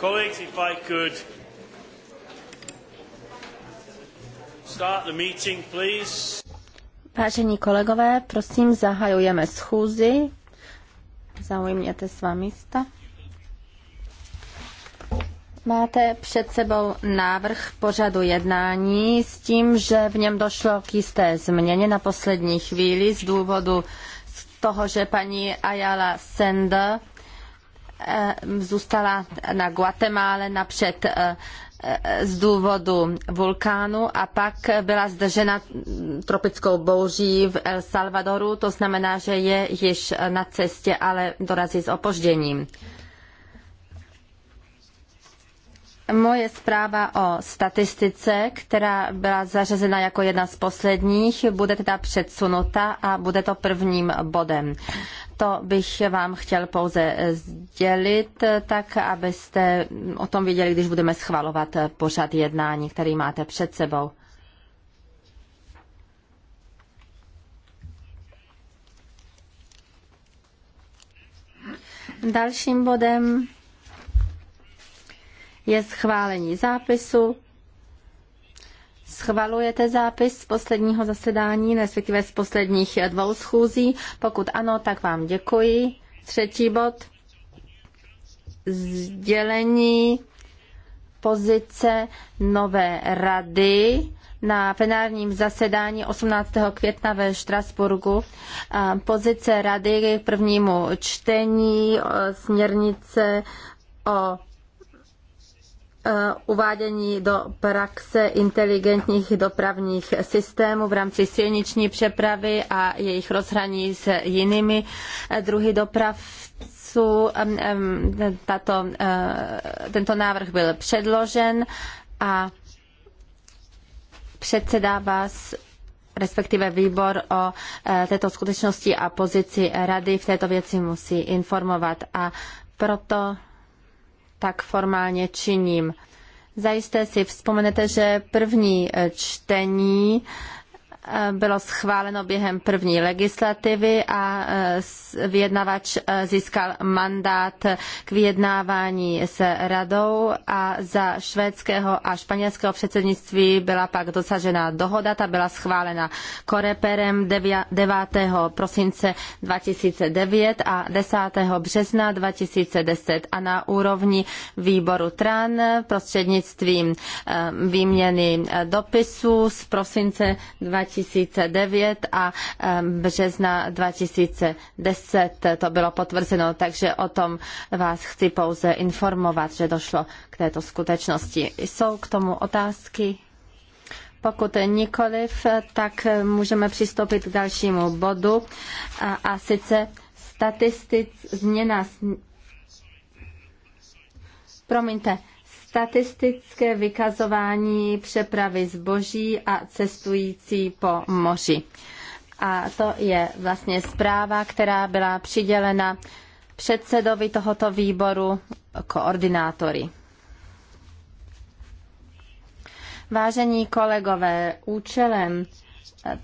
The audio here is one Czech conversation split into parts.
Colleagues, if I could start the meeting, please. Vážení kolegové, prosím, zahajujeme schůzi. Zaujměte svá místa. Máte před sebou návrh pořadu jednání s tím, že v něm došlo k jisté změně na poslední chvíli z důvodu toho, že paní Ayala Sender Eh, zůstala na Guatemále napřed eh, eh, z důvodu vulkánu a pak byla zdržena tropickou bouří v El Salvadoru, to znamená, že je již na cestě, ale dorazí s opožděním. Moje zpráva o statistice, která byla zařazena jako jedna z posledních, bude teda předsunuta a bude to prvním bodem. To bych vám chtěl pouze sdělit, tak abyste o tom věděli, když budeme schvalovat pořad jednání, který máte před sebou. Dalším bodem je schválení zápisu. Schvalujete zápis z posledního zasedání, respektive z posledních dvou schůzí? Pokud ano, tak vám děkuji. Třetí bod. Sdělení pozice nové rady na plenárním zasedání 18. května ve Štrasburgu pozice rady k prvnímu čtení směrnice o Uh, uvádění do praxe inteligentních dopravních systémů v rámci silniční přepravy a jejich rozhraní s jinými eh, druhy doprav tato, eh, tento návrh byl předložen a předsedá vás respektive výbor o eh, této skutečnosti a pozici rady v této věci musí informovat. A proto tak formálně činím. Zajisté si vzpomenete, že první eh, čtení bylo schváleno během první legislativy a e, vyjednavač e, získal mandát k vyjednávání s radou a za švédského a španělského předsednictví byla pak dosažena dohoda, ta byla schválena koreperem 9. prosince 2009 a 10. března 2010 a na úrovni výboru TRAN prostřednictvím e, výměny dopisů z prosince 2010 2009 a března 2010 to bylo potvrzeno, takže o tom vás chci pouze informovat, že došlo k této skutečnosti. Jsou k tomu otázky? Pokud nikoliv, tak můžeme přistoupit k dalšímu bodu a, a sice statistic, změna, promiňte, statistické vykazování přepravy zboží a cestující po moři. A to je vlastně zpráva, která byla přidělena předsedovi tohoto výboru koordinátory. Vážení kolegové, účelem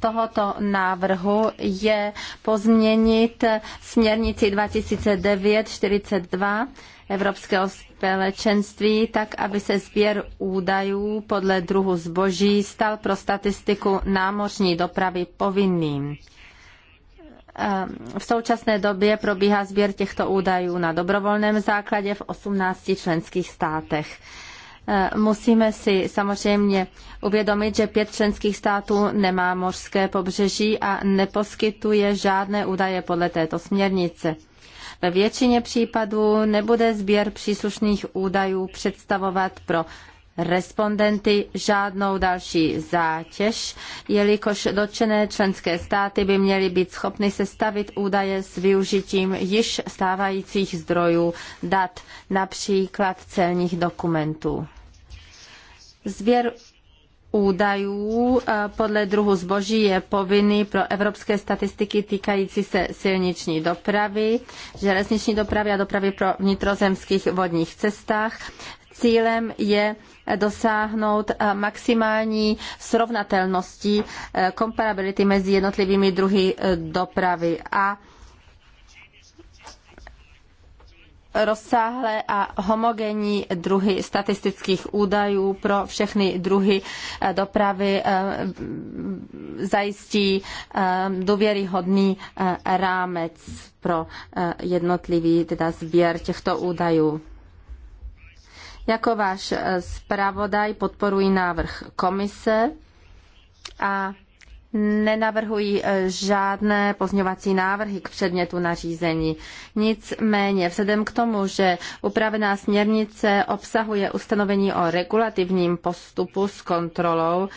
tohoto návrhu je pozměnit směrnici 2009-42 Evropského společenství, tak aby se sběr údajů podle druhu zboží stal pro statistiku námořní dopravy povinným. Ehm, v současné době probíhá sběr těchto údajů na dobrovolném základě v 18 členských státech. Ehm, musíme si samozřejmě uvědomit, že pět členských států nemá mořské pobřeží a neposkytuje žádné údaje podle této směrnice. Ve většině případů nebude sběr příslušných údajů představovat pro respondenty žádnou další zátěž, jelikož dotčené členské státy by měly být schopny sestavit údaje s využitím již stávajících zdrojů dat, například celních dokumentů. Sběr údajů eh, podle druhu zboží je povinný pro evropské statistiky týkající se silniční dopravy, železniční dopravy a dopravy pro vnitrozemských vodních cestách. Cílem je eh, dosáhnout eh, maximální srovnatelnosti, komparability mezi jednotlivými druhy dopravy a rozsáhlé a homogenní druhy statistických údajů pro všechny druhy eh, dopravy eh, zajistí eh, důvěryhodný rámec pro jednotlivý teda sběr těchto údajů. Jako váš zpravodaj podporuji návrh komise a nenavrhují eh, žádné pozňovací návrhy k předmětu nařízení. Nicméně vzhledem k tomu, že upravená směrnice obsahuje ustanovení o regulativním postupu s kontrolou,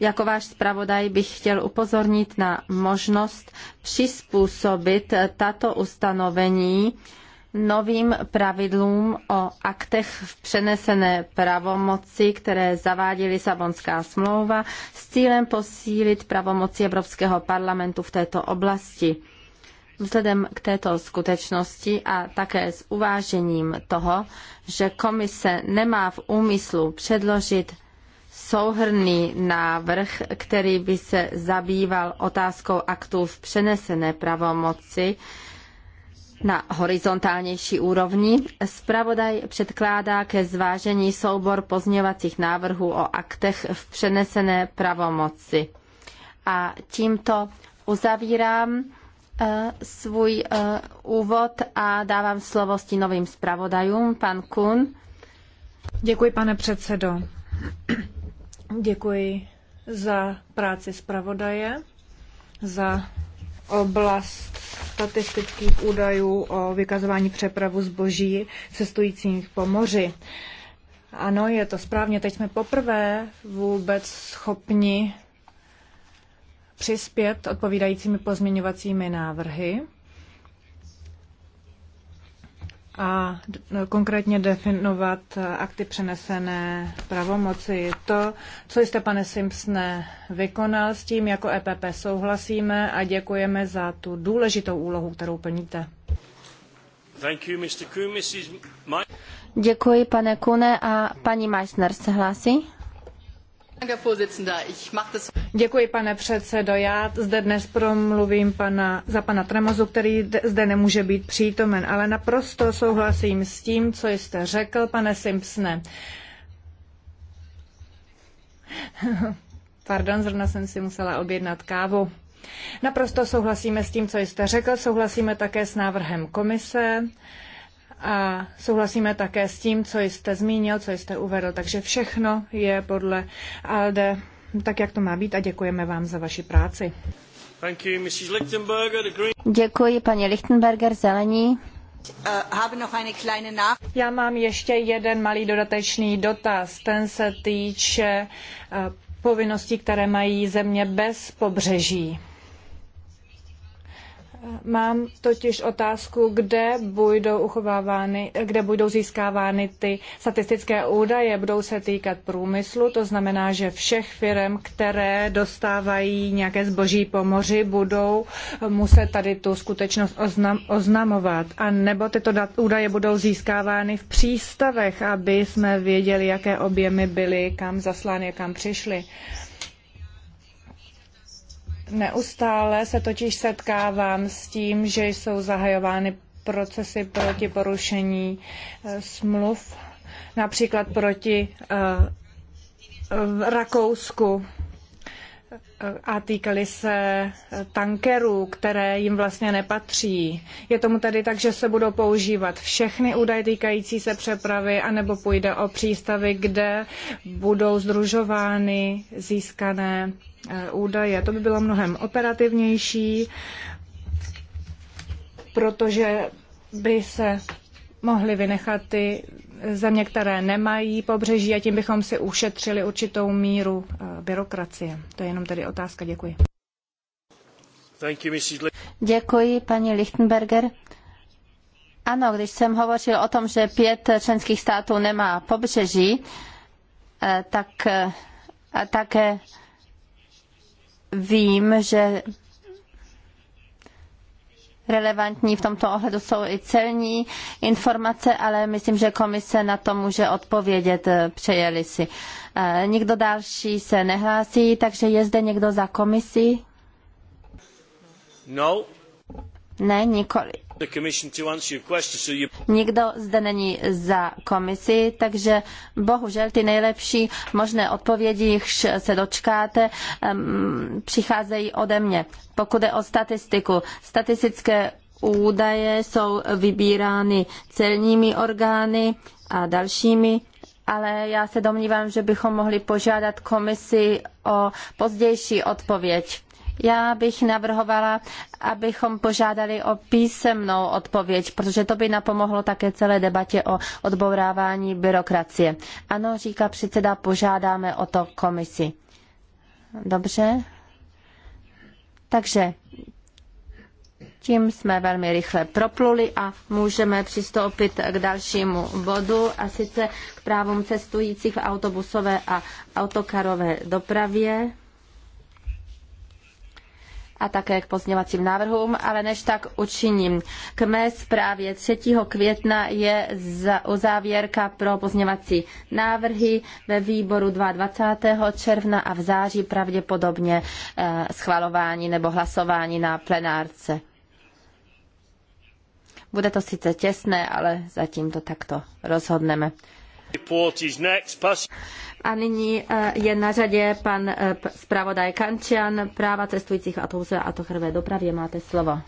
jako váš zpravodaj bych chtěl upozornit na možnost přizpůsobit tato ustanovení novým pravidlům o aktech v přenesené pravomoci, které zavádí Lisabonská smlouva, s cílem posílit pravomoci Evropského parlamentu v této oblasti. Vzhledem k této skutečnosti a také s uvážením toho, že komise nemá v úmyslu předložit souhrný návrh, který by se zabýval otázkou aktů v přenesené pravomoci, na horizontálnější úrovni. Spravodaj předkládá ke zvážení soubor pozměvacích návrhů o aktech v přenesené pravomoci. A tímto uzavírám eh, svůj eh, úvod a dávám slovo stínovým zpravodajům. Pan Kun. Děkuji, pane předsedo. Děkuji za práci zpravodaje, za oblast statistických údajů o vykazování přepravu zboží cestujících po moři. Ano, je to správně. Teď jsme poprvé vůbec schopni přispět odpovídajícími pozměňovacími návrhy a konkrétně definovat akty přenesené pravomoci. To, co jste, pane Simpsone, vykonal, s tím jako EPP souhlasíme a děkujeme za tu důležitou úlohu, kterou plníte. You, Kuhn, Děkuji, pane Kune, a paní Meissner se hlásí. Děkuji, pane předsedo. Já zde dnes promluvím pana, za pana Tremozu, který zde nemůže být přítomen, ale naprosto souhlasím s tím, co jste řekl, pane Simpsone. Pardon, zrovna jsem si musela objednat kávu. Naprosto souhlasíme s tím, co jste řekl, souhlasíme také s návrhem komise a souhlasíme také s tím, co jste zmínil, co jste uvedl. Takže všechno je podle ALDE tak, jak to má být a děkujeme vám za vaši práci. Děkuji, paní Lichtenberger, zelení. Äh, Já mám ještě jeden malý dodatečný dotaz. Ten se týče äh, povinností, které mají země bez pobřeží. Mám totiž otázku, kde budou uchovávány, kde budou získávány ty statistické údaje. Budou se týkat průmyslu, to znamená, že všech firm, které dostávají nějaké zboží po moři, budou muset tady tu skutečnost oznam, oznamovat. A nebo tyto dat, údaje budou získávány v přístavech, aby jsme věděli, jaké objemy byly, kam zaslány a kam přišly. Neustále se totiž setkávám s tím, že jsou zahajovány procesy proti porušení eh, smluv, například proti eh, v Rakousku a týkaly se tankerů, které jim vlastně nepatří. Je tomu tedy tak, že se budou používat všechny údaje týkající se přepravy, anebo půjde o přístavy, kde budou združovány získané eh, údaje. To by bylo mnohem operativnější, protože by se mohly vynechat ty země, které nemají pobřeží a tím bychom si ušetřili určitou míru eh, byrokracie. To je jenom tedy otázka. Děkuji. Děkuji, paní Lichtenberger. Ano, když jsem hovořil o tom, že pět členských států nemá pobřeží, eh, tak eh, také vím, že relevantní v tomto ohledu jsou i celní informace, ale myslím, že komise na to může odpovědět, eh, přejeli si. Eh, nikdo další se nehlásí, takže je zde někdo za komisi? No. Ne, nikoli. Nikdo zde není za komisi, takže bohužel ty nejlepší možné odpovědi, jichž se dočkáte, přicházejí ode mě. Pokud je o statistiku, statistické údaje jsou vybírány celními orgány a dalšími ale já se domnívám, že bychom mohli požádat komisi o pozdější odpověď. Já bych navrhovala, abychom požádali o písemnou odpověď, protože to by napomohlo také celé debatě o odbourávání byrokracie. Ano, říká předseda, požádáme o to komisi. Dobře? Takže tím jsme velmi rychle propluli a můžeme přistoupit k dalšímu bodu a sice k právům cestujících v autobusové a autokarové dopravě a také k pozměňovacím návrhům, ale než tak učiním. K mé zprávě 3. května je uzávěrka pro pozměňovací návrhy ve výboru 22. června a v září pravděpodobně eh, schvalování nebo hlasování na plenárce. Bude to sice těsné, ale zatím to takto rozhodneme. A nyní eh, je na řadě pan eh, zpravodaj Kančian, práva cestujících touze a autochrové dopravě. Máte slovo.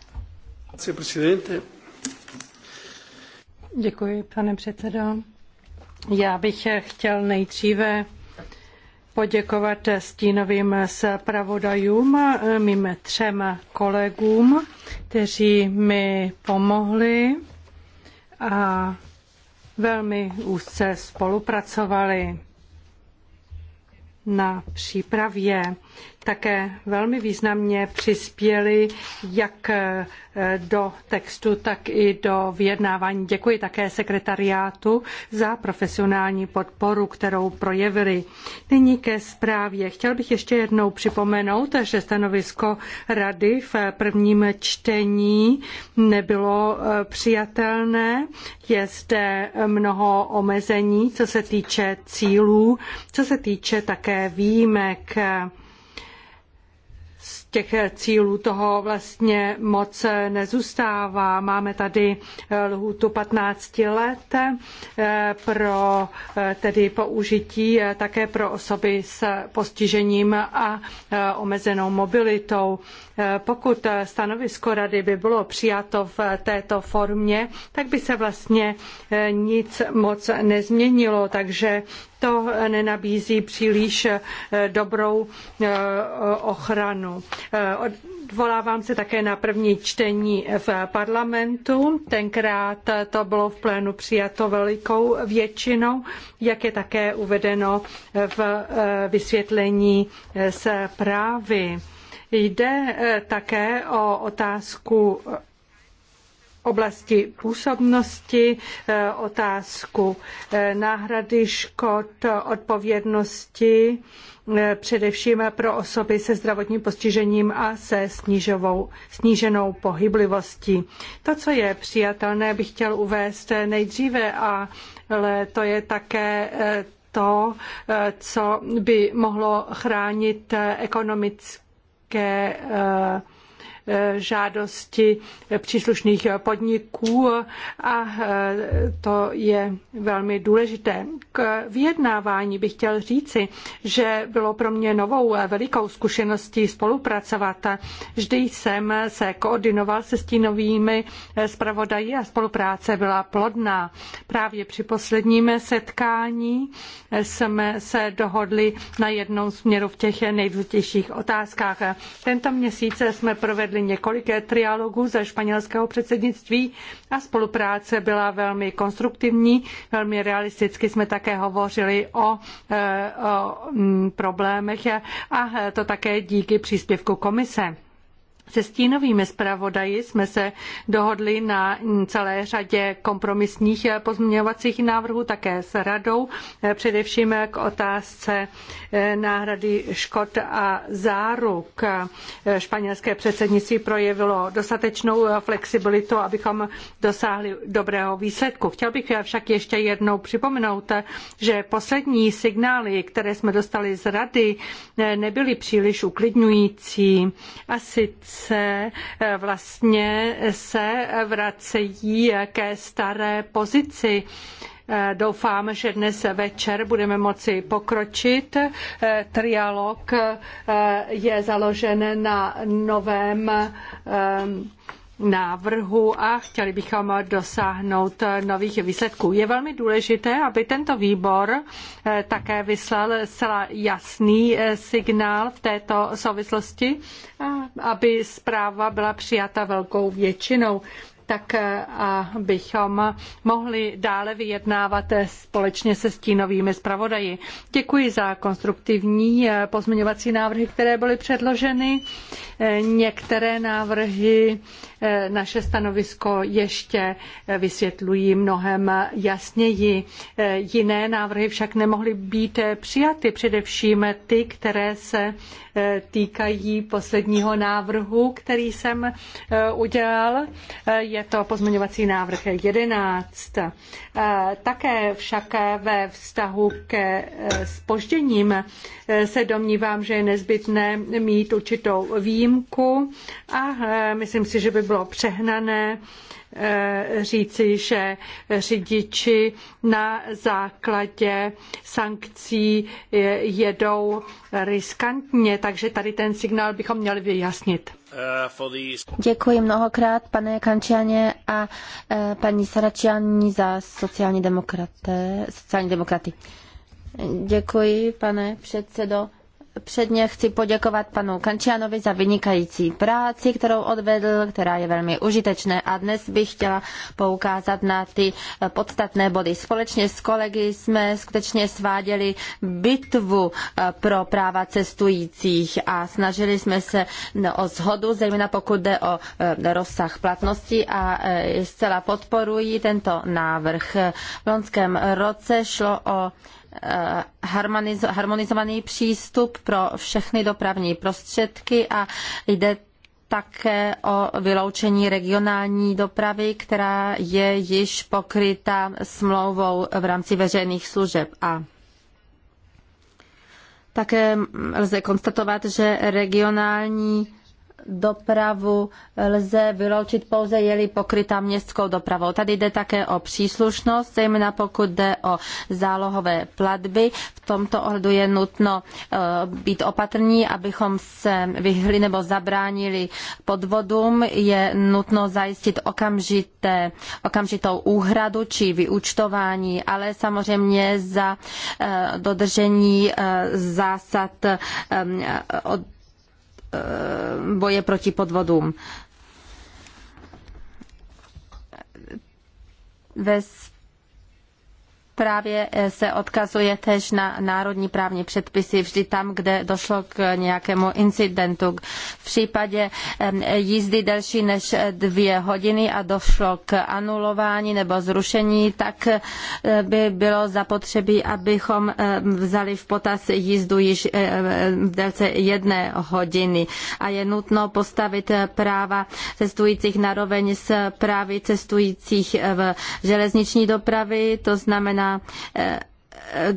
Děkuji, pane předsedo. Já bych chtěl nejdříve poděkovat stínovým zpravodajům, eh, mým třem kolegům, kteří mi pomohli a velmi úzce spolupracovali na přípravě také velmi významně přispěli jak eh, do textu, tak i do vyjednávání. Děkuji také sekretariátu za profesionální podporu, kterou projevili. Nyní ke zprávě. Chtěl bych ještě jednou připomenout, že stanovisko rady v prvním čtení nebylo eh, přijatelné. Je zde mnoho omezení, co se týče cílů, co se týče také výjimek těch cílů toho vlastně moc nezůstává. Máme tady eh, lhůtu 15 let eh, pro eh, tedy použití také pro osoby s postižením a omezenou mobilitou. Pokud stanovisko rady by bylo přijato v této formě, tak by se vlastně eh, nic moc nezměnilo, takže to nenabízí příliš eh, dobrou eh, ochranu. Odvolávám se také na první čtení v parlamentu. Tenkrát to bylo v plénu přijato velikou většinou, jak je také uvedeno v vysvětlení zprávy. Jde eh, také o otázku eh, oblasti působnosti, eh, otázku náhrady škod, odpovědnosti, především pro osoby se zdravotním postižením a se snížovou, sníženou pohyblivostí. To, co je přijatelné, bych chtěl uvést nejdříve, ale to je také to, co by mohlo chránit ekonomické také žádosti příslušných podniků a to je velmi důležité. K vyjednávání bych chtěl říci, že bylo pro mě novou velikou zkušeností spolupracovat. Vždy jsem se koordinoval se stínovými zpravodají a spolupráce byla plodná. Právě při posledním setkání jsme se dohodli na jednom směru v těch nejdůležitějších otázkách. Tento měsíc jsme provedli vedli několik trialogů ze španělského předsednictví a spolupráce byla velmi konstruktivní, velmi realisticky jsme také hovořili o, e, o mm, problémech a to také díky příspěvku komise. Se stínovými zpravodaji jsme se dohodli na celé řadě kompromisních pozměňovacích návrhů, také s radou, eh, především k otázce eh, náhrady škod a záruk. Eh, španělské předsednictví projevilo dostatečnou flexibilitu, abychom dosáhli dobrého výsledku. Chtěl bych však ještě jednou připomenout, že poslední signály, které jsme dostali z rady, nebyly příliš uklidňující. A sice se eh, vlastně se vracejí ke staré pozici. Eh, doufám, že dnes večer budeme moci pokročit. Eh, trialog je založen na novém návrhu a chtěli bychom dosáhnout nových výsledků. Je velmi důležité, aby tento výbor eh, také vyslal zcela jasný eh, signál v této souvislosti, aby zpráva byla přijata velkou většinou tak eh, abychom mohli dále vyjednávat eh, společně se stínovými zpravodaji. Děkuji za konstruktivní eh, pozměňovací návrhy, které byly předloženy. Některé návrhy naše stanovisko ještě vysvětlují mnohem jasněji. Jiné návrhy však nemohly být přijaty, především ty, které se týkají posledního návrhu, který jsem udělal. Je je to pozměňovací návrh 11. Eh, také však ve vztahu ke spožděním eh, eh, se domnívám, že je nezbytné mít určitou výjimku a myslím si, že by bylo přehnané říci, že řidiči na základě sankcí jedou riskantně, takže tady ten signál bychom měli vyjasnit. Uh, Děkuji mnohokrát, pane Kančianě a eh, paní Saračiani za sociální, demokraté, sociální demokraty. Děkuji, pane předsedo. Předně chci poděkovat panu Kančianovi za vynikající práci, kterou odvedl, která je velmi užitečná a dnes bych chtěla poukázat na ty podstatné body. Společně s kolegy jsme skutečně sváděli bitvu eh, pro práva cestujících a snažili jsme se o shodu, zejména pokud jde o eh, rozsah platnosti a eh, zcela podporuji tento návrh. V loňském roce šlo o Eh, harmonizovaný přístup pro všechny dopravní prostředky a jde také o vyloučení regionální dopravy, která je již pokryta smlouvou v rámci veřejných služeb. A také lze konstatovat, že regionální dopravu lze vyloučit pouze jeli pokryta městskou dopravou. Tady jde také o příslušnost, zejména pokud jde o zálohové platby. V tomto ohledu je nutno eh, být opatrní, abychom se vyhli nebo zabránili podvodům. Je nutno zajistit okamžité, okamžitou úhradu či vyúčtování, ale samozřejmě za eh, dodržení eh, zásad od Eh, boje proti podvodům. Ve právě eh, se odkazuje tež na národní právní předpisy vždy tam, kde došlo k nějakému incidentu. V případě jízdy delší než eh, dvě hodiny a došlo k anulování nebo zrušení, tak eh, by bylo zapotřebí, abychom vzali v potaz jízdu již v délce jedné hodiny a je nutno postavit práva cestujících naroveň s právy cestujících v železniční dopravy, to znamená Eh,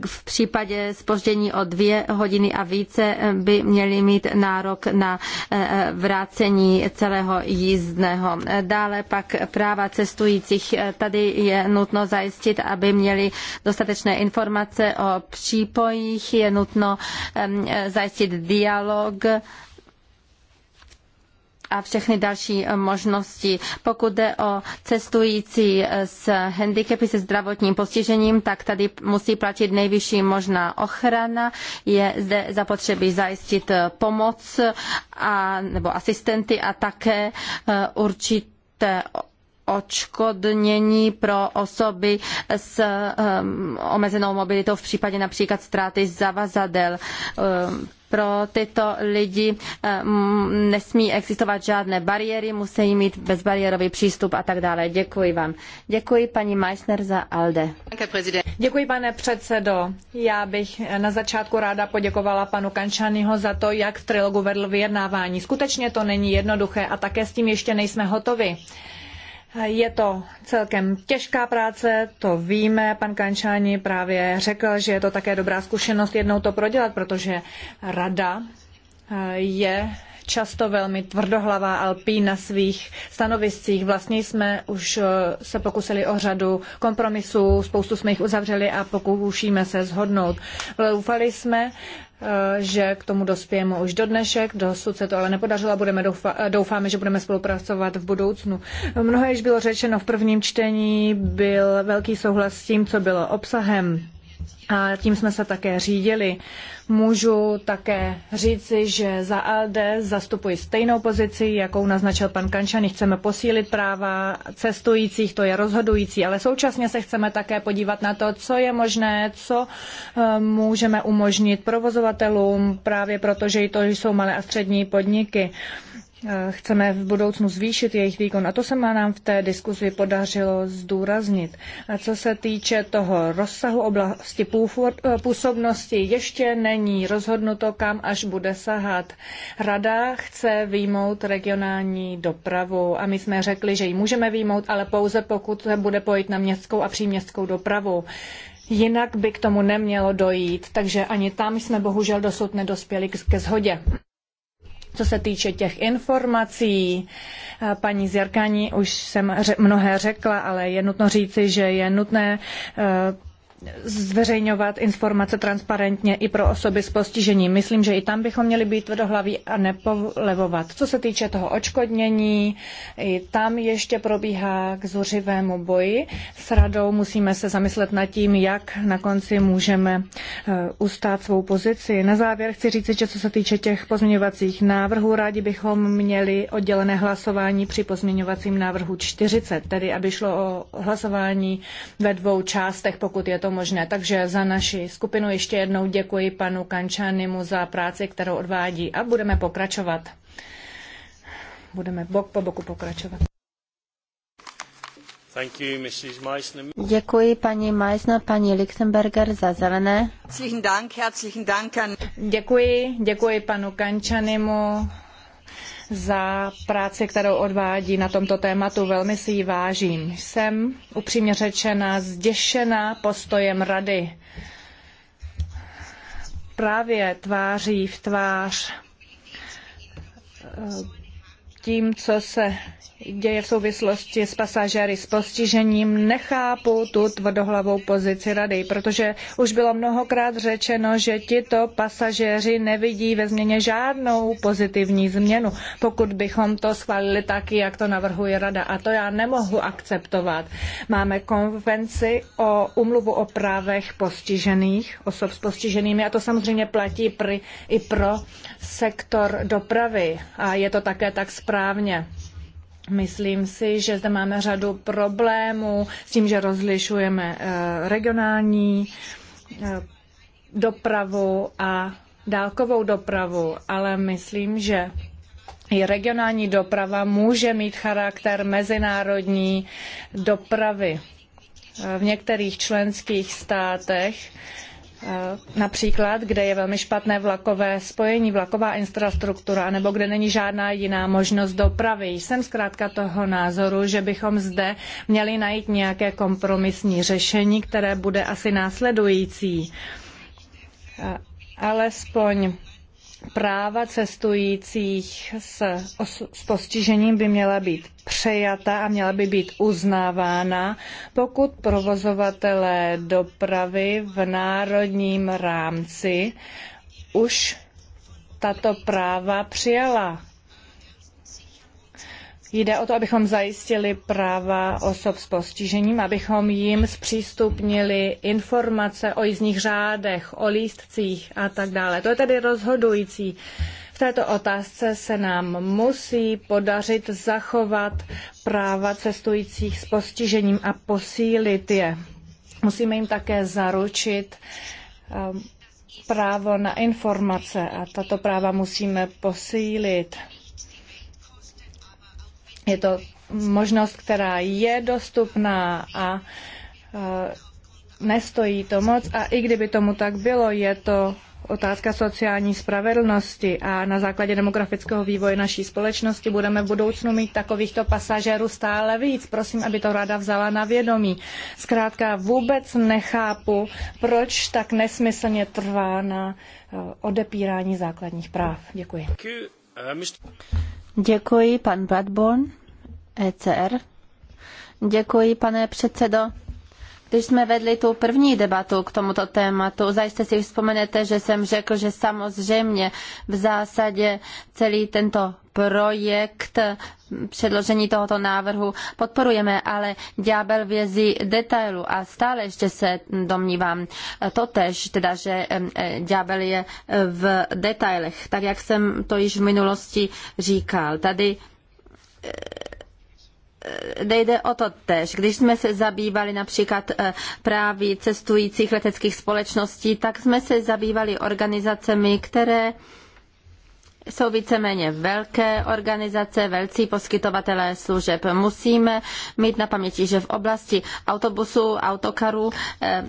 v případě spoždění o dvě hodiny a více eh, by měli mít nárok na eh, vrácení celého jízdného. Dále pak práva cestujících. Tady je nutno zajistit, aby měli dostatečné informace o přípojích, je nutno zajistit dialog a všechny další eh, možnosti. Pokud jde o cestující eh, s handicapy, se zdravotním postižením, tak tady musí platit nejvyšší možná ochrana. Je zde zapotřebí zajistit eh, pomoc a, nebo asistenty a také určité odškodnění pro osoby s omezenou mobilitou v případě například ztráty zavazadel. Pro tyto lidi eh, nesmí existovat žádné bariéry, musí mít bezbariérový přístup a tak dále. Děkuji vám. Děkuji paní Meissner za ALDE. Děkuji pane předsedo. Já bych na začátku ráda poděkovala panu Kančanyho za to, jak v trilogu vedl vyjednávání. Skutečně to není jednoduché a také s tím ještě nejsme hotovi. Je to celkem těžká práce, to víme. Pan Kančáni právě řekl, že je to také dobrá zkušenost jednou to prodělat, protože rada eh, je často velmi tvrdohlavá Alpí na svých stanoviscích. Vlastně jsme už eh, se pokusili o řadu kompromisů, spoustu jsme jich uzavřeli a pokoušíme se zhodnout. Doufali jsme, Eh, že k tomu dospějeme už do dnešek. Dosud se to ale nepodařilo a budeme doufa, doufáme, že budeme spolupracovat v budoucnu. Mnohé již bylo řečeno v prvním čtení, byl velký souhlas s tím, co bylo obsahem a tím jsme se také řídili. Můžu také říci, že za ALD zastupuji stejnou pozici, jakou naznačil pan Kančany. Chceme posílit práva cestujících, to je rozhodující, ale současně se chceme také podívat na to, co je možné, co eh, můžeme umožnit provozovatelům, právě proto, že to jsou malé a střední podniky. Eh, chceme v budoucnu zvýšit jejich výkon. A to se má nám v té diskuzi podařilo zdůraznit. A co se týče toho rozsahu oblasti eh, působnosti, ještě není rozhodnuto, kam až bude sahat. Rada chce výjmout regionální dopravu a my jsme řekli, že ji můžeme výjmout, ale pouze pokud se bude pojít na městskou a příměstskou dopravu. Jinak by k tomu nemělo dojít, takže ani tam jsme bohužel dosud nedospěli ke shodě. Co se týče těch informací, eh, paní Zjarkání už jsem mnohé řekla, ale je nutno říci, že je nutné eh, zveřejňovat informace transparentně i pro osoby s postižením. Myslím, že i tam bychom měli být tvrdohlaví a nepolevovat. Co se týče toho očkodnění, i tam ještě probíhá k zuřivému boji. S radou musíme se zamyslet nad tím, jak na konci můžeme eh, ustát svou pozici. Na závěr chci říct, že co se týče těch pozměňovacích návrhů, rádi bychom měli oddělené hlasování při pozměňovacím návrhu 40, tedy aby šlo o hlasování ve dvou částech, pokud je to možné. Takže za naši skupinu ještě jednou děkuji panu Kančanimu za práci, kterou odvádí a budeme pokračovat. Budeme bok po boku pokračovat. You, Děkuji paní Meissner, paní Lichtenberger za zelené. Děkuji, děkuji panu Kančanimu za práci, kterou odvádí na tomto tématu. Velmi si ji vážím. Jsem upřímně řečena zděšena postojem rady. Právě tváří v tvář eh, tím, co se děje v souvislosti s pasažéry s postižením. Nechápu tu tvrdohlavou pozici rady, protože už bylo mnohokrát řečeno, že tito pasažéři nevidí ve změně žádnou pozitivní změnu, pokud bychom to schválili taky, jak to navrhuje rada. A to já nemohu akceptovat. Máme konvenci o umluvu o právech postižených, osob s postiženými, a to samozřejmě platí pr- i pro sektor dopravy. A je to také tak správně. Myslím si, že zde máme řadu problémů s tím, že rozlišujeme eh, regionální eh, dopravu a dálkovou dopravu, ale myslím, že i regionální doprava může mít charakter mezinárodní dopravy. Eh, v některých členských státech Eh, například, kde je velmi špatné vlakové spojení, vlaková infrastruktura, nebo kde není žádná jiná možnost dopravy. Jsem zkrátka toho názoru, že bychom zde měli najít nějaké kompromisní řešení, které bude asi následující. Eh, alespoň práva cestujících s, os, s postižením by měla být přejata a měla by být uznávána, pokud provozovatelé dopravy v národním rámci už tato práva přijala Jde o to, abychom zajistili práva osob s postižením, abychom jim zpřístupnili informace o jízdních řádech, o lístcích a tak dále. To je tedy rozhodující. V této otázce se nám musí podařit zachovat práva cestujících s postižením a posílit je. Musíme jim také zaručit um, právo na informace a tato práva musíme posílit. Je to možnost, která je dostupná a e, nestojí to moc a i kdyby tomu tak bylo, je to otázka sociální spravedlnosti a na základě demografického vývoje naší společnosti budeme v budoucnu mít takovýchto pasažérů stále víc. Prosím, aby to rada vzala na vědomí. Zkrátka vůbec nechápu, proč tak nesmyslně trvá na e, odepírání základních práv. Děkuji. Děkuji, pan Bradborn. ECR. Děkuji, pane předsedo. Když jsme vedli tu první debatu k tomuto tématu, zajistě si vzpomenete, že jsem řekl, že samozřejmě v zásadě celý tento projekt předložení tohoto návrhu podporujeme, ale ďábel vězí detailu a stále ještě se domnívám totež, teda, že e, ďábel je v detailech, tak jak jsem to již v minulosti říkal. Tady e, Eh, nejde o to tež. Když jsme se zabývali například eh, právě cestujících leteckých společností, tak jsme se zabývali organizacemi, které jsou víceméně velké organizace, velcí poskytovatelé služeb. Musíme mít na paměti, že v oblasti autobusů, autokarů eh,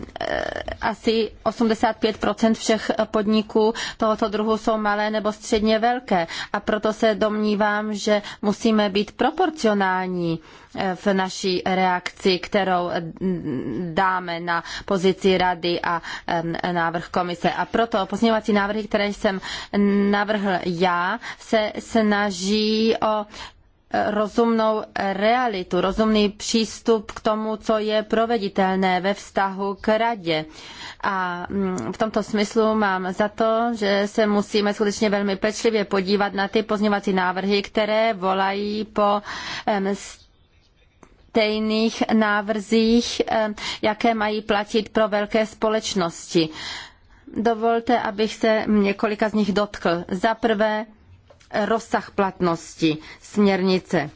asi 85% všech podniků tohoto druhu jsou malé nebo středně velké a proto se domnívám, že musíme být proporcionální v naší reakci, kterou dáme na pozici rady a návrh komise. A proto pozměňovací návrhy, které jsem navrhl já, se snaží o rozumnou realitu, rozumný přístup k tomu, co je proveditelné ve vztahu k radě. A mm, v tomto smyslu mám za to, že se musíme skutečně velmi pečlivě podívat na ty pozněvací návrhy, které volají po stejných návrzích, eh, jaké mají platit pro velké společnosti. Dovolte, abych se několika z nich dotkl. Za prvé, rozsah platnosti směrnice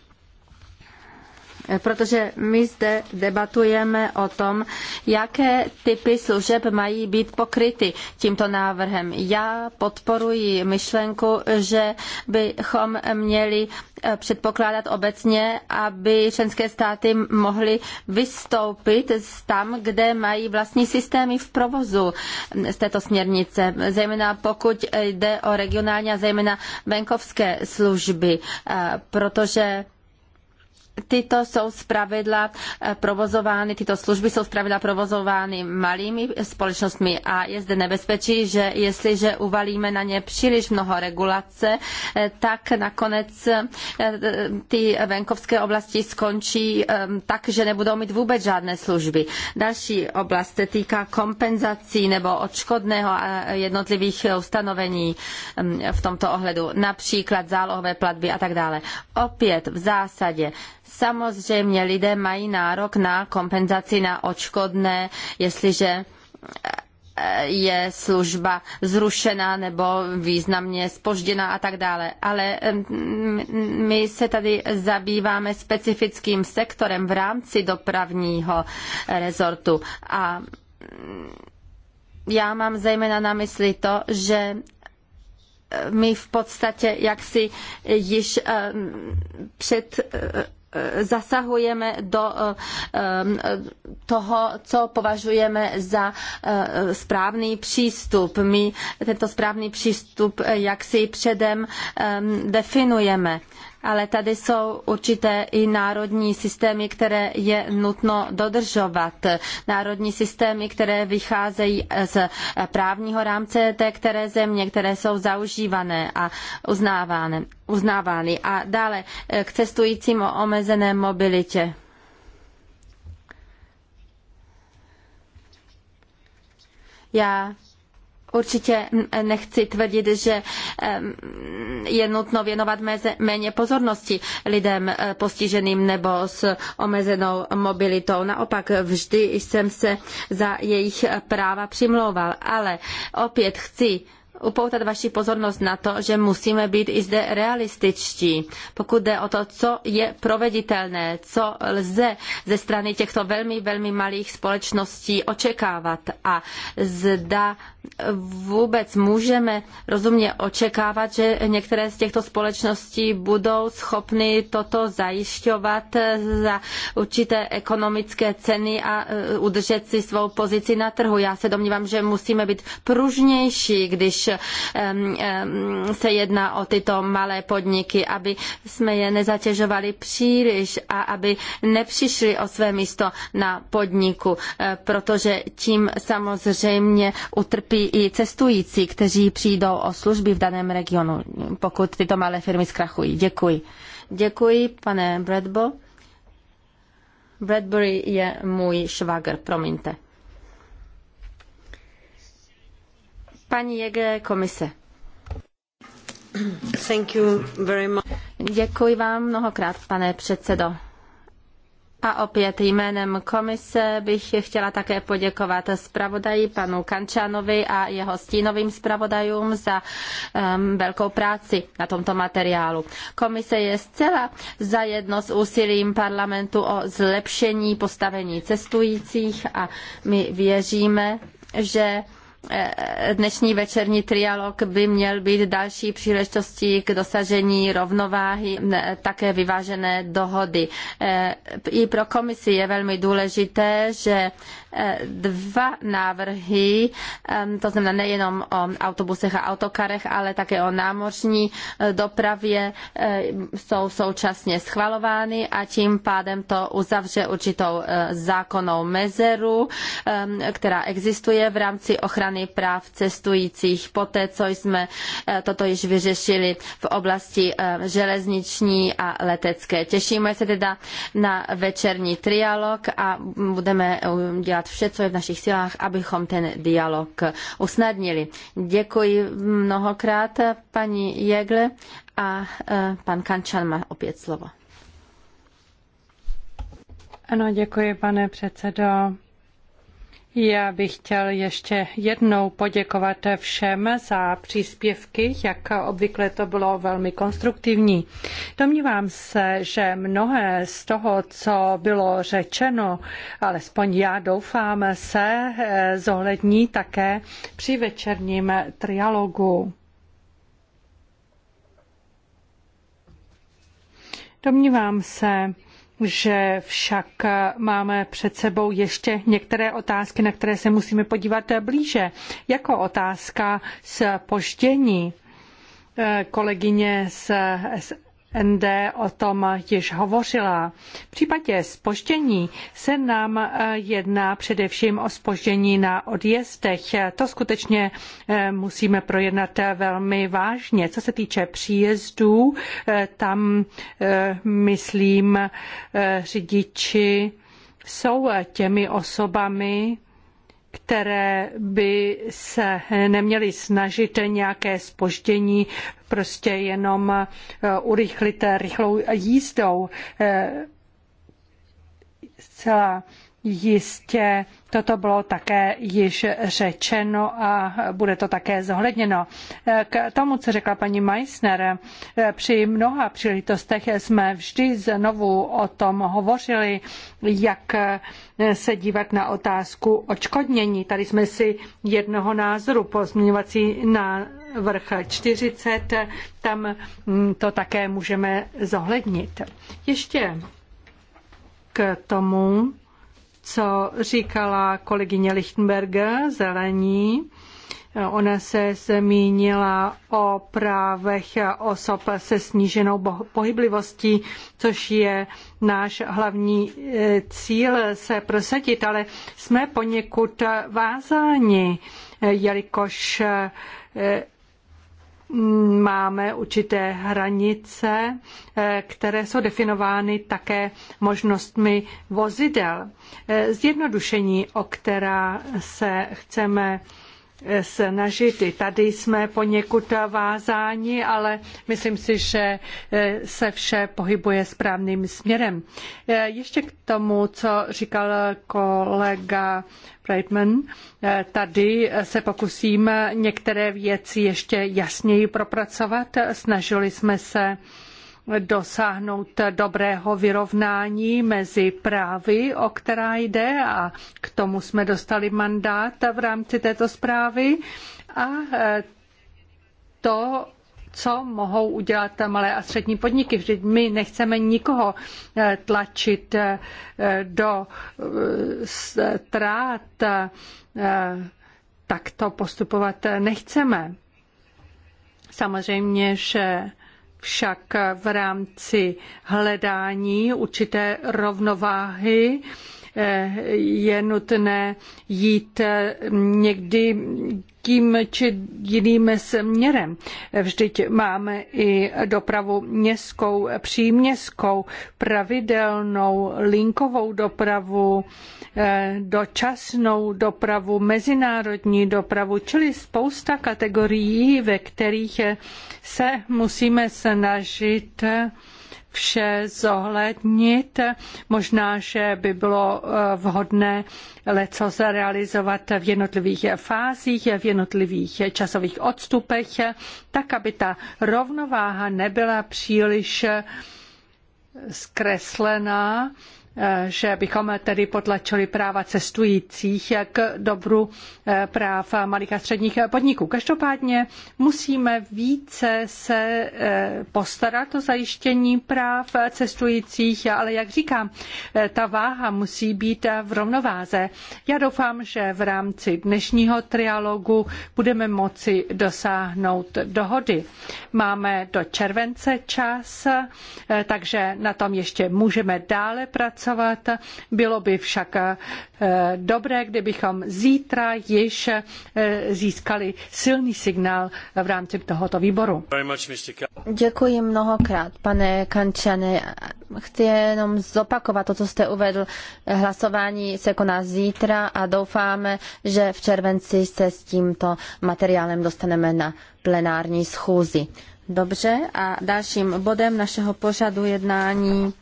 protože my zde debatujeme o tom, jaké typy služeb mají být pokryty tímto návrhem. Já podporuji myšlenku, že bychom měli eh, předpokládat obecně, aby členské státy mohly vystoupit z tam, kde mají vlastní systémy v provozu z této směrnice, zejména pokud jde o regionální a zejména venkovské služby, eh, protože tyto jsou zpravidla eh, provozovány, tyto služby jsou zpravidla provozovány malými společnostmi a je zde nebezpečí, že jestliže uvalíme na ně příliš mnoho regulace, eh, tak nakonec eh, ty venkovské oblasti skončí tak, že nebudou mít vůbec žádné služby. Další oblast se týká kompenzací nebo odškodného a jednotlivých ustanovení v tomto ohledu, například zálohové platby a tak dále. Opět v zásadě Samozřejmě lidé mají nárok na kompenzaci na očkodné, jestliže eh, je služba zrušena nebo významně spožděna a tak dále. Ale my se tady zabýváme specifickým sektorem v rámci dopravního rezortu a mm, já mám zejména na mysli to, že eh, my v podstatě jaksi již eh, před zasahujeme do eh, eh, toho, co považujeme za eh, správný přístup. My tento správný přístup jak si předem definujeme ale tady jsou určité i národní systémy, které je nutno dodržovat. Národní systémy, které vycházejí z právního rámce té které země, které jsou zaužívané a uznávány. uznávány. A dále eh, k cestujícím o omezené mobilitě. Já Určitě nechci tvrdit, že je nutno věnovat méně pozornosti lidem eh, postiženým nebo s omezenou mobilitou. Naopak vždy jsem se za jejich práva přimlouval. Ale opět chci upoutat vaši pozornost na to, že musíme být i zde realističtí, pokud jde o to, co je proveditelné, co lze ze strany těchto velmi, velmi malých společností očekávat a zda vůbec můžeme rozumně očekávat, že některé z těchto společností budou schopny toto zajišťovat za určité ekonomické ceny a e, udržet si svou pozici na trhu. Já se domnívám, že musíme být pružnější, když e, e, se jedná o tyto malé podniky, aby jsme je nezatěžovali příliš a aby nepřišli o své místo na podniku, protože tím samozřejmě utrpí pochopí i cestující, kteří přijdou o služby v daném regionu, pokud tyto malé firmy zkrachují. Děkuji. Děkuji, pane Bradbo. Bradbury je můj švagr, promiňte. Paní Jege, komise. Thank you very much. Děkuji vám mnohokrát, pane předsedo. A opět jménem komise bych chtěla také poděkovat zpravodaji panu Kančanovi a jeho stínovým zpravodajům za um, velkou práci na tomto materiálu. Komise je zcela zajedno s úsilím parlamentu o zlepšení postavení cestujících a my věříme, že Eh, dnešní večerní trialog by měl být další příležitostí k dosažení rovnováhy, eh, také vyvážené dohody. Eh, I pro komisi je velmi důležité, že Eh, dva návrhy, to znamená nejenom o autobusech a autokarech, ale také o námořní eh, dopravě eh, jsou současně schvalovány a tím pádem to uzavře určitou zákonnou mezeru, která existuje v rámci ochrany práv cestujících. Poté, co jsme toto již vyřešili v oblasti železniční a letecké. Těšíme se teda na večerní trialog a budeme dělat udělat vše, co je v našich silách, abychom ten dialog usnadnili. Děkuji mnohokrát paní Jegle a e, pan Kančan má opět slovo. Ano, děkuji, pane předsedo. Já bych chtěl ještě jednou poděkovat všem za příspěvky, jak obvykle to bylo velmi konstruktivní. Domnívám se, že mnohé z toho, co bylo řečeno, alespoň já doufám, se eh, zohlední také při večerním trialogu. Domnívám se, že však máme před sebou ještě některé otázky, na které se musíme podívat blíže, jako otázka spoždění eh, kolegyně z ND o tom již hovořila. V případě spoždění se nám eh, jedná především o spoždění na odjezdech. To skutečně eh, musíme projednat velmi vážně. Co se týče příjezdů, eh, tam myslím řidiči jsou těmi osobami, které by se neměly snažit nějaké spoždění prostě jenom eh, urychlit eh, rychlou jízdou. Zcela eh, Jistě toto bylo také již řečeno a bude to také zohledněno. K tomu, co řekla paní Meissner, při mnoha příležitostech jsme vždy znovu o tom hovořili, jak se dívat na otázku očkodnění. Tady jsme si jednoho názoru pozměňovací návrh 40, tam to také můžeme zohlednit. Ještě k tomu, co říkala kolegyně Lichtenberger, zelení. Ona se zmínila o právech osob se sníženou pohyblivostí, což je náš hlavní e, cíl se prosadit, ale jsme poněkud vázáni, e, jelikož e, máme určité hranice, eh, které jsou definovány také možnostmi vozidel. Eh, zjednodušení, o která se chceme snažit. I tady jsme poněkud vázáni, ale myslím si, že eh, se vše pohybuje správným směrem. Eh, ještě k tomu, co říkal kolega Reitman. Eh, tady se pokusím některé věci ještě jasněji propracovat. Snažili jsme se dosáhnout dobrého vyrovnání mezi právy, o která jde, a k tomu jsme dostali mandát v rámci této zprávy, a e, to co mohou udělat malé a střední podniky. Vždyť my nechceme nikoho e, tlačit e, do ztrát, tak to postupovat nechceme. Samozřejmě, že však v rámci hledání určité rovnováhy je nutné jít eh, někdy tím či jiným směrem. Vždyť máme i dopravu městskou, příměstskou, pravidelnou linkovou dopravu, eh, dočasnou dopravu, mezinárodní dopravu, čili spousta kategorií, ve kterých se musíme snažit eh, vše zohlednit. Možná, že by bylo eh, vhodné leco zrealizovat v jednotlivých fázích, v jednotlivých časových odstupech, tak aby ta rovnováha nebyla příliš zkreslená že bychom tedy potlačili práva cestujících k dobru eh, práv malých a středních podniků. Každopádně musíme více se eh, postarat o zajištění práv cestujících, ale jak říkám, eh, ta váha musí být v rovnováze. Já doufám, že v rámci dnešního trialogu budeme moci dosáhnout dohody. Máme do července čas, takže na tom ještě můžeme dále pracovat pracovat. Bylo by však eh, dobré, kdybychom zítra již eh, získali silný signál v rámci tohoto výboru. Děkuji mnohokrát, pane Kančane. Chci jenom zopakovat to, co jste uvedl. Hlasování se koná zítra a doufáme, že v červenci se s tímto materiálem dostaneme na plenární schůzi. Dobře, a dalším bodem našeho pořadu jednání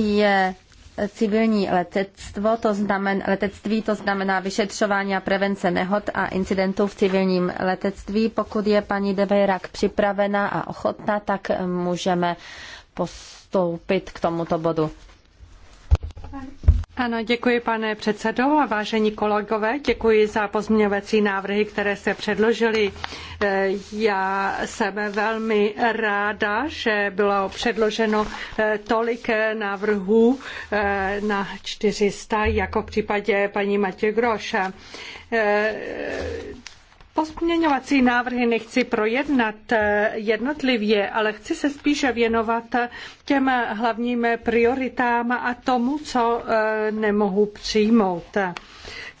je civilní letectvo, to znamen, letectví, to znamená vyšetřování a prevence nehod a incidentů v civilním letectví. Pokud je paní Devejrak připravena a ochotná, tak můžeme postoupit k tomuto bodu. Ano, děkuji pane předsedo a vážení kolegové, děkuji za pozměňovací návrhy, které se předložili. Eh, já jsem velmi ráda, že bylo předloženo eh, tolik eh, návrhů na 400, jako v případě paní Matě Groša Pozměňovací návrhy nechci projednat eh, jednotlivě, ale chci se spíše věnovat těm hlavním prioritám a tomu, co eh, nemohu přijmout.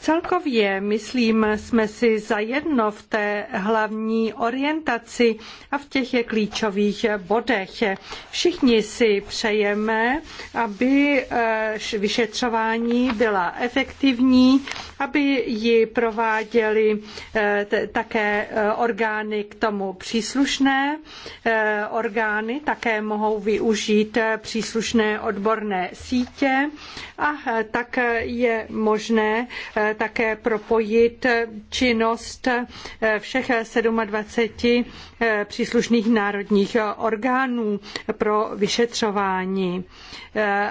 Celkově, myslím, jsme si zajedno v té hlavní orientaci a v těch klíčových bodech. Všichni si přejeme, aby eh, vyšetřování byla efektivní, aby ji prováděly eh, také eh, orgány k tomu příslušné. Eh, orgány také mohou využít příslušné odborné sítě a tak je možné také propojit činnost všech 27 příslušných národních orgánů pro vyšetřování.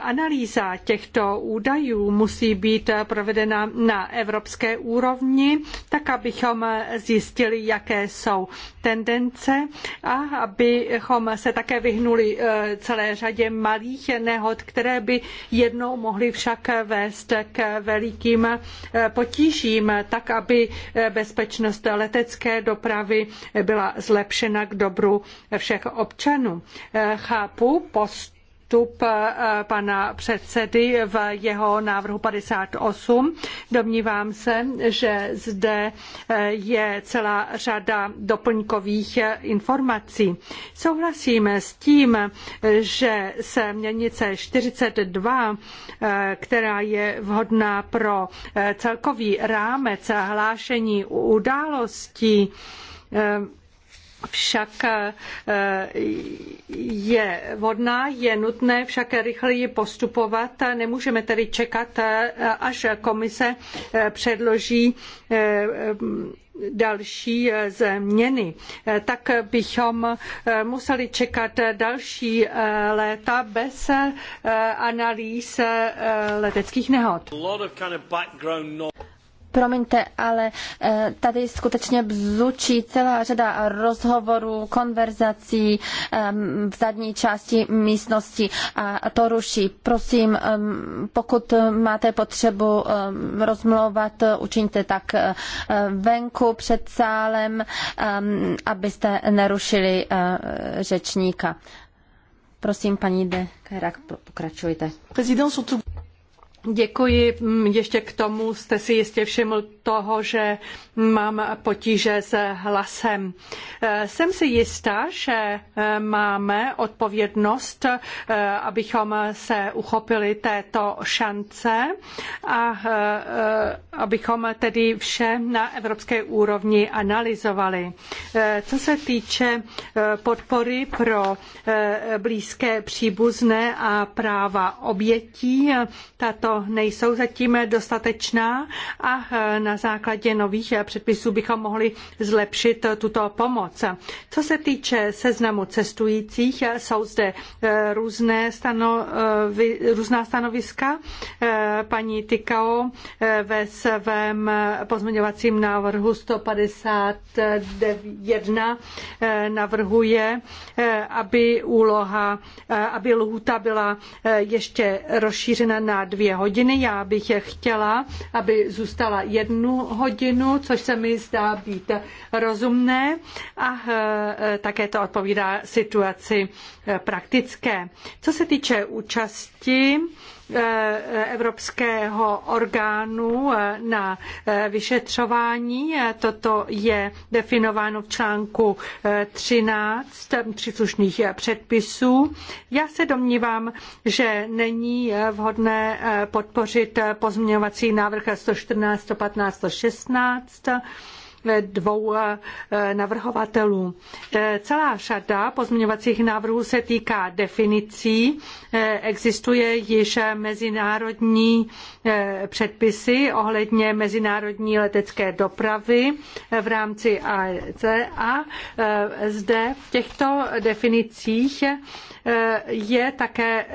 Analýza těchto údajů musí být provedena na evropské úrovni, tak abychom zjistili, jaké jsou tendence a abychom se také vyhnuli eh, celé řadě malých nehod, které by jednou mohly však vést k velikým eh, potížím, tak aby eh, bezpečnost letecké dopravy byla zlepšena k dobru všech občanů. Chápu post postup eh, pana předsedy v jeho návrhu 58. Domnívám se, že zde eh, je celá řada doplňkových eh, informací. Souhlasím s tím, že směrnice 42, která je vhodná pro celkový rámec hlášení událostí, však eh, eh, je vodná, je nutné však rychleji postupovat. Nemůžeme tedy čekat, eh, až komise předloží další změny, tak bychom museli čekat další léta bez analýz leteckých nehod. Promiňte, ale eh, tady skutečně bzučí celá řada rozhovorů, konverzací ehm, v zadní části místnosti a to ruší. Prosím, ehm, pokud máte potřebu ehm, rozmlouvat, učiňte tak eh, venku před sálem, abyste nerušili eh, řečníka. Prosím, paní de Kerak, pokračujte. Děkuji. Mm, ještě k tomu jste si jistě všiml toho, že mám potíže s hlasem. Eh, jsem si jistá, že eh, máme odpovědnost, eh, abychom se uchopili této šance a abychom tedy vše na evropské úrovni analyzovali. Co se týče podpory pro blízké příbuzné a práva obětí, tato nejsou zatím dostatečná a e, na základě nových e, předpisů bychom mohli zlepšit tuto pomoc. Co se týče seznamu cestujících, e, jsou zde různé stanovi, různá stanoviska. Paní Tykao ve svém pozměňovacím návrhu 151 navrhuje, aby úloha, aby lhůta byla ještě rozšířena na dvě hodiny hodiny. Já bych je chtěla, aby zůstala jednu hodinu, což se mi zdá být rozumné a e, také to odpovídá situaci e, praktické. Co se týče účasti, Eh, evropského orgánu eh, na eh, vyšetřování. Toto je definováno v článku 13 příslušných předpisů. Já se domnívám, že není vhodné podpořit pozměňovací návrh 114, 115, 116 dvou eh, navrhovatelů. Eh, celá řada pozměňovacích návrhů se týká definicí. Eh, existuje již mezinárodní předpisy ohledně mezinárodní letecké dopravy v rámci AEC a zde v těchto definicích je také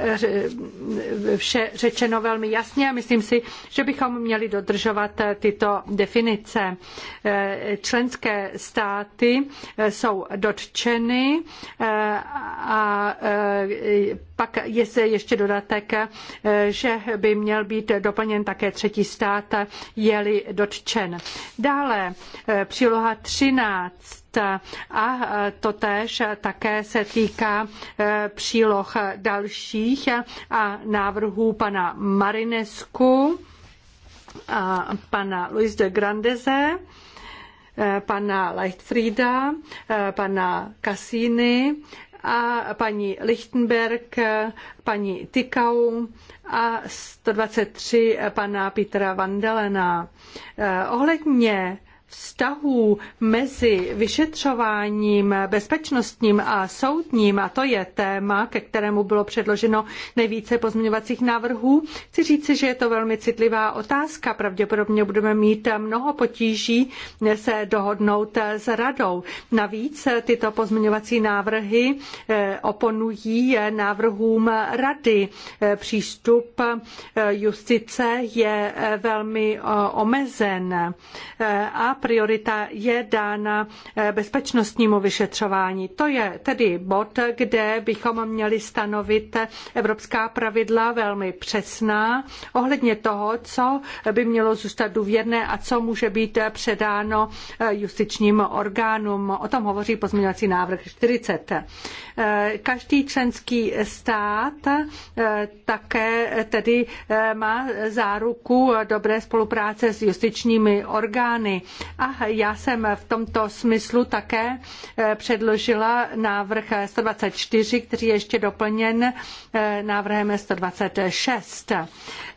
vše řečeno velmi jasně a myslím si, že bychom měli dodržovat tyto definice. Členské státy jsou dotčeny a pak je zde ještě dodatek, že by měl být doplněn také třetí stát, je-li dotčen. Dále příloha 13 a totéž také se týká eh, příloh dalších a návrhů pana Marinesku a pana Luis de Grandeze eh, pana Leichtfrieda, eh, pana Cassini a paní Lichtenberg, paní Tykau a 123 pana Petra Vandelena. Ohledně vztahů mezi vyšetřováním bezpečnostním a soudním, a to je téma, ke kterému bylo předloženo nejvíce pozměňovacích návrhů, chci říci, že je to velmi citlivá otázka. Pravděpodobně budeme mít mnoho potíží se dohodnout s radou. Navíc tyto pozměňovací návrhy eh, oponují návrhům rady. Eh, přístup eh, justice je velmi omezen a priorita je dána eh, bezpečnostnímu vyšetřování. To je tedy bod, kde bychom měli stanovit eh, evropská pravidla velmi přesná ohledně toho, co by mělo zůstat důvěrné a co může být eh, předáno justičním orgánům. O tom hovoří pozměňovací návrh 40. Každý členský stát také tedy má záruku dobré spolupráce s justičními orgány. A já jsem v tomto smyslu také eh, předložila návrh 124, který je ještě doplněn eh, návrhem 126.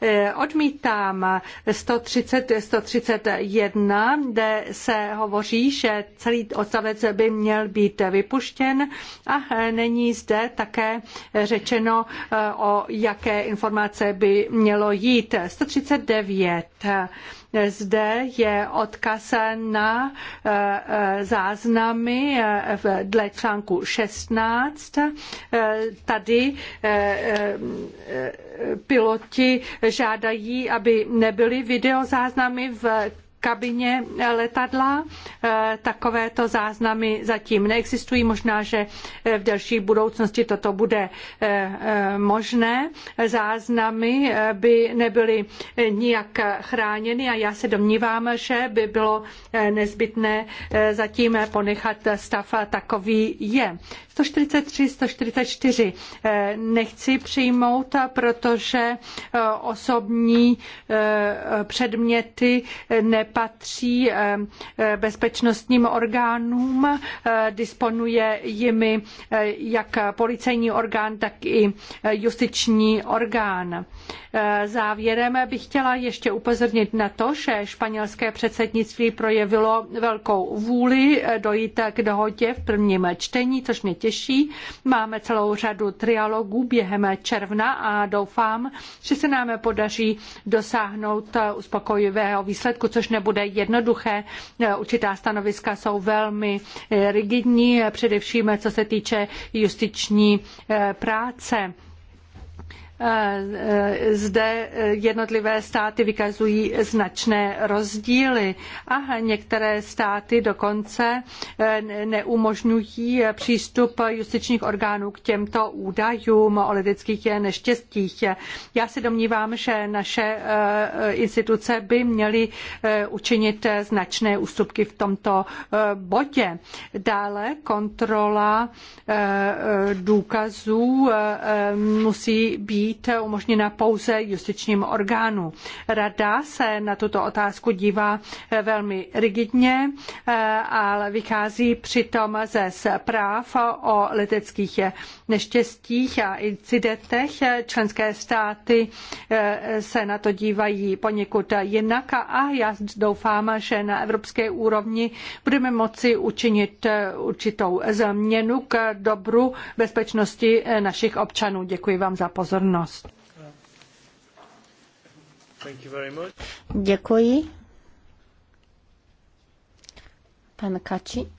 Eh, odmítám 130, 131, kde se hovoří, že celý odstavec by měl být vypuštěn a není zde také řečeno, o jaké informace by mělo jít. 139 zde je odkaz na eh, eh, záznamy eh, dle článku 16. Tady piloti žádají, aby nebyly videozáznamy v kabině letadla. Eh, takovéto záznamy zatím neexistují. Možná, že eh, v delší budoucnosti toto bude eh, možné. Záznamy by nebyly nijak chráněny a já se domnívám, že by bylo nezbytné zatím ponechat stav takový je. 143, 144 eh, nechci přijmout, protože eh, osobní eh, předměty nepatří bezpečnostním orgánům, disponuje jimi jak policejní orgán, tak i justiční orgán. Závěrem bych chtěla ještě upozornit na to, že španělské předsednictví projevilo velkou vůli dojít k dohodě v prvním čtení, což mě těší těší. Máme celou řadu trialogů během června a doufám, že se nám podaří dosáhnout uspokojivého výsledku, což nebude jednoduché. Určitá stanoviska jsou velmi rigidní, především co se týče justiční eh, práce. Eh, eh, zde eh, jednotlivé státy vykazují značné rozdíly a některé státy dokonce neumožňují přístup justičních orgánů k těmto údajům o lidských neštěstích. Já se domnívám, že naše instituce by měly učinit značné ústupky v tomto bodě. Dále kontrola důkazů musí být být umožněna pouze justičním orgánu. Rada se na tuto otázku dívá eh, velmi rigidně, eh, ale vychází přitom ze zpráv o leteckých neštěstích a incidentech. Členské státy eh, se na to dívají poněkud jinak a já doufám, že na evropské úrovni budeme moci učinit určitou změnu k dobru bezpečnosti našich občanů. Děkuji vám za pozornost pozornost. Děkuji. Pan Kači.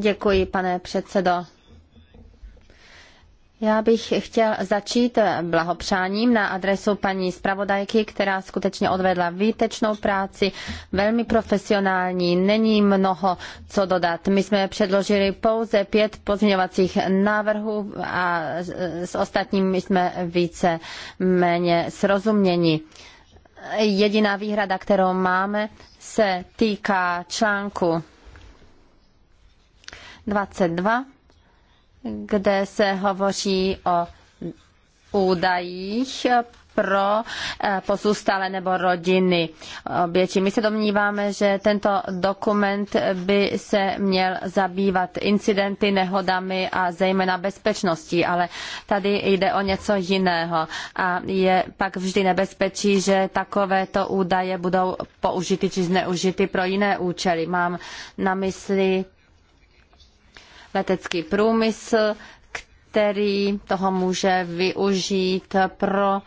Děkuji, pane předsedo. Já bych chtěl začít blahopřáním na adresu paní zpravodajky, která skutečně odvedla výtečnou práci, velmi profesionální, není mnoho co dodat. My jsme předložili pouze pět pozměňovacích návrhů a s ostatními jsme více méně srozuměni. Jediná výhrada, kterou máme, se týká článku 22 kde se hovoří o údajích pro eh, pozůstalé nebo rodiny oběti. My se domníváme, že tento dokument by se měl zabývat incidenty, nehodami a zejména bezpečností, ale tady jde o něco jiného a je pak vždy nebezpečí, že takovéto údaje budou použity či zneužity pro jiné účely. Mám na mysli letecký průmysl, který toho může využít pro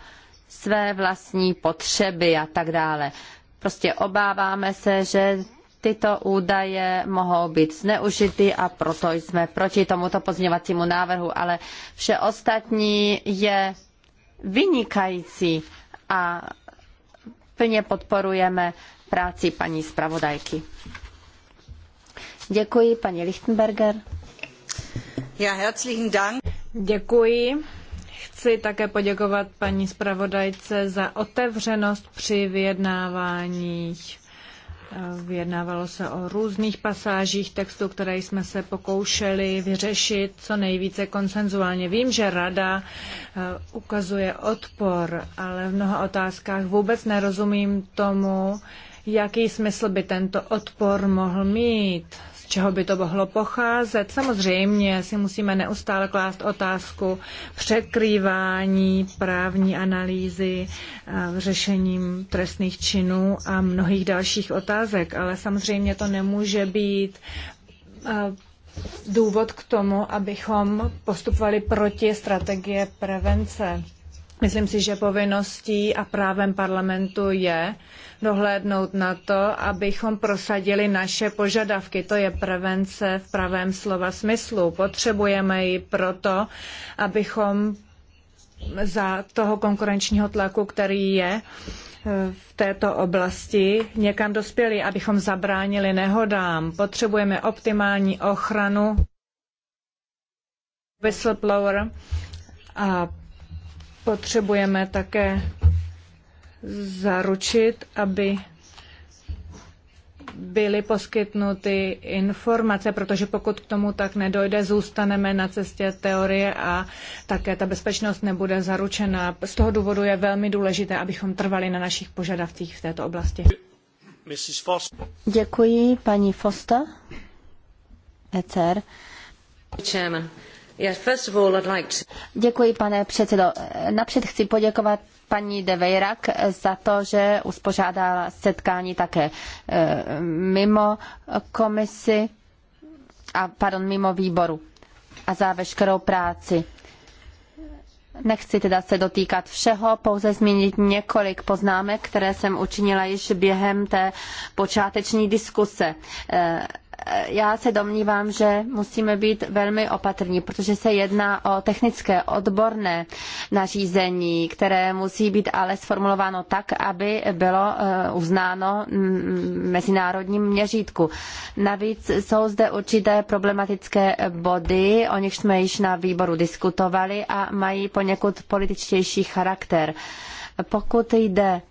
své vlastní potřeby a tak dále. Prostě obáváme se, že tyto údaje mohou být zneužity a proto jsme proti tomuto pozměňovacímu návrhu, ale vše ostatní je vynikající a plně podporujeme práci paní zpravodajky. Děkuji, paní Lichtenberger herzlichen Dank. Děkuji. Chci také poděkovat paní zpravodajce za otevřenost při vyjednávání. Vyjednávalo se o různých pasážích textu, které jsme se pokoušeli vyřešit co nejvíce konsenzuálně. Vím, že rada eh, ukazuje odpor, ale v mnoha otázkách vůbec nerozumím tomu, jaký smysl by tento odpor mohl mít čeho by to mohlo pocházet. Samozřejmě si musíme neustále klást otázku překrývání právní analýzy eh, řešením trestných činů a mnohých dalších otázek, ale samozřejmě to nemůže být eh, důvod k tomu, abychom postupovali proti strategie prevence. Myslím si, že povinností a právem parlamentu je dohlédnout na to, abychom prosadili naše požadavky. To je prevence v pravém slova smyslu. Potřebujeme ji proto, abychom za toho konkurenčního tlaku, který je eh, v této oblasti, někam dospěli, abychom zabránili nehodám. Potřebujeme optimální ochranu whistleblower a potřebujeme také zaručit, aby byly poskytnuty informace, protože pokud k tomu tak nedojde, zůstaneme na cestě teorie a také ta bezpečnost nebude zaručena. Z toho důvodu je velmi důležité, abychom trvali na našich požadavcích v této oblasti. Děkuji, paní Fosta. ECR. Děkuji, pane předsedo. Napřed chci poděkovat paní De Vejrak za to, že uspořádala setkání také eh, mimo komisi a pardon, mimo výboru a za veškerou práci. Nechci teda se dotýkat všeho, pouze zmínit několik poznámek, které jsem učinila již během té počáteční diskuse. Eh, já se domnívám, že musíme být velmi opatrní, protože se jedná o technické odborné nařízení, které musí být ale sformulováno tak, aby bylo eh, uznáno mm, mezinárodním měřítku. Navíc jsou zde určité problematické body, o nich jsme již na výboru diskutovali a mají poněkud političtější charakter. Pokud jde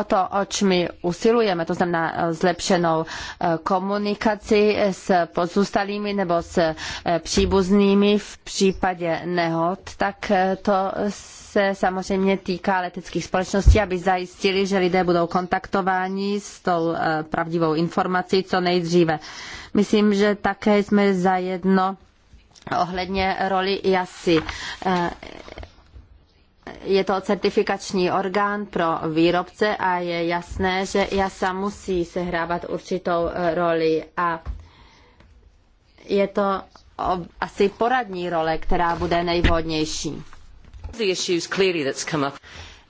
o to, oč my usilujeme, to znamená eh, zlepšenou eh, komunikaci s pozůstalými nebo s eh, příbuznými v případě nehod, tak to se samozřejmě týká leteckých společností, aby zajistili, že lidé budou kontaktováni s tou pravdivou informací co nejdříve. Myslím, že také jsme zajedno ohledně roli IASI je to certifikační orgán pro výrobce a je jasné, že JASA e musí sehrávat určitou eh, roli a je to asi poradní role, která bude nejvhodnější.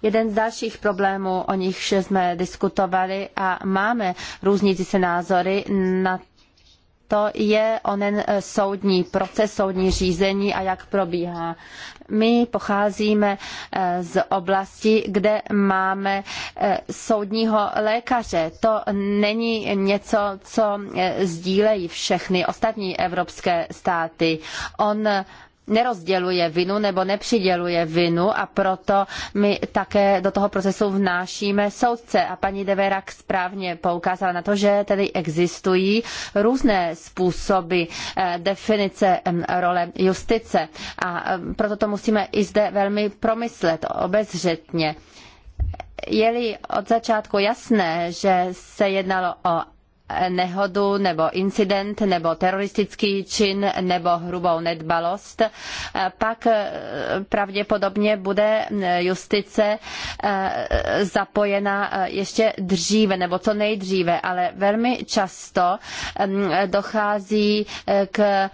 Jeden z dalších problémů, o nichž jsme diskutovali a máme různící se názory na to je onen eh, soudní proces, soudní řízení a jak probíhá. My pocházíme eh, z oblasti, kde máme eh, soudního lékaře. To není něco, co sdílejí všechny ostatní evropské státy. On nerozděluje vinu nebo nepřiděluje vinu a proto my také do toho procesu vnášíme soudce. A paní Deverak správně poukázala na to, že tedy existují různé způsoby eh, definice role justice a proto to musíme i zde velmi promyslet obezřetně je-li od začátku jasné, že se jednalo o nehodu nebo incident nebo teroristický čin nebo hrubou nedbalost, pak eh, pravděpodobně bude eh, justice eh, zapojena ještě dříve nebo co nejdříve, ale velmi často mm, dochází k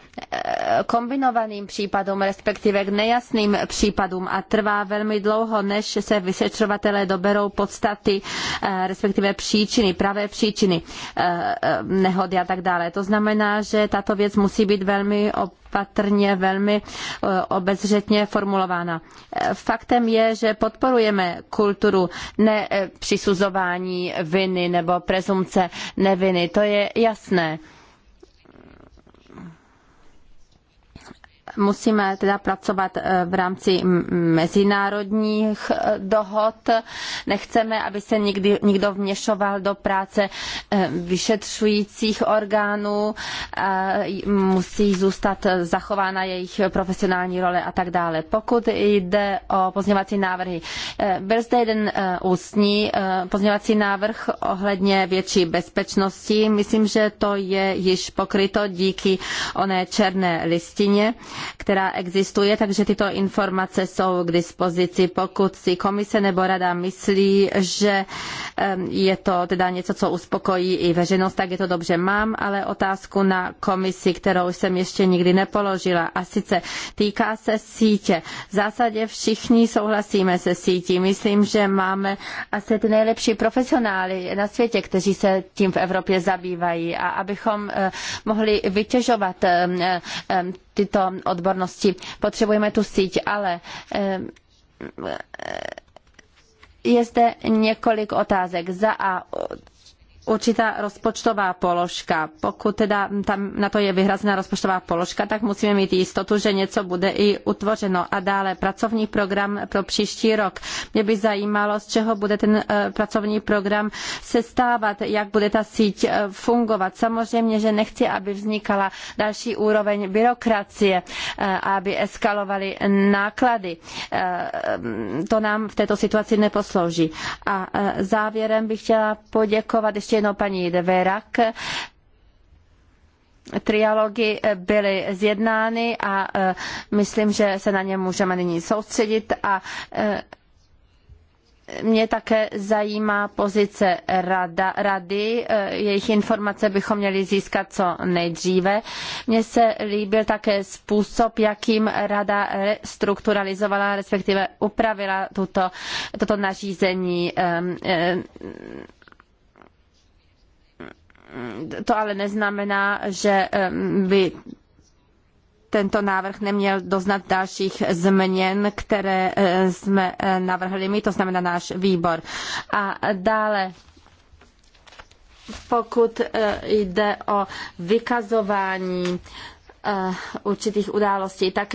kombinovaným případům, respektive k nejasným případům a trvá velmi dlouho, než se vyšetřovatelé doberou podstaty, respektive příčiny, pravé příčiny Eh, nehody a tak dále. To znamená, že tato věc musí být velmi opatrně, velmi eh, obezřetně formulována. Eh, faktem je, že podporujeme kulturu nepřisuzování viny nebo prezumce neviny. To je jasné. Musíme teda pracovat eh, v rámci mezinárodních eh, dohod. Nechceme, aby se nikdy, nikdo vměšoval do práce eh, vyšetřujících orgánů. Musí zůstat zachována jejich profesionální role a tak dále. Pokud jde o pozměňovací návrhy, byl zde jeden ústní pozměňovací návrh ohledně větší bezpečnosti. Myslím, že to je již pokryto díky oné černé listině která existuje, takže tyto informace jsou k dispozici. Pokud si komise nebo rada myslí, že je to teda něco, co uspokojí i veřejnost, tak je to dobře. Mám ale otázku na komisi, kterou jsem ještě nikdy nepoložila. A sice týká se sítě. V zásadě všichni souhlasíme se sítí. Myslím, že máme asi ty nejlepší profesionály na světě, kteří se tím v Evropě zabývají. A abychom eh, mohli vytěžovat eh, eh, tyto odbornosti. Potřebujeme tu síť, ale je zde několik otázek. Za a určitá rozpočtová položka. Pokud teda tam na to je vyhrazená rozpočtová položka, tak musíme mít jistotu, že něco bude i utvořeno. A dále pracovní program pro příští rok. Mě by zajímalo, z čeho bude ten eh, pracovní program sestávat, jak bude ta síť eh, fungovat. Samozřejmě, že nechci, aby vznikala další úroveň byrokracie, eh, aby eskalovaly náklady. To nám v této situaci neposlouží. A závěrem bych chtěla poděkovat ještě jednou paní De Deverak, trialogy byly zjednány a e, myslím, že se na ně můžeme nyní soustředit a e, mě také zajímá pozice rada, rady, e, jejich informace bychom měli získat co nejdříve. Mně se líbil také způsob, jakým rada restrukturalizovala, respektive upravila tuto, toto nařízení to ale neznamená, že by tento návrh neměl doznat dalších změn, které e, jsme e, navrhli my, to znamená náš výbor. A dále pokud e, jde o vykazování určitých událostí, tak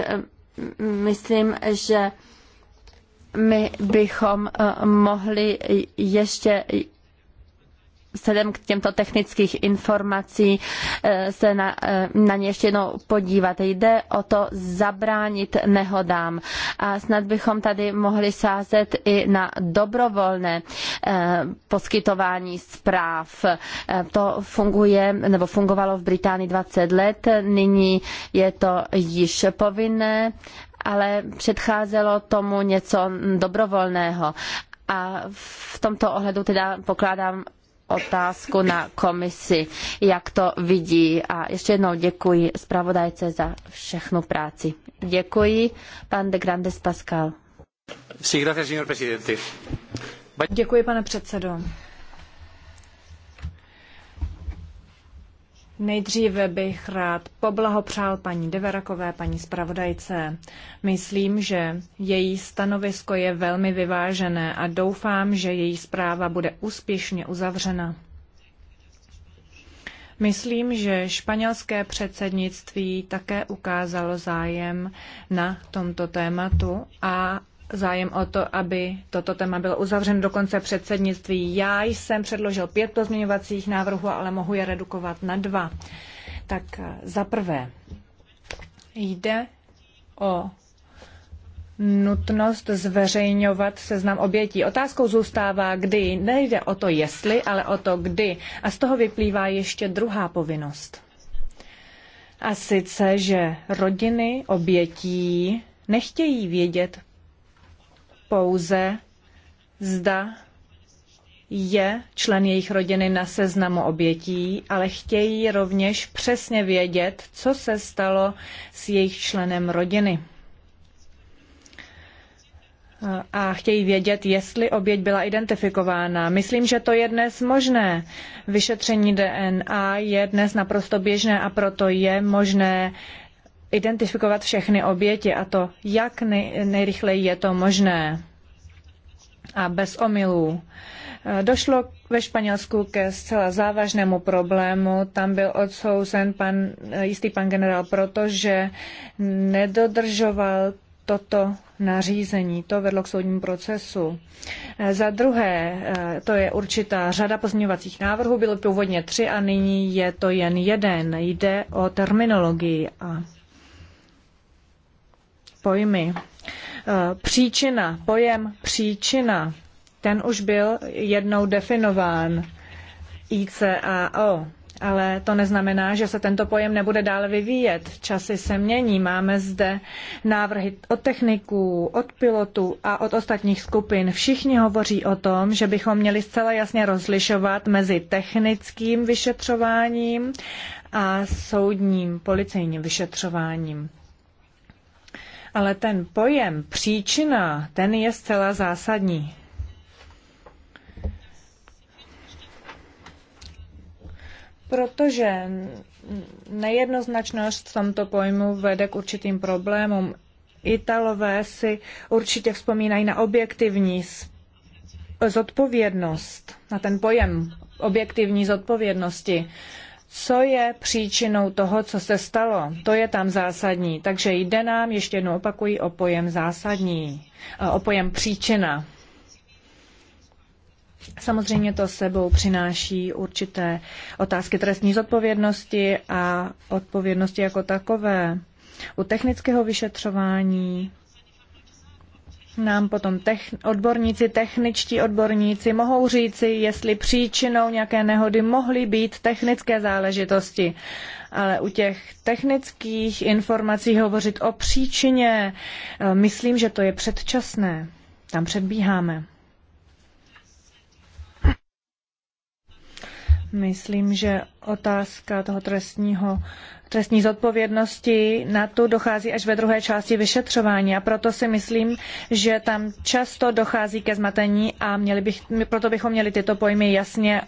myslím, že my bychom mohli ještě vzhledem k těmto technických informací eh, se na, eh, na ně ještě jednou podívat. Jde o to zabránit nehodám. A snad bychom tady mohli sázet i na dobrovolné eh, poskytování zpráv. To funguje, nebo fungovalo v Británii 20 let, nyní je to již povinné ale předcházelo tomu něco dobrovolného. A v tomto ohledu teda pokládám otázku na komisi, jak to vidí. A ještě jednou děkuji zpravodajce za všechnu práci. Děkuji, pan de Grandes Pascal. Sí, gracias, señor presidente. Děkuji, pane předsedo. Nejdříve bych rád poblahopřál paní Deverakové, paní zpravodajce. Myslím, že její stanovisko je velmi vyvážené a doufám, že její zpráva bude úspěšně uzavřena. Myslím, že španělské předsednictví také ukázalo zájem na tomto tématu a zájem o to, aby toto téma bylo uzavřeno do konce předsednictví. Já jsem předložil pět pozměňovacích návrhů, ale mohu je redukovat na dva. Tak eh, za prvé jde o nutnost zveřejňovat seznam obětí. Otázkou zůstává, kdy. Nejde o to jestli, ale o to kdy. A z toho vyplývá ještě druhá povinnost. A sice, že rodiny obětí nechtějí vědět, pouze, zda je člen jejich rodiny na seznamu obětí, ale chtějí rovněž přesně vědět, co se stalo s jejich členem rodiny. A chtějí vědět, jestli oběť byla identifikována. Myslím, že to je dnes možné. Vyšetření DNA je dnes naprosto běžné a proto je možné uh, identifikovat všechny oběti a to, jak nejrychleji je to možné a bez omylů. Eh, došlo ve Španělsku ke zcela závažnému problému. Tam byl odsouzen pan, eh, jistý pan generál, protože nedodržoval toto nařízení. To vedlo k soudnímu procesu. Eh, za druhé, to je určitá řada pozměňovacích návrhů, bylo původně tři a nyní je to jen jeden. Jde o terminologii a pojmy. E, příčina, pojem příčina, ten už byl jednou definován ICAO. Ale to neznamená, že se tento pojem nebude dále vyvíjet. Časy se mění. Máme zde návrhy od techniků, od pilotů a od ostatních skupin. Všichni hovoří o tom, že bychom měli zcela jasně rozlišovat mezi technickým vyšetřováním a soudním policejním vyšetřováním ale ten pojem příčina, ten je zcela zásadní. Protože nejednoznačnost v tomto pojmu vede k určitým problémům. Italové si určitě vzpomínají na objektivní zodpovědnost, na ten pojem objektivní zodpovědnosti co je příčinou toho, co se stalo. To je tam zásadní. Takže jde nám, ještě jednou opakuji, o pojem zásadní, eh, o pojem příčina. Samozřejmě to sebou přináší určité otázky trestní zodpovědnosti a odpovědnosti jako takové. U technického vyšetřování nám potom odborníci, techničtí odborníci mohou říci, jestli příčinou nějaké nehody mohly být technické záležitosti. Ale u těch technických informací hovořit o příčině, eh, myslím, že to je předčasné. Tam předbíháme. Myslím, že otázka toho trestního, trestní zodpovědnosti na tu dochází až ve druhé části vyšetřování a proto si myslím, že tam často dochází ke zmatení a měli bych, proto bychom měli tyto pojmy jasně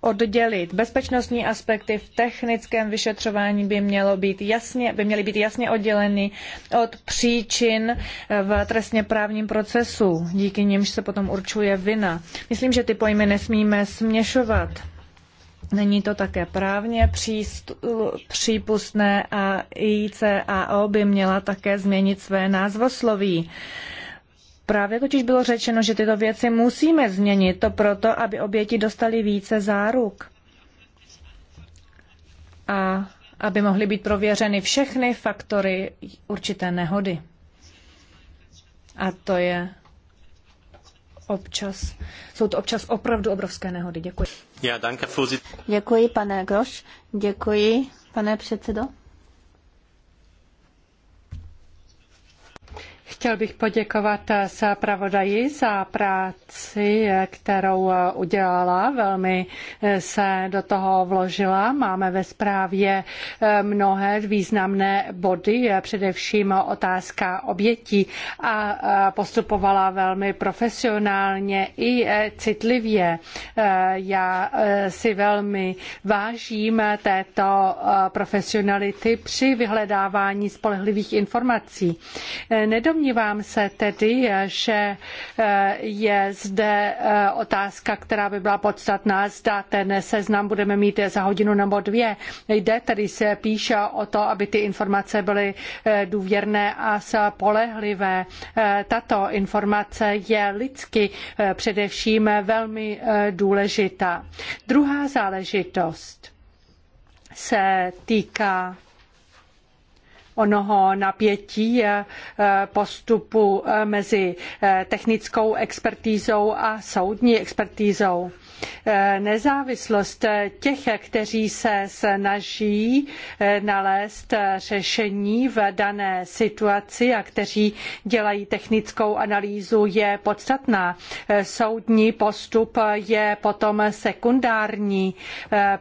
oddělit. Bezpečnostní aspekty v technickém vyšetřování by, mělo být jasně, by měly být jasně odděleny od příčin eh, v trestně právním procesu, díky nímž se potom určuje vina. Myslím, že ty pojmy nesmíme směšovat. Není to také právně přípustné a ICAO by měla také změnit své názvosloví. Právě totiž bylo řečeno, že tyto věci musíme změnit, to proto, aby oběti dostali více záruk. A aby mohly být prověřeny všechny faktory určité nehody. A to je občas, jsou to občas opravdu obrovské nehody. Děkuji. Děkuji, pane Groš. Děkuji, pane předsedo. Chtěl bych poděkovat eh, zpravodaji za práci, eh, kterou eh, udělala. Velmi se do toho vložila. Máme ve zprávě mnohé významné body, především otázka obětí a postupovala velmi profesionálně i citlivě. Já si velmi vážím této profesionality při vyhledávání spolehlivých informací. Nedom Nedomnívám se tedy, že eh, je zde eh, otázka, která by byla podstatná, zda ten seznam budeme mít za hodinu nebo dvě. Jde tedy se píše o to, aby ty informace byly eh, důvěrné a spolehlivé. Tato informace je lidsky především velmi důležitá. Druhá záležitost se týká onoho napětí eh, eh, postupu eh, mezi technickou expertizou a soudní expertizou. Eh, nezávislost těch, kteří se snaží eh, nalézt řešení v dané situaci a kteří dělají technickou analýzu, je podstatná. Eh, soudní postup je potom sekundární.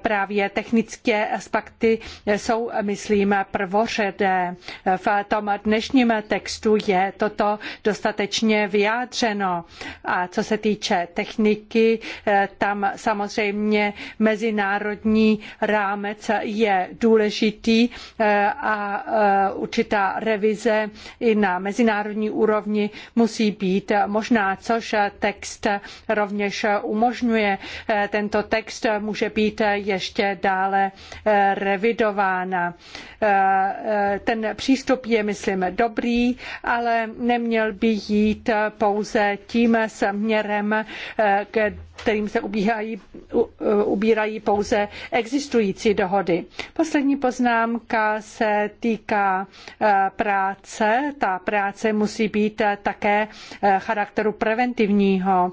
Právě technické aspekty jsou, myslím, prvořadé. V tom dnešním textu je toto dostatečně vyjádřeno. A co se týče techniky, ta tam samozřejmě mezinárodní rámec je důležitý eh, a eh, určitá revize i na mezinárodní úrovni musí být možná, což text rovněž umožňuje. Eh, tento text může být ještě dále revidován. Ten přístup je, myslím, dobrý, ale neměl by jít pouze tím směrem, kde kterým se ubíhají, eh, ubírají pouze existující dohody. Poslední poznámka se týká eh, práce. Ta práce musí být eh, také charakteru preventivního.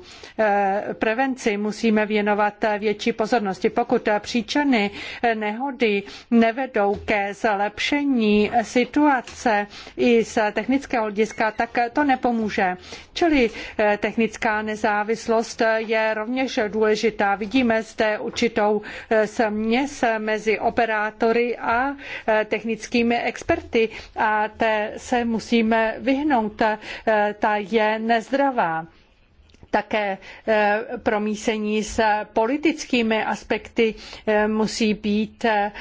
Prevenci musíme věnovat větší pozornosti. Pokud příčiny nehody nevedou ke zlepšení situace i z technického hlediska, tak to nepomůže. Čili technická nezávislost je rovněž rovněž důležitá. Vidíme zde určitou eh, směs mezi operátory a eh, technickými experty a té se musíme vyhnout. Eh, ta je nezdravá také eh, promísení s politickými aspekty eh, musí být eh,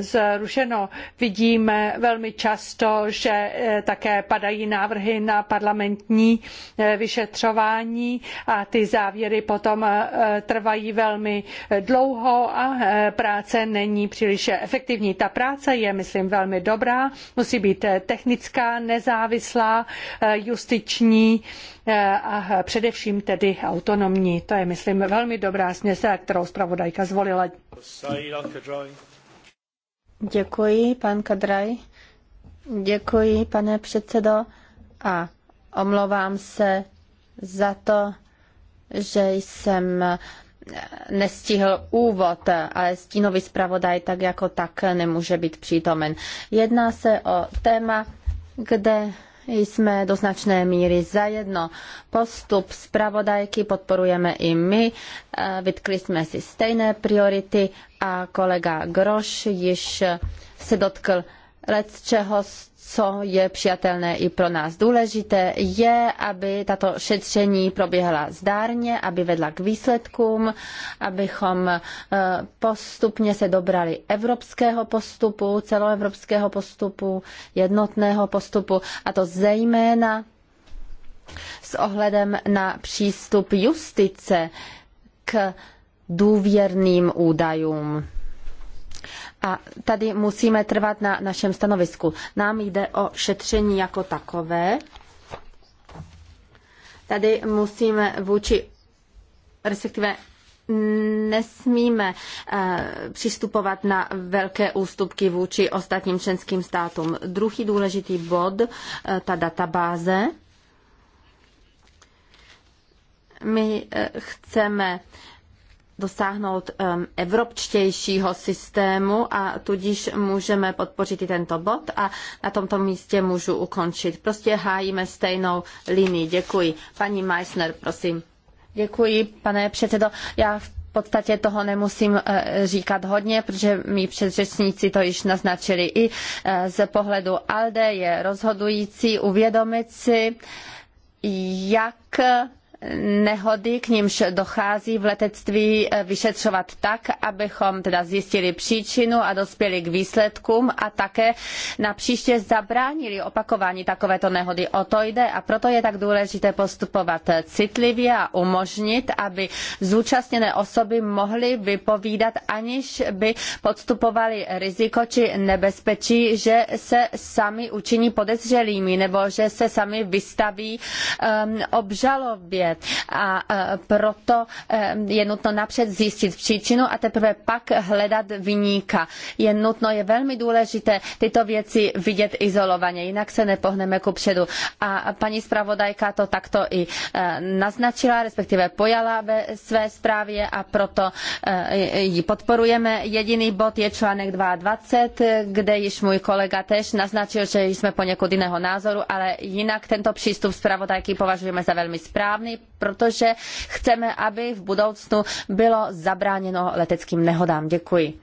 zrušeno. Vidíme velmi často, že také padají návrhy na parlamentní vyšetřování a ty závěry potom trvají velmi dlouho a práce není příliš efektivní. Ta práce je, myslím, velmi dobrá, musí být technická, nezávislá, justiční, Eh, a především tedy autonomní. To je, myslím, velmi dobrá směs, kterou zpravodajka zvolila. Děkuji, pan Kadraj. Děkuji, pane předsedo, a omlouvám se za to, že jsem eh, nestihl úvod, ale stínový zpravodaj tak jako tak nemůže být přítomen. Jedná se o téma, kde jsme do značné míry zajedno. Postup zpravodajky podporujeme i my, eh, vytkli jsme si stejné priority a kolega Groš již se dotkl let čeho, co je přijatelné i pro nás. Důležité je, aby tato šetření proběhla zdárně, aby vedla k výsledkům, abychom eh, postupně se dobrali evropského postupu, celoevropského postupu, jednotného postupu a to zejména s ohledem na přístup justice k důvěrným údajům. A tady musíme trvat na našem stanovisku. Nám jde o šetření jako takové. Tady musíme vůči, respektive nesmíme eh, přistupovat na velké ústupky vůči ostatním členským státům. Druhý důležitý bod, eh, ta databáze. My eh, chceme dosáhnout um, evropčtějšího systému a tudíž můžeme podpořit i tento bod a na tomto místě můžu ukončit. Prostě hájíme stejnou linii. Děkuji. Paní Meissner, prosím. Děkuji, pane předsedo. Já v podstatě toho nemusím eh, říkat hodně, protože mi předřečníci to již naznačili. I eh, z pohledu ALDE je rozhodující uvědomit si, jak nehody, k nímž dochází v letectví, eh, vyšetřovat tak, abychom teda zjistili příčinu a dospěli k výsledkům a také na příště zabránili opakování takovéto nehody. O to jde a proto je tak důležité postupovat citlivě a umožnit, aby zúčastněné osoby mohly vypovídat, aniž by podstupovali riziko či nebezpečí, že se sami učiní podezřelými nebo že se sami vystaví um, obžalobě vědět. A e, proto e, je nutno napřed zjistit příčinu a teprve pak hledat vyníka. Je nutno, je velmi důležité tyto věci vidět izolovaně, jinak se nepohneme ku předu. A paní zpravodajka to takto i e, naznačila, respektive pojala ve své zprávě a proto ji podporujeme. Jediný bod je článek 22, kde již můj kolega tež naznačil, že jsme poněkud jiného názoru, ale jinak tento přístup zpravodajky považujeme za velmi správný, protože chceme, aby v budoucnu bylo zabráněno leteckým nehodám. Děkuji.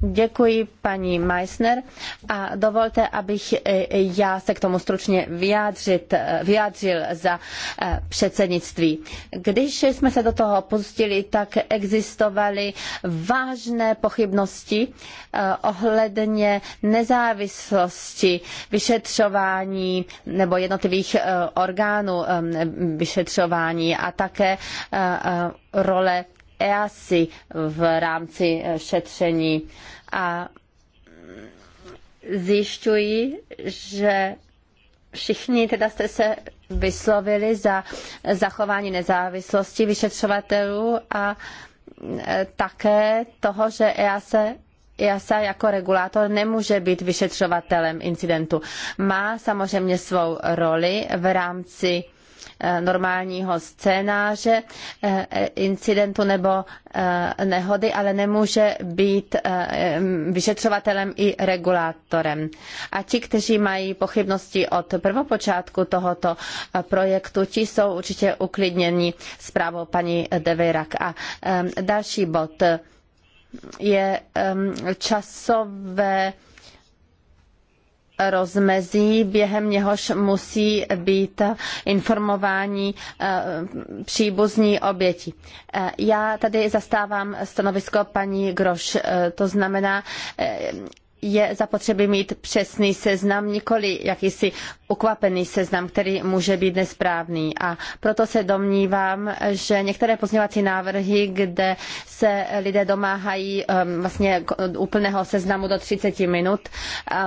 Děkuji paní Meissner a dovolte, abych já se k tomu stručně vyjádřit, vyjádřil za e, předsednictví. Když jsme se do toho pustili, tak existovaly vážné pochybnosti e, ohledně nezávislosti vyšetřování nebo jednotlivých e, orgánů vyšetřování a také role EASI v rámci šetření a zjišťují, že všichni teda jste se vyslovili za zachování nezávislosti vyšetřovatelů a také toho, že EASA EASA jako regulátor nemůže být vyšetřovatelem incidentu. Má samozřejmě svou roli v rámci Eh, normálního scénáře eh, incidentu nebo eh, nehody, ale nemůže být mm, vyšetřovatelem i regulátorem. A ti, kteří mají pochybnosti od prvopočátku tohoto projektu, ti jsou určitě uklidněni zprávou paní Devirak. A další bod je mm, časové rozmezí, během něhož musí být informováni eh, příbuzní oběti. Eh, já tady zastávám stanovisko paní Groš, eh, to znamená, je zapotřebí mít přesný seznam, nikoli jakýsi ukvapený seznam, který může být nesprávný. A proto se domnívám, že některé pozměňovací návrhy, kde se lidé domáhají um, vlastně úplného seznamu do 30 minut,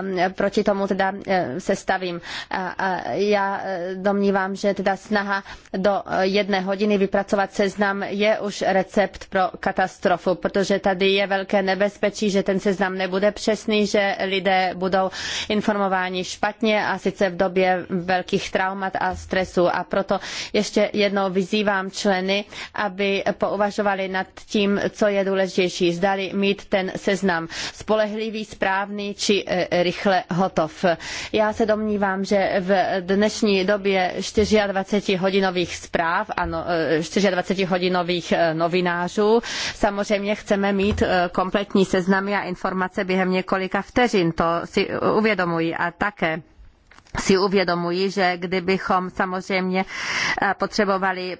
um, proti tomu teda uh, se stavím. A já uh, domnívám, že teda snaha do jedné hodiny vypracovat seznam je už recept pro katastrofu, protože tady je velké nebezpečí, že ten seznam nebude přesný, že lidé budou informováni špatně a sice v době, době velkých traumat a stresu. A proto ještě jednou vyzývám členy, aby pouvažovali nad tím, co je důležitější. Zdali mít ten seznam spolehlivý, správný či e, rychle hotov. Já se domnívám, že v dnešní době 24-hodinových zpráv a 24-hodinových e, e, novinářů samozřejmě chceme mít kompletní seznamy a informace během několika vteřin. To si uvědomuji a také si uvědomuji, že kdybychom samozřejmě eh, potřebovali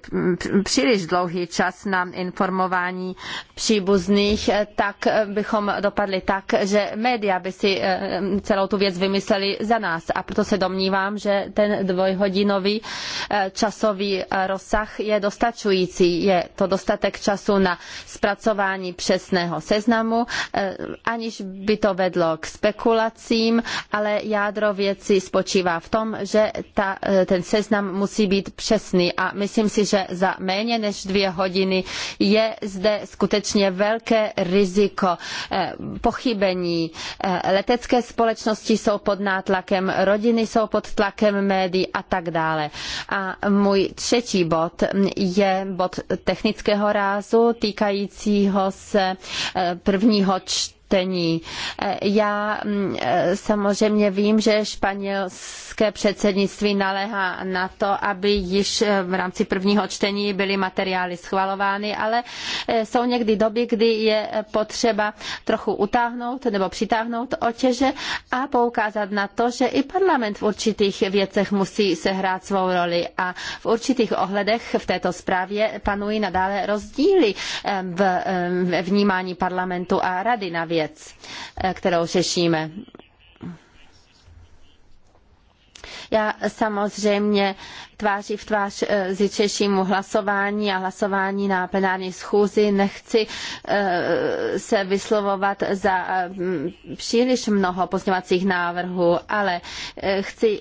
příliš dlouhý čas na informování příbuzných, eh, tak eh, bychom dopadli tak, že média by si celou tu věc vymysleli za nás. A proto se domnívám, že ten dvojhodinový časový rozsah je dostačující. Je to dostatek času na zpracování přesného seznamu, aniž by to vedlo k spekulacím, ale jádro věci spočívá spočívá v tom, že ta, eh, ten seznam musí být přesný a myslím si, že za méně než dvě hodiny je zde skutečně velké riziko eh, pochybení. Eh, letecké společnosti jsou pod nátlakem, rodiny jsou pod tlakem médií a tak dále. A můj třetí bod je bod technického rázu týkajícího se prvního čtení čtení. Eh, já mm, eh, samozřejmě vím, že španělské předsednictví naléhá na to, aby již eh, v rámci prvního čtení byly materiály schvalovány, ale jsou někdy doby, kdy je potřeba trochu utáhnout nebo přitáhnout otěže a poukázat na to, že i parlament v určitých věcech musí sehrát svou roli a v určitých ohledech v této zprávě panují nadále rozdíly v vnímání parlamentu a rady na věc věc, eh, kterou řešíme. Já samozřejmě tváří v tvář eh, zítřejšímu hlasování a hlasování na plenární schůzi nechci eh, se vyslovovat za příliš mnoho pozměňovacích návrhů, ale chci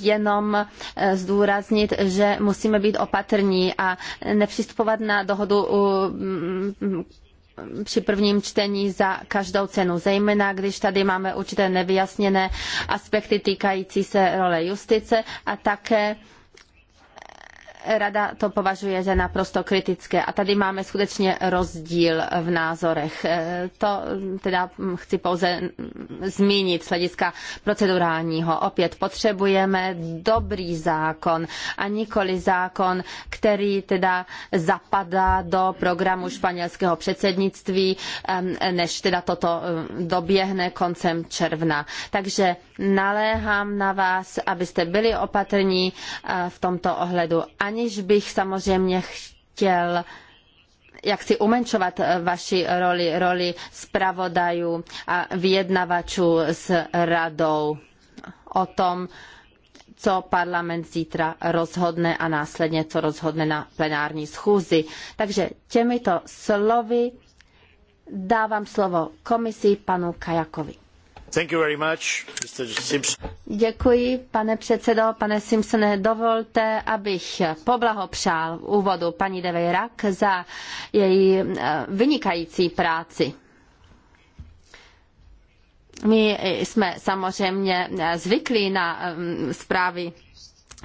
jenom zdůraznit, že musíme být opatrní a nepřistupovat na dohodu mm, při prvním čtení za každou cenu, zejména když tady máme určité nevyjasněné aspekty týkající se role justice a také Rada to považuje za naprosto kritické a tady máme skutečně rozdíl v názorech. E, to teda chci pouze zmínit z hlediska procedurálního. Opět potřebujeme dobrý zákon a nikoli zákon, který teda zapadá do programu španělského předsednictví, než teda toto doběhne koncem června. Takže naléhám na vás, abyste byli opatrní e, v tomto ohledu. Ani aniž bych samozřejmě chtěl jak si umenšovat eh, vaši roli, roli zpravodajů a vyjednavačů s radou o tom, co parlament zítra rozhodne a následně co rozhodne na plenární schůzi. Takže těmito slovy dávám slovo komisi panu Kajakovi. Děkuji, pane předsedo, pane Simpsone. Dovolte, abych poblahopřál v úvodu paní de Veyrac za její eh, vynikající práci. My jsme samozřejmě eh, zvyklí na eh, zprávy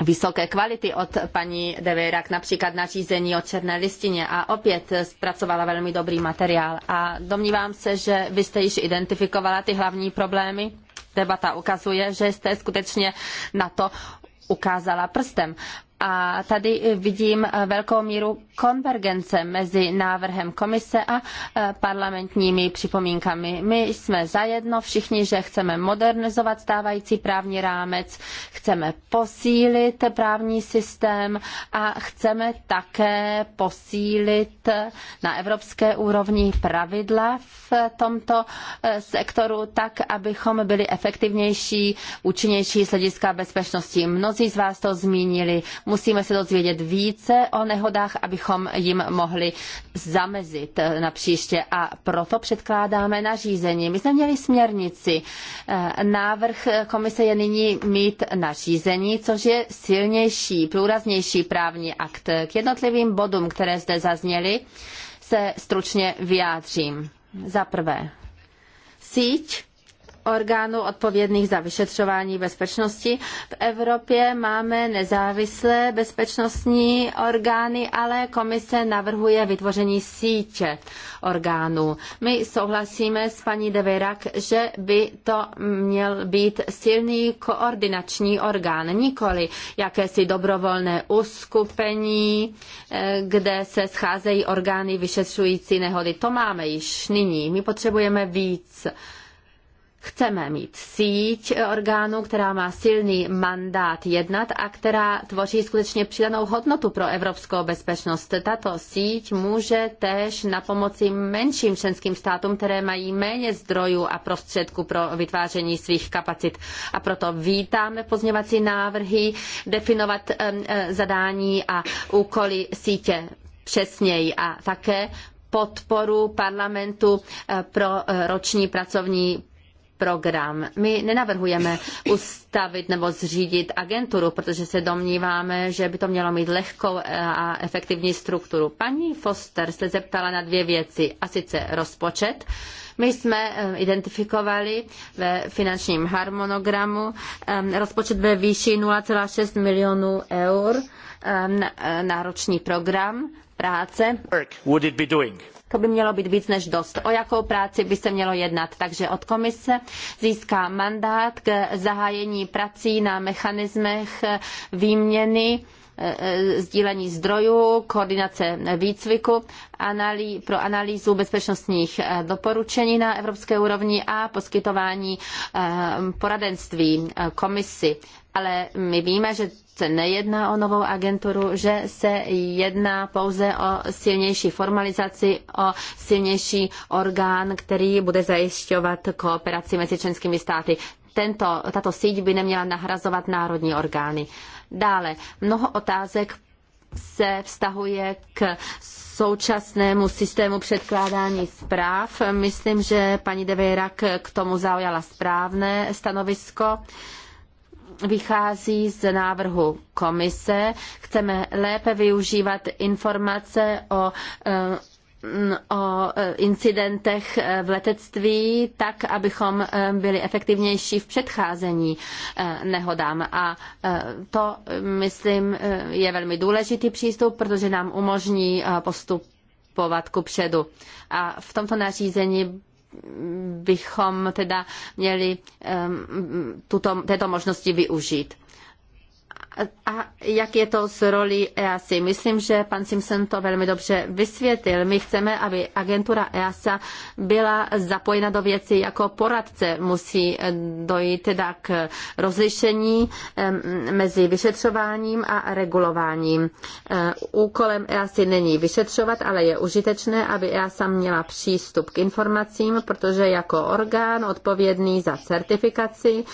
vysoké kvality od paní Deverak, například nařízení o černé listině a opět zpracovala velmi dobrý materiál. A domnívám se, že vy jste již identifikovala ty hlavní problémy. Debata ukazuje, že jste skutečně na to ukázala prstem. A tady eh, vidím eh, velkou míru konvergence mezi návrhem komise a eh, parlamentními připomínkami. My jsme zajedno všichni, že chceme modernizovat stávající právní rámec, chceme posílit právní systém a chceme také posílit na evropské úrovni pravidla v tomto sektoru tak, abychom byli efektivnější, účinnější z hlediska bezpečnosti. Mnozí z vás to zmínili Musíme se dozvědět více o nehodách, abychom jim mohli zamezit eh, na příště a proto předkládáme nařízení. My jsme měli směrnici. Eh, návrh eh, komise je nyní mít nařízení, což je silnější, průraznější právní akt. K jednotlivým bodům, které zde zazněly, se stručně vyjádřím. Za prvé, síť orgánů odpovědných za vyšetřování bezpečnosti. V Evropě máme nezávislé bezpečnostní orgány, ale komise navrhuje vytvoření sítě orgánů. My souhlasíme s paní Deverak, že by to měl být silný koordinační orgán, nikoli jakési dobrovolné uskupení, eh, kde se scházejí orgány vyšetřující nehody. To máme již nyní. My potřebujeme víc Chceme mít síť orgánů, která má silný mandát jednat a která tvoří skutečně přidanou hodnotu pro evropskou bezpečnost. Tato síť může též na pomoci menším členským státům, které mají méně zdrojů a prostředků pro vytváření svých kapacit. A proto vítáme pozněvací návrhy definovat e, zadání a úkoly sítě přesněji a také podporu parlamentu e, pro e, roční pracovní program. My nenavrhujeme ustavit nebo zřídit agenturu, protože se domníváme, že by to mělo mít lehkou a efektivní strukturu. Paní Foster se zeptala na dvě věci, a sice rozpočet. My jsme eh, identifikovali ve finančním harmonogramu eh, rozpočet ve výši 0,6 milionů eur eh, na roční program práce. To by mělo být víc než dost. O jakou práci by se mělo jednat? Takže od komise získá mandát k zahájení prací na mechanismech výměny Eh, sdílení zdrojů, koordinace výcviku, analý, pro analýzu bezpečnostních eh, doporučení na evropské úrovni a poskytování eh, poradenství komisi. Ale my víme, že se nejedná o novou agenturu, že se jedná pouze o silnější formalizaci, o silnější orgán, který bude zajišťovat kooperaci mezi členskými státy. Tento, tato síť by neměla nahrazovat národní orgány. Dále, mnoho otázek se vztahuje k současnému systému předkládání zpráv. Myslím, že paní Devejrak k tomu zaujala správné stanovisko vychází z návrhu komise. Chceme lépe využívat informace o eh, Mm, o e, incidentech e, v letectví tak, abychom e, byli efektivnější v předcházení nehodám. A to, myslím, je velmi důležitý přístup, protože nám umožní postupovat ku předu. A v tomto nařízení bychom teda měli tuto, této možnosti využít a jak je to s rolí EASA? Myslím, že pan Simpson to velmi dobře vysvětlil. My chceme, aby agentura EASA byla zapojena do věci jako poradce. Musí eh, dojít teda k rozlišení eh, mezi vyšetřováním a regulováním. Eh, úkolem EASA není vyšetřovat, ale je užitečné, aby EASA měla přístup k informacím, protože jako orgán odpovědný za certifikaci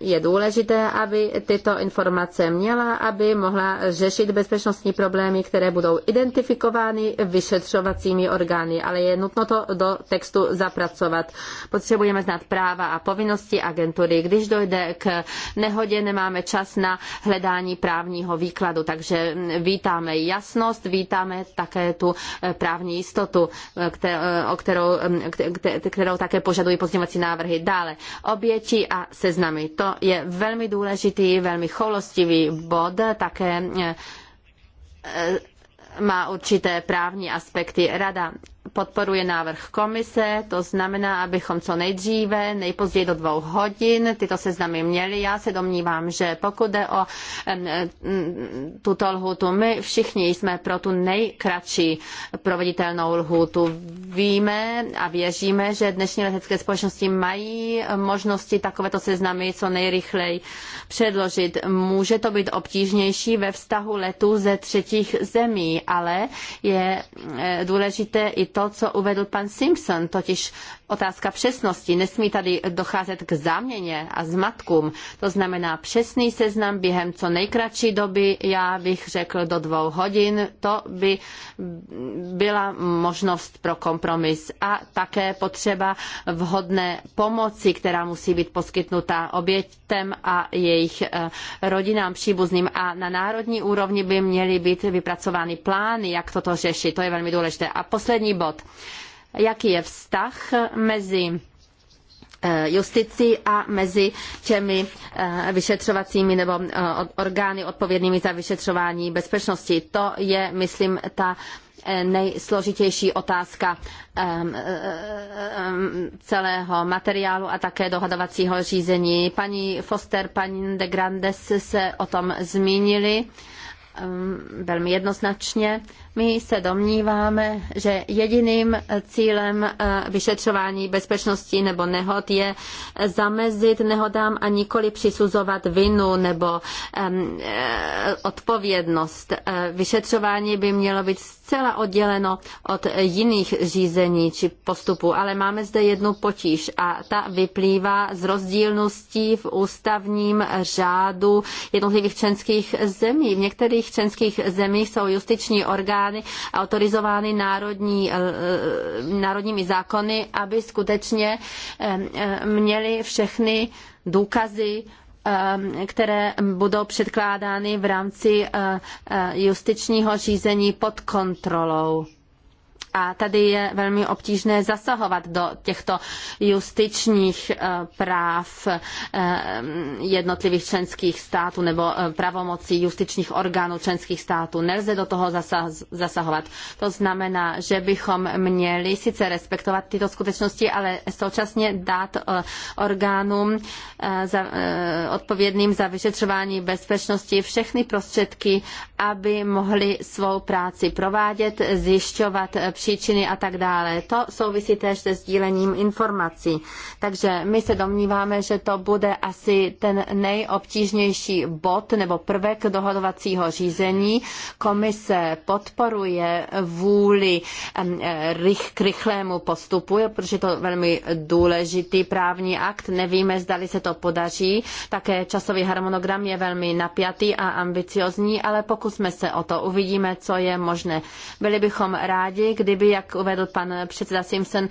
je důležité, aby tyto informace měla, aby mohla řešit bezpečnostní problémy, které budou identifikovány vyšetřovacími orgány, ale je nutno to do textu zapracovat. Potřebujeme znát práva a povinnosti agentury. Když dojde k nehodě, nemáme čas na hledání právního výkladu, takže vítáme jasnost, vítáme také tu eh, právní jistotu, eh, eh, kterou, mm, kterou, také požadují pozměňovací návrhy. Dále oběti a seznamy to je velmi důležitý, velmi choulostivý bod, také eh, má určité právní aspekty. Rada podporuje návrh komise, to znamená, abychom co nejdříve, nejpozději do dvou hodin, tyto seznamy měli. Já se domnívám, že pokud jde o tuto lhůtu, my všichni jsme pro tu nejkratší proveditelnou lhůtu. Víme a věříme, že dnešní letecké společnosti mají možnosti takovéto seznamy co nejrychleji předložit. Může to být obtížnější ve vztahu letů ze třetích zemí, ale je důležité i to, co uvedl pan Simpson, totiž otázka přesnosti. Nesmí tady docházet k záměně a zmatkům. To znamená přesný seznam během co nejkratší doby, já bych řekl do dvou hodin, to by byla možnost pro kompromis a také potřeba vhodné pomoci, která musí být poskytnuta obětem a jejich eh, rodinám příbuzným a na národní úrovni by měly být vypracovány plány, jak toto řešit. To je velmi důležité. A poslední bod život. Jaký je vztah mezi eh, justici a mezi těmi eh, vyšetřovacími nebo eh, orgány odpovědnými za vyšetřování bezpečnosti. To je, myslím, ta nejsložitější otázka ehm, ehm, celého materiálu a také dohadovacího řízení. Paní Foster, paní de Grandes se o tom zmínili ehm, velmi jednoznačně. My se domníváme, že jediným cílem eh, vyšetřování bezpečnosti nebo nehod je zamezit nehodám a nikoli přisuzovat vinu nebo eh, odpovědnost. Eh, vyšetřování by mělo být zcela odděleno od jiných řízení či postupů, ale máme zde jednu potíž a ta vyplývá z rozdílností v ústavním řádu jednotlivých členských zemí. V některých členských zemích jsou justiční orgány autorizovány, autorizovány národní, eh, národními zákony, aby skutečně eh, eh, měli všechny důkazy které budou předkládány v rámci justičního řízení pod kontrolou a tady je velmi obtížné zasahovat do těchto justičních eh, práv eh, jednotlivých členských států nebo eh, pravomocí justičních orgánů členských států. Nelze do toho zasahovat. To znamená, že bychom měli sice respektovat tyto skutečnosti, ale současně dát orgánům za, odpovědným za vyšetřování bezpečnosti všechny prostředky, aby mohli svou práci provádět, zjišťovat příčiny a tak dále. To souvisí též se sdílením informací. Takže my se domníváme, že to bude asi ten nejobtížnější bod nebo prvek dohodovacího řízení. Komise podporuje vůli eh, k rychlému postupu, protože to velmi důležitý právní akt. Nevíme, zdali se to podaří. Také časový harmonogram je velmi napjatý a ambiciozní, ale pokusme se o to. Uvidíme, co je možné. Byli bychom rádi, kdy kdyby, jak uvedl pan předseda Simpson,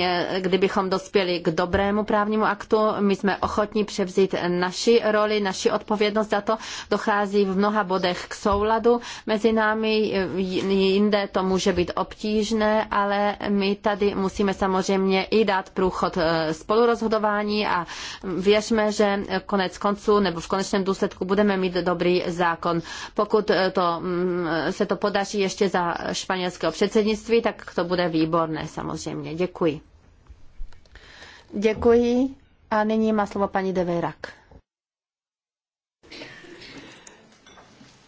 eh, kdybychom dospěli k dobrému právnímu aktu, my jsme ochotní převzít naši roli, naši odpovědnost za to. Dochází v mnoha bodech k souladu mezi námi, eh, jinde to může být obtížné, ale my tady musíme samozřejmě i dát průchod eh, spolurozhodování a věřme, že konec konců nebo v konečném důsledku budeme mít dobrý zákon. Pokud to, mm, se to podaří ještě za španělského předsednictví, odvětví, tak to bude výborné samozřejmě. Děkuji. Děkuji a nyní má slovo paní Deverak.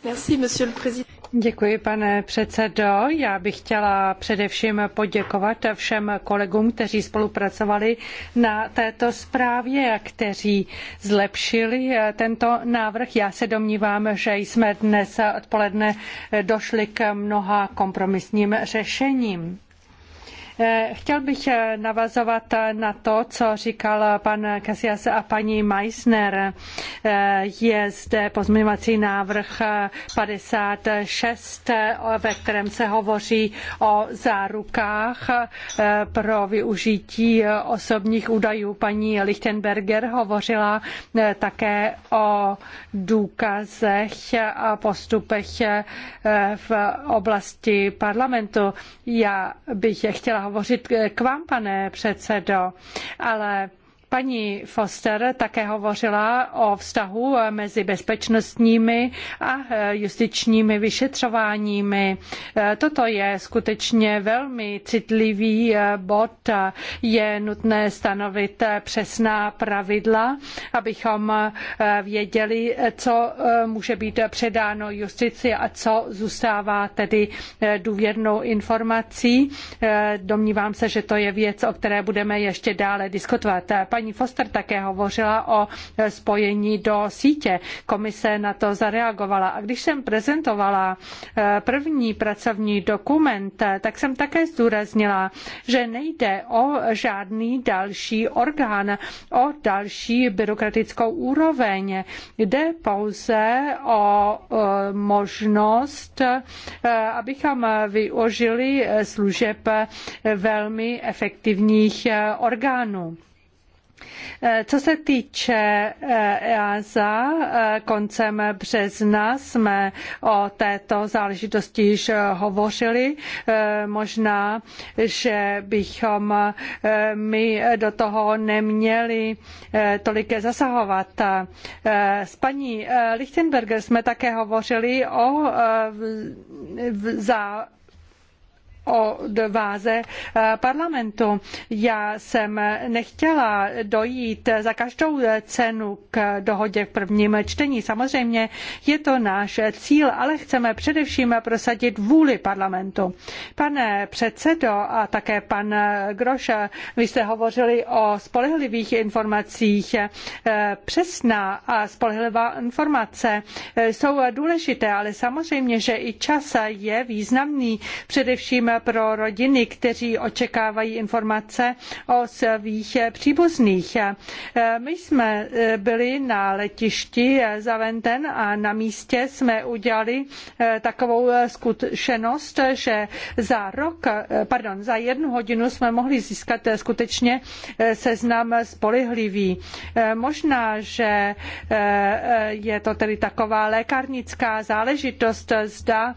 Merci, monsieur le président. Děkuji, pane předsedo. Já bych chtěla především poděkovat všem kolegům, kteří spolupracovali na této zprávě a kteří zlepšili eh, tento návrh. Já se domnívám, že jsme dnes odpoledne došli k mnoha kompromisním řešením. Eh, chtěl bych eh, navazovat eh, na to, co říkal pan Kasias a paní Meissner. Je zde pozměňovací návrh 56, ve kterém se hovoří o zárukách pro využití osobních údajů. Paní Lichtenberger hovořila také o důkazech a postupech v oblasti parlamentu. Já bych chtěla hovořit k vám, pane předsedo, ale Paní Foster také hovořila o vztahu mezi bezpečnostními a justičními vyšetřováními. Toto je skutečně velmi citlivý bod. Je nutné stanovit přesná pravidla, abychom věděli, co může být předáno justici a co zůstává tedy důvěrnou informací. Domnívám se, že to je věc, o které budeme ještě dále diskutovat. Paní Paní Foster také hovořila o spojení do sítě. Komise na to zareagovala. A když jsem prezentovala eh, první pracovní dokument, eh, tak jsem také zdůraznila, že nejde o žádný další orgán, o další byrokratickou úroveň. Jde pouze o eh, možnost, abychom využili služeb velmi efektivních orgánů. Eh, co se týče eh, EASA, eh, koncem března jsme o této záležitosti již hovořili. Možná, že bychom my do toho neměli tolik zasahovat. S paní Lichtenberger jsme také hovořili o za o váze eh, parlamentu. Já jsem nechtěla dojít za každou cenu k dohodě v prvním čtení. Samozřejmě je to náš cíl, ale chceme především prosadit vůli parlamentu. Pane předsedo a také pan Groš, vy jste hovořili o spolehlivých informacích. Eh, přesná a spolehlivá informace eh, jsou důležité, ale samozřejmě, že i čas je významný, především pro rodiny, kteří očekávají informace o svých příbuzných. My jsme eh, byli na letišti Zaventen a na místě jsme udělali eh, takovou eh, zkušenost, že za rok, pardon, za jednu hodinu jsme mohli získat skutečně seznam spolehlivý. Možná, že je to tedy taková lékárnická záležitost, zda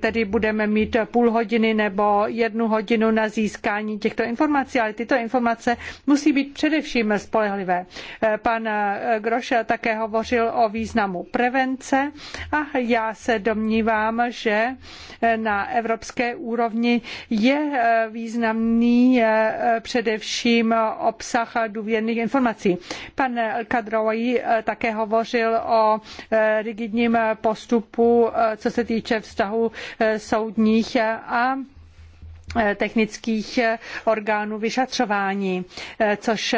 tedy budeme mít půl hodiny nebo jednu hodinu na získání těchto informací, ale tyto informace musí být především spolehlivé. Eh, pan eh, Groš také hovořil o významu prevence a já se domnívám, že eh, na evropské úrovni je významný především obsah důvěrných informací. Pan Kadroji také hovořil o rigidním postupu, co se týče vztahu soudních a Eh, technických eh, orgánů vyšetřování, eh, což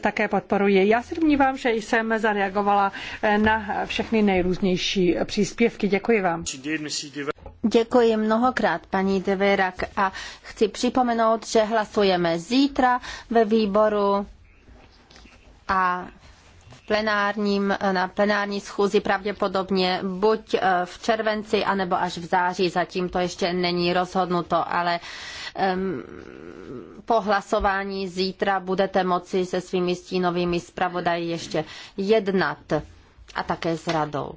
také podporuji. Já se domnívám, že jsem zareagovala na všechny nejrůznější příspěvky. Děkuji vám. Děkuji mnohokrát, paní Deverak, a chci připomenout, že hlasujeme zítra ve výboru a plenárním, na plenární schůzi pravděpodobně buď eh, v červenci, anebo až v září. Zatím to ještě není rozhodnuto, ale um, po hlasování zítra budete moci se svými stínovými zpravodaji ještě jednat a také s radou.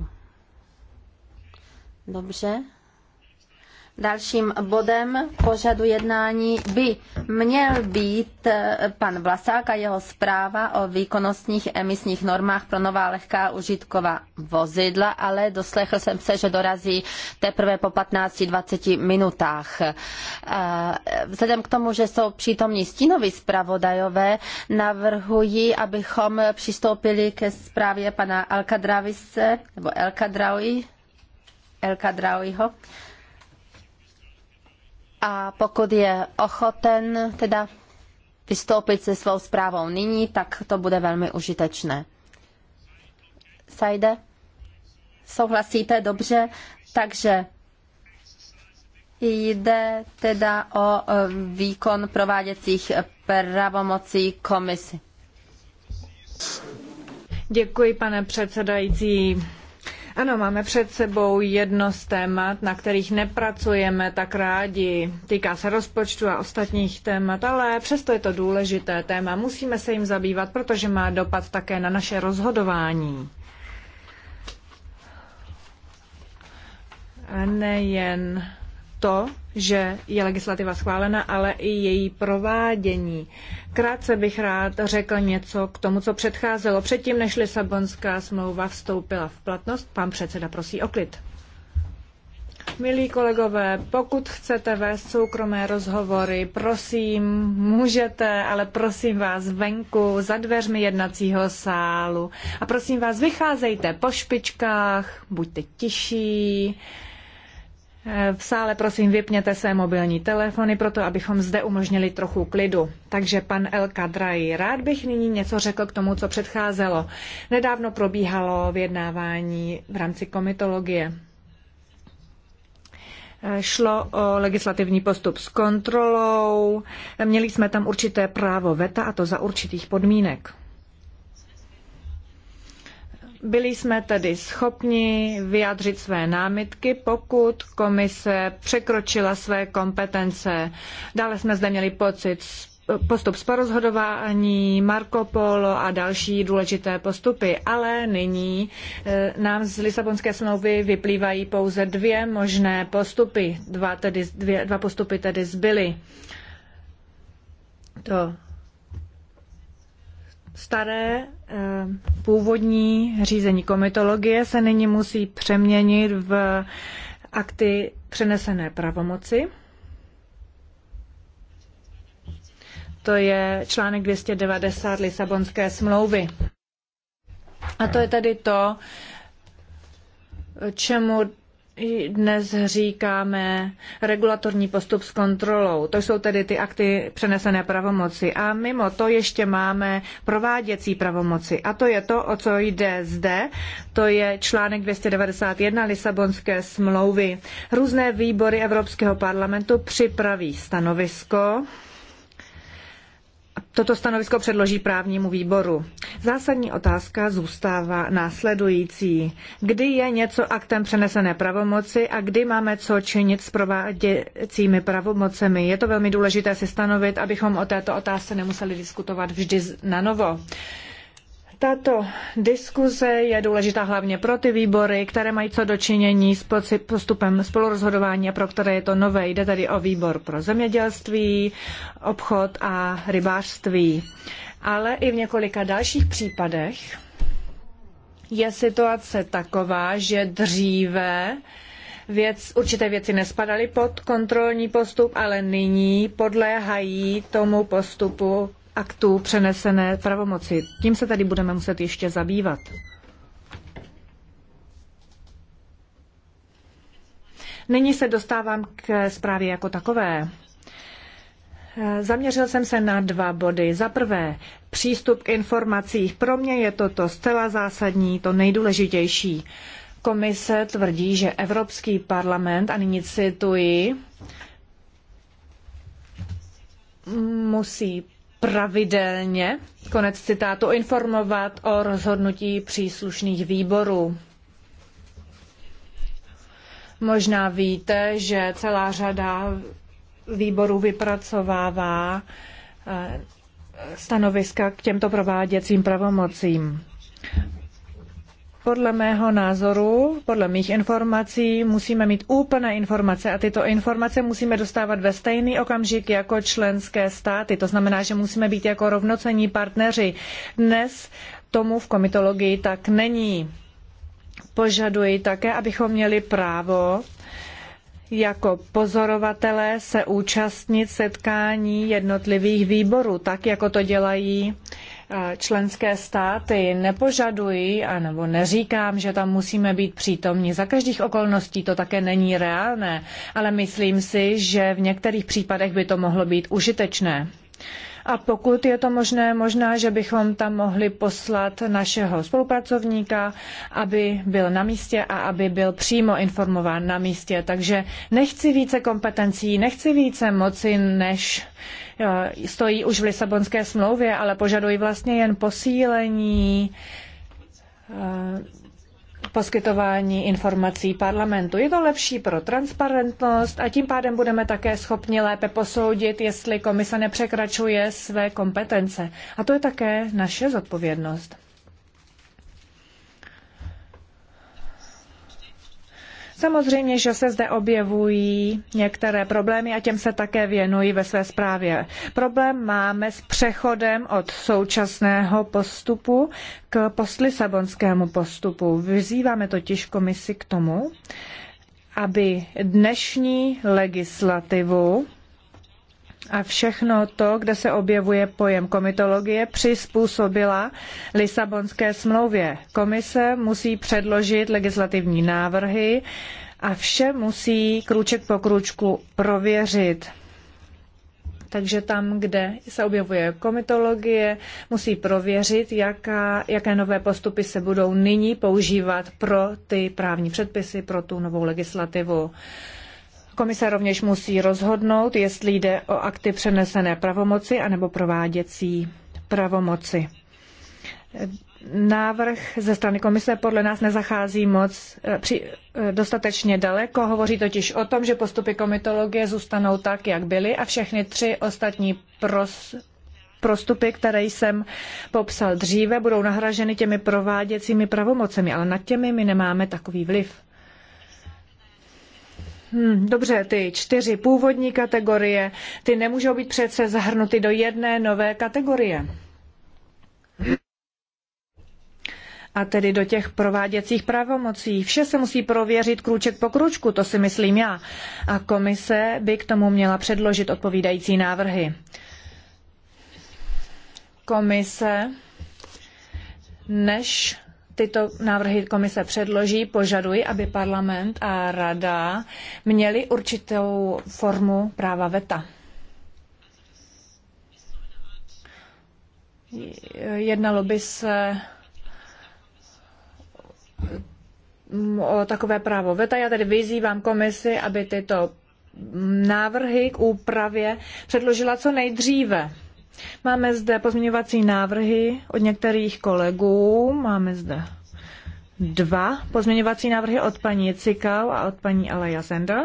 Dobře? Dalším bodem pořadu jednání by měl být eh, pan Vlasák a jeho zpráva o výkonnostních emisních normách pro nová lehká užitková vozidla, ale doslechl jsem se, že dorazí teprve po 15-20 minutách. Eh, vzhledem k tomu, že jsou přítomní stínoví zpravodajové, navrhuji, abychom přistoupili ke zprávě pana Alkadravise, nebo Elkadraui, Elkadrauiho, a pokud je ochoten teda vystoupit se svou zprávou nyní, tak to bude velmi užitečné. Sajde? Souhlasíte dobře? Takže jde teda o e, výkon prováděcích pravomocí komisy. Děkuji, pane předsedající. Ano, máme před sebou jedno z témat, na kterých nepracujeme tak rádi. Týká se rozpočtu a ostatních témat, ale přesto je to důležité téma. Musíme se jim zabývat, protože má dopad také na naše rozhodování. nejen to, že je legislativa schválena, ale i její provádění. Krátce bych rád řekl něco k tomu, co předcházelo předtím, než Lisabonská smlouva vstoupila v platnost. pán předseda prosí o klid. Milí kolegové, pokud chcete vést soukromé rozhovory, prosím, můžete, ale prosím vás venku, za dveřmi jednacího sálu. A prosím vás, vycházejte po špičkách, buďte tiší, v sále prosím vypněte své mobilní telefony, proto abychom zde umožnili trochu klidu. Takže pan El Kadraj, rád bych nyní něco řekl k tomu, co předcházelo. Nedávno probíhalo vyjednávání v rámci komitologie. Šlo o legislativní postup s kontrolou, měli jsme tam určité právo veta a to za určitých podmínek. Byli jsme tedy schopni vyjádřit své námitky, pokud komise překročila své kompetence. Dále jsme zde měli pocit postup sporozhodování, Marco Polo a další důležité postupy. Ale nyní e, nám z Lisabonské smlouvy vyplývají pouze dvě možné postupy. Dva, tedy, dvě, dva postupy tedy zbyly. To staré Eh, původní řízení komitologie se nyní musí přeměnit v akty přenesené pravomoci. To je článek 290 Lisabonské smlouvy. A to je tedy to, čemu dnes říkáme regulatorní postup s kontrolou. To jsou tedy ty akty přenesené pravomoci. A mimo to ještě máme prováděcí pravomoci. A to je to, o co jde zde. To je článek 291 Lisabonské smlouvy. Různé výbory Evropského parlamentu připraví stanovisko toto stanovisko předloží právnímu výboru. Zásadní otázka zůstává následující. Kdy je něco aktem přenesené pravomoci a kdy máme co činit s prováděcími pravomocemi? Je to velmi důležité si stanovit, abychom o této otázce nemuseli diskutovat vždy na novo. Tato diskuze je důležitá hlavně pro ty výbory, které mají co dočinění s postupem spolurozhodování a pro které je to nové. Jde tedy o výbor pro zemědělství, obchod a rybářství. Ale i v několika dalších případech je situace taková, že dříve věc, určité věci nespadaly pod kontrolní postup, ale nyní podléhají tomu postupu aktů přenesené pravomoci. Tím se tady budeme muset ještě zabývat. Nyní se dostávám k zprávě jako takové. Zaměřil jsem se na dva body. Za prvé, přístup k informacím. Pro mě je toto zcela zásadní, to nejdůležitější. Komise tvrdí, že Evropský parlament, a nyní cituji, musí pravidelně, konec citátu, informovat o rozhodnutí příslušných výborů. Možná víte, že celá řada výborů vypracovává eh, stanoviska k těmto prováděcím pravomocím. Podle mého názoru, podle mých informací, musíme mít úplné informace a tyto informace musíme dostávat ve stejný okamžik jako členské státy. To znamená, že musíme být jako rovnocení partneři. Dnes tomu v komitologii tak není. Požaduji také, abychom měli právo jako pozorovatelé se účastnit setkání jednotlivých výborů, tak jako to dělají členské státy nepožadují, anebo neříkám, že tam musíme být přítomni. Za každých okolností to také není reálné, ale myslím si, že v některých případech by to mohlo být užitečné. A pokud je to možné, možná, že bychom tam mohli poslat našeho spolupracovníka, aby byl na místě a aby byl přímo informován na místě. Takže nechci více kompetencí, nechci více moci, než Eh, stojí už v Lisabonské smlouvě, ale požadují vlastně jen posílení eh, poskytování informací parlamentu. Je to lepší pro transparentnost a tím pádem budeme také schopni lépe posoudit, jestli komise nepřekračuje své kompetence. A to je také naše zodpovědnost. Samozřejmě, že se zde objevují některé problémy a těm se také věnuji ve své zprávě. Problém máme s přechodem od současného postupu k postlisabonskému postupu. Vyzýváme totiž komisi k tomu, aby dnešní legislativu a všechno to, kde se objevuje pojem komitologie, přizpůsobila Lisabonské smlouvě. Komise musí předložit legislativní návrhy a vše musí krůček po krůčku prověřit. Takže tam, kde se objevuje komitologie, musí prověřit, jaká, jaké nové postupy se budou nyní používat pro ty právní předpisy, pro tu novou legislativu. Uh, Komise rovněž musí rozhodnout, jestli jde o akty přenesené pravomoci anebo prováděcí pravomoci. Návrh ze strany komise podle nás nezachází moc eh, při, eh, dostatečně daleko. Hovoří totiž o tom, že postupy komitologie zůstanou tak, jak byly a všechny tři ostatní pros, prostupy, které jsem popsal dříve, budou nahraženy těmi prováděcími pravomocemi, ale nad těmi my nemáme takový vliv. Hmm, dobře, ty čtyři původní kategorie, ty nemůžou být přece zahrnuty do jedné nové kategorie. A tedy do těch prováděcích pravomocí. Vše se musí prověřit krůček po krůčku, to si myslím já. A komise by k tomu měla předložit odpovídající návrhy. Komise, než tyto návrhy komise předloží, požaduji, aby parlament a rada měli určitou formu práva VETA. Jednalo by se o takové právo VETA. Já tedy vyzývám komisi, aby tyto návrhy k úpravě předložila co nejdříve. Máme zde pozměňovací návrhy od některých kolegů. Máme zde dva pozměňovací návrhy od paní Cikau a od paní Aleja Zender.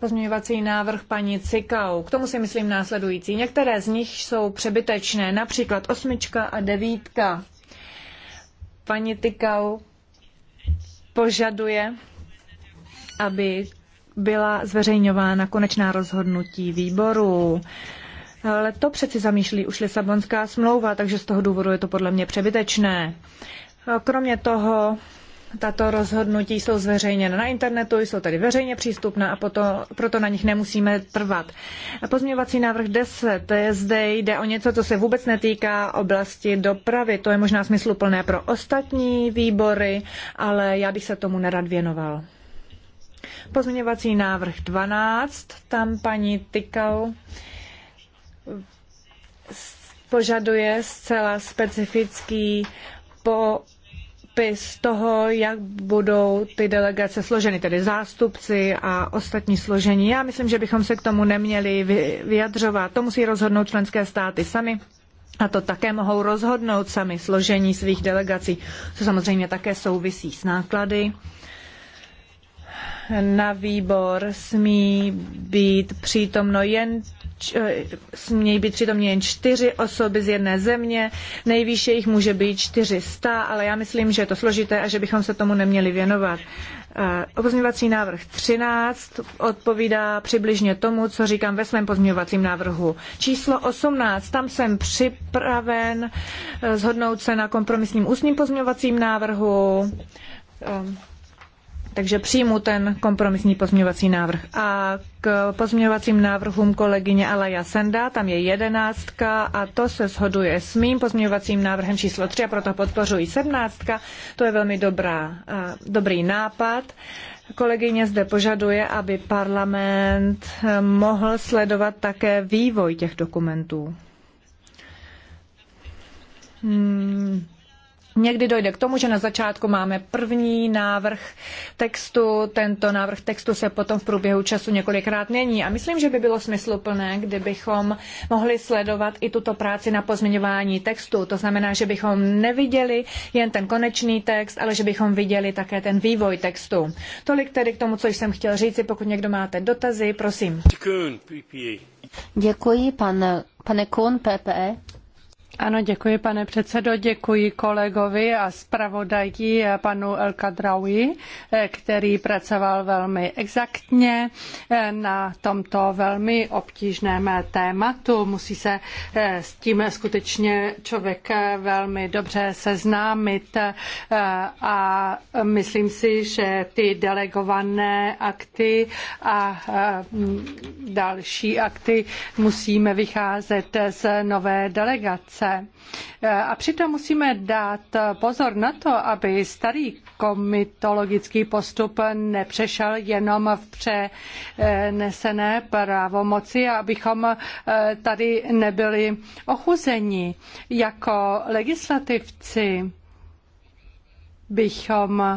Pozměňovací návrh paní Cikau. K tomu si myslím následující. Některé z nich jsou přebytečné, například osmička a devítka. Paní Cikau požaduje, aby byla zveřejňována konečná rozhodnutí výboru. Ale to přeci zamýšlí už Lisabonská smlouva, takže z toho důvodu je to podle mě přebytečné. Kromě toho, tato rozhodnutí jsou zveřejněna na internetu, jsou tady veřejně přístupná a proto, proto na nich nemusíme trvat. A pozměňovací návrh 10, zde jde o něco, co se vůbec netýká oblasti dopravy. To je možná smysluplné pro ostatní výbory, ale já bych se tomu nerad věnoval. Pozměňovací návrh 12, tam paní Tykal požaduje zcela specifický popis toho, jak budou ty delegace složeny, tedy zástupci a ostatní složení. Já myslím, že bychom se k tomu neměli vyjadřovat. To musí rozhodnout členské státy sami. A to také mohou rozhodnout sami složení svých delegací, co samozřejmě také souvisí s náklady. Na výbor smí být přítomno jen Eh, smějí být přitomně jen čtyři osoby z jedné země, nejvýše jich může být 400, ale já myslím, že je to složité a že bychom se tomu neměli věnovat. Eh, Pozměňovací návrh 13 odpovídá přibližně tomu, co říkám ve svém pozměňovacím návrhu. Číslo 18, tam jsem připraven zhodnout eh, se na kompromisním ústním pozměňovacím návrhu. Ehm, takže přijmu ten kompromisní pozměňovací návrh. A k pozměňovacím návrhům kolegyně Alaja Senda, tam je jedenáctka a to se shoduje s mým pozměňovacím návrhem číslo 3 a proto podpořuji sedmnáctka. To je velmi dobrá, dobrý nápad. Kolegyně zde požaduje, aby parlament e, mohl sledovat také vývoj těch dokumentů. Hmm. Někdy dojde k tomu, že na začátku máme první návrh textu, tento návrh textu se potom v průběhu času několikrát mění a myslím, že by bylo smysluplné, kdybychom mohli sledovat i tuto práci na pozměňování textu. To znamená, že bychom neviděli jen ten konečný text, ale že bychom viděli také ten vývoj textu. Tolik tedy k tomu, co jsem chtěl říci. Pokud někdo máte dotazy, prosím. Děkuji, pane, pane Kuhn, PPE. Ano, děkuji pane předsedo, děkuji kolegovi a zpravodaji panu El Kadraoui, který pracoval velmi exaktně na tomto velmi obtížném tématu. Musí se eh, s tím skutečně člověk eh, velmi dobře seznámit eh, a myslím si, že ty delegované akty a další akty musíme vycházet z nové delegace komise. Eh, a přitom musíme dát pozor na to, aby starý komitologický postup nepřešel jenom v přenesené pravomoci a abychom eh, tady nebyli ochuzeni. Jako legislativci bychom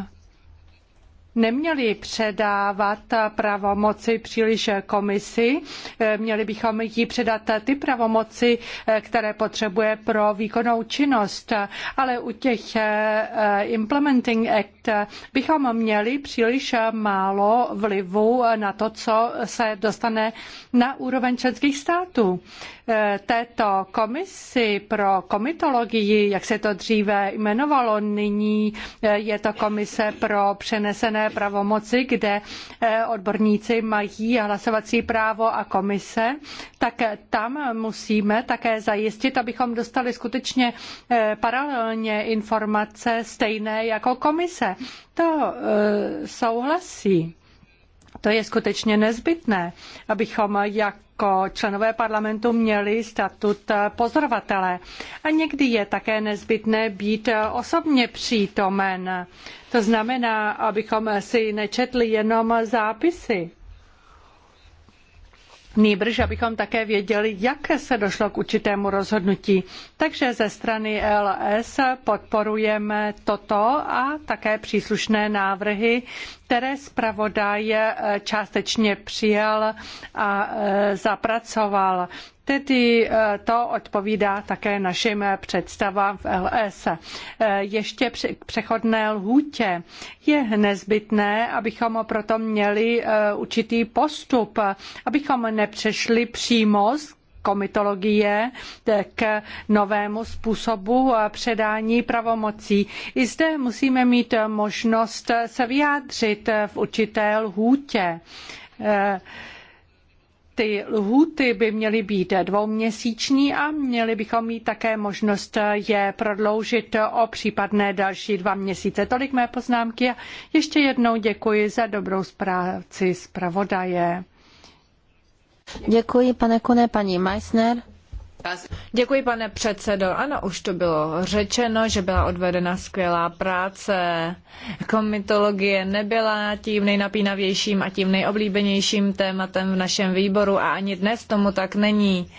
neměli předávat pravomoci příliš komisi, měli bychom jí předat ty pravomoci, které potřebuje pro výkonnou činnost, ale u těch eh, Implementing Act bychom měli příliš málo vlivu na to, co se dostane na úroveň členských států. Eh, této komisi pro komitologii, jak se to dříve jmenovalo, nyní eh, je to komise pro přenesené pravomoci, kde eh, odborníci mají hlasovací právo a komise, tak tam musíme také zajistit, abychom dostali skutečně eh, paralelně informace stejné jako komise. To eh, souhlasí. To je skutečně nezbytné, abychom jak jako členové parlamentu měli statut pozorovatele. A někdy je také nezbytné být osobně přítomen. To znamená, abychom si nečetli jenom zápisy. Nýbrž, abychom také věděli, jak se došlo k určitému rozhodnutí. Takže ze strany LS podporujeme toto a také příslušné návrhy které zpravodaj eh, částečně přijal a eh, zapracoval. Tedy eh, to odpovídá také našim představám v LS. Ještě k přechodné lhůtě je nezbytné, abychom proto měli určitý postup, abychom nepřešli přímo z komitologie k novému způsobu eh, předání pravomocí. I zde musíme mít možnost se vyjádřit eh, v určité lhůtě eh, ty lhůty by měly být dvouměsíční a měli bychom mít také možnost je prodloužit o případné další dva měsíce. Tolik mé poznámky a ještě jednou děkuji za dobrou práci zpravodaje. Děkuji, pane Kune, paní Meissner. Děkuji, pane předsedo. Ano, už to bylo řečeno, že byla odvedena skvělá práce. Komitologie nebyla tím nejnapínavějším a tím nejoblíbenějším tématem v našem výboru a ani dnes tomu tak není.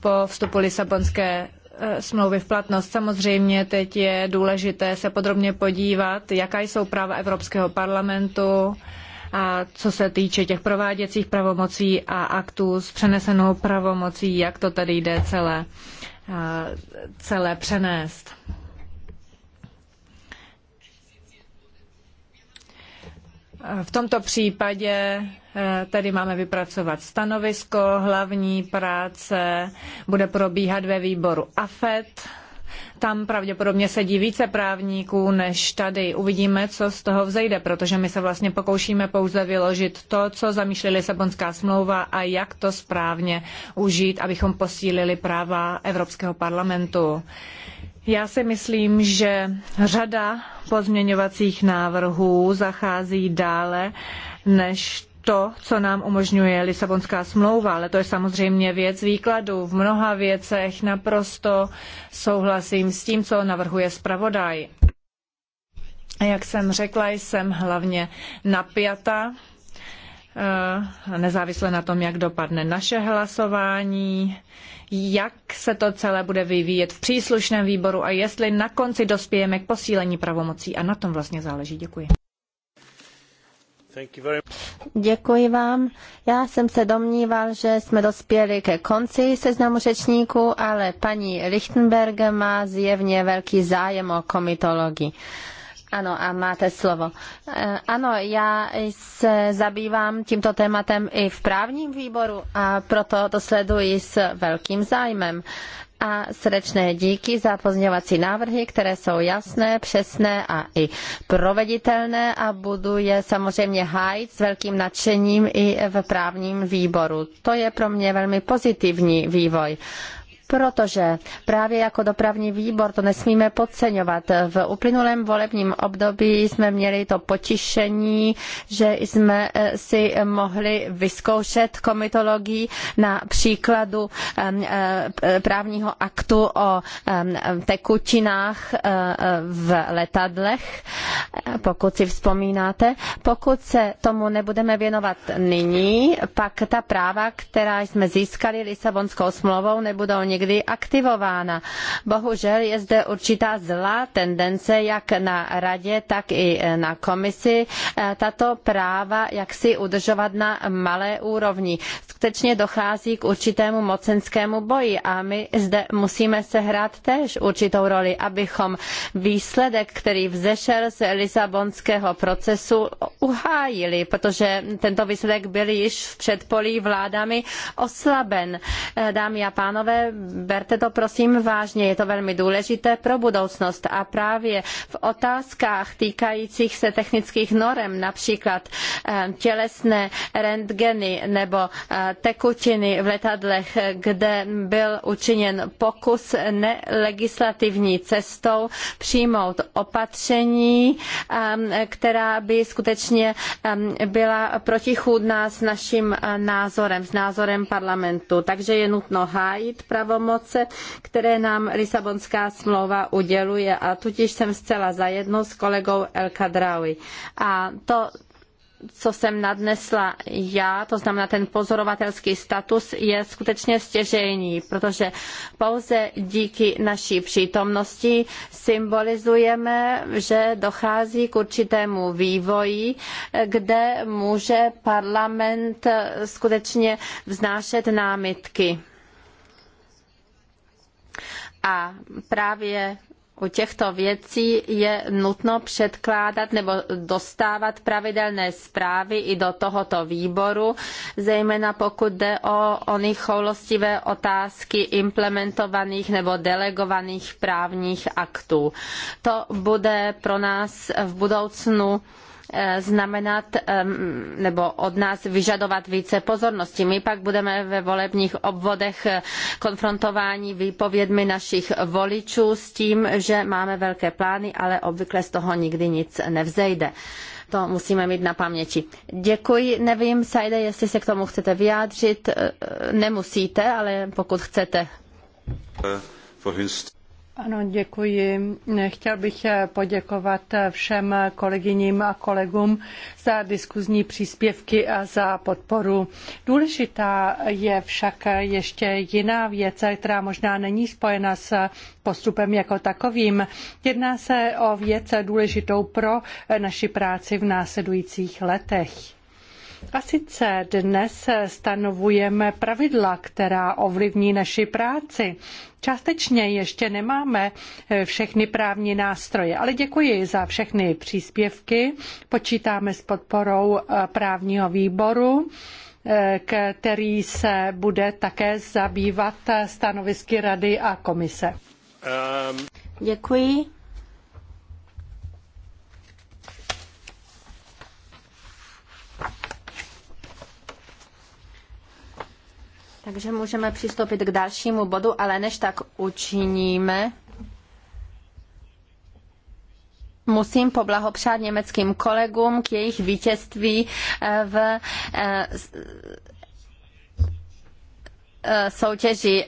Po vstupu Lisabonské eh, smlouvy v platnost. Samozřejmě teď je důležité se podrobně podívat, jaká jsou práva Evropského parlamentu, a co se týče těch prováděcích pravomocí a aktů s přenesenou pravomocí, jak to tady jde celé, celé přenést. V tomto případě e, tedy máme vypracovat stanovisko, hlavní práce bude probíhat ve výboru AFET tam pravděpodobně sedí více právníků než tady. Uvidíme, co z toho vzejde, protože my se vlastně pokoušíme pouze vyložit to, co zamýšlí Lisabonská smlouva a jak to správně užít, abychom posílili práva Evropského parlamentu. Já si myslím, že řada pozměňovacích návrhů zachází dále než to, co nám umožňuje Lisabonská smlouva, ale to je samozřejmě věc výkladu. V mnoha věcech naprosto souhlasím s tím, co navrhuje zpravodaj. Jak jsem řekla, jsem hlavně napjata, eh, nezávisle na tom, jak dopadne naše hlasování, jak se to celé bude vyvíjet v příslušném výboru a jestli na konci dospějeme k posílení pravomocí. A na tom vlastně záleží. Děkuji. Děkuji vám. Já jsem se domníval, že jsme dospěli ke konci seznamu řečníků, ale paní Lichtenberg má zjevně velký zájem o komitologii. Ano, a máte slovo. Eh, ano, já se zabývám tímto tématem i v právním výboru a proto to sleduji s velkým zájmem a srdečné díky za pozměňovací návrhy, které jsou jasné, přesné a i proveditelné a budu je samozřejmě hájit s velkým nadšením i v právním výboru. To je pro mě velmi pozitivní vývoj protože právě jako dopravní výbor to nesmíme podceňovat. V uplynulém volebním období jsme měli to potišení, že jsme eh, si mohli vyzkoušet komitologii na příkladu eh, právního aktu o tekutinách eh, v letadlech, pokud si vzpomínáte. Pokud se tomu nebudeme věnovat nyní, pak ta práva, která jsme získali Lisabonskou smlouvou, nebudou nikdy někdy aktivována. Bohužel je zde určitá zlá tendence, jak na radě, tak i e, na komisi, e, tato práva jaksi udržovat na malé úrovni. Skutečně dochází k určitému mocenskému boji a my zde musíme sehrát též určitou roli, abychom výsledek, který vzešel z Lisabonského procesu, uhájili, protože tento výsledek byl již v předpolí vládami oslaben. E, dámy a pánové, berte to prosím vážně, je to velmi důležité pro budoucnost a právě v otázkách týkajících se technických norem, například eh, tělesné rentgeny nebo eh, tekutiny v letadlech, kde byl učiněn pokus nelegislativní cestou přijmout opatření, eh, která by skutečně byla protichůdná s naším názorem, s názorem parlamentu. Takže je nutno hájit právo pravomoce, které nám Lisabonská smlouva uděluje a tudíž jsem zcela zajedno s kolegou El Kadraoui. A to co jsem nadnesla já, to znamená ten pozorovatelský status, je skutečně stěžejní, protože pouze díky naší přítomnosti symbolizujeme, že dochází k určitému vývoji, kde může parlament skutečně vznášet námitky a právě u těchto věcí je nutno předkládat nebo dostávat pravidelné zprávy i do tohoto výboru, zejména pokud jde o ony choulostivé otázky implementovaných nebo delegovaných právních aktů. To bude pro nás v budoucnu Eh, znamenat nebo od nás vyžadovat více pozornosti. My pak budeme ve volebních obvodech eh, konfrontováni výpovědmi našich voličů s tím, že máme velké plány, ale obvykle z toho nikdy nic nevzejde. To musíme mít na paměti. Děkuji. Nevím, Sajde, jestli se k tomu chcete vyjádřit. Eh, nemusíte, ale pokud chcete. Uh, ano, děkuji. Chtěl bych eh, poděkovat eh, všem eh, kolegyním a kolegům za diskuzní příspěvky a za podporu. Důležitá je však ještě jiná věc, která možná není spojena s postupem jako takovým. Jedná se o věc důležitou pro naši práci v následujících letech. A sice dnes stanovujeme pravidla, která ovlivní naši práci. Částečně ještě nemáme eh, všechny právní nástroje, ale děkuji za všechny příspěvky. Počítáme s podporou eh, právního výboru eh, který se bude také zabývat stanovisky rady a komise. Um... Děkuji. Takže můžeme přistoupit k dalšímu bodu, ale než tak učiníme, musím poblahopřát německým kolegům k jejich vítězství eh, v eh, eh, soutěži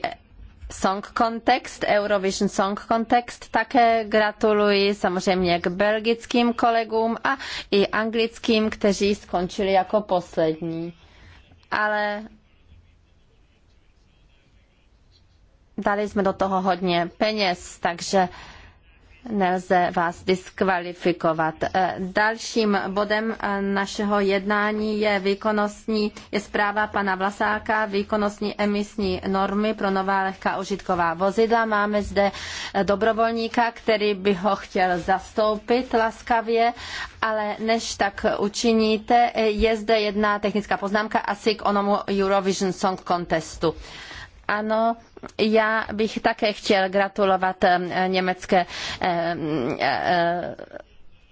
Song Context, Eurovision Song Context. Také gratuluji samozřejmě k belgickým kolegům a i anglickým, kteří skončili jako poslední. Ale dali jsme do toho hodně peněz, takže nelze vás diskvalifikovat. Eh, dalším bodem eh, našeho jednání je výkonnostní, je zpráva pana Vlasáka, výkonnostní emisní normy pro nová lehká užitková vozidla. Máme zde eh, dobrovolníka, který by ho chtěl zastoupit laskavě, ale než tak učiníte, je zde jedna technická poznámka asi k onomu Eurovision Song Contestu. Ano, já bych také chtěl gratulovat eh, německé eh, eh,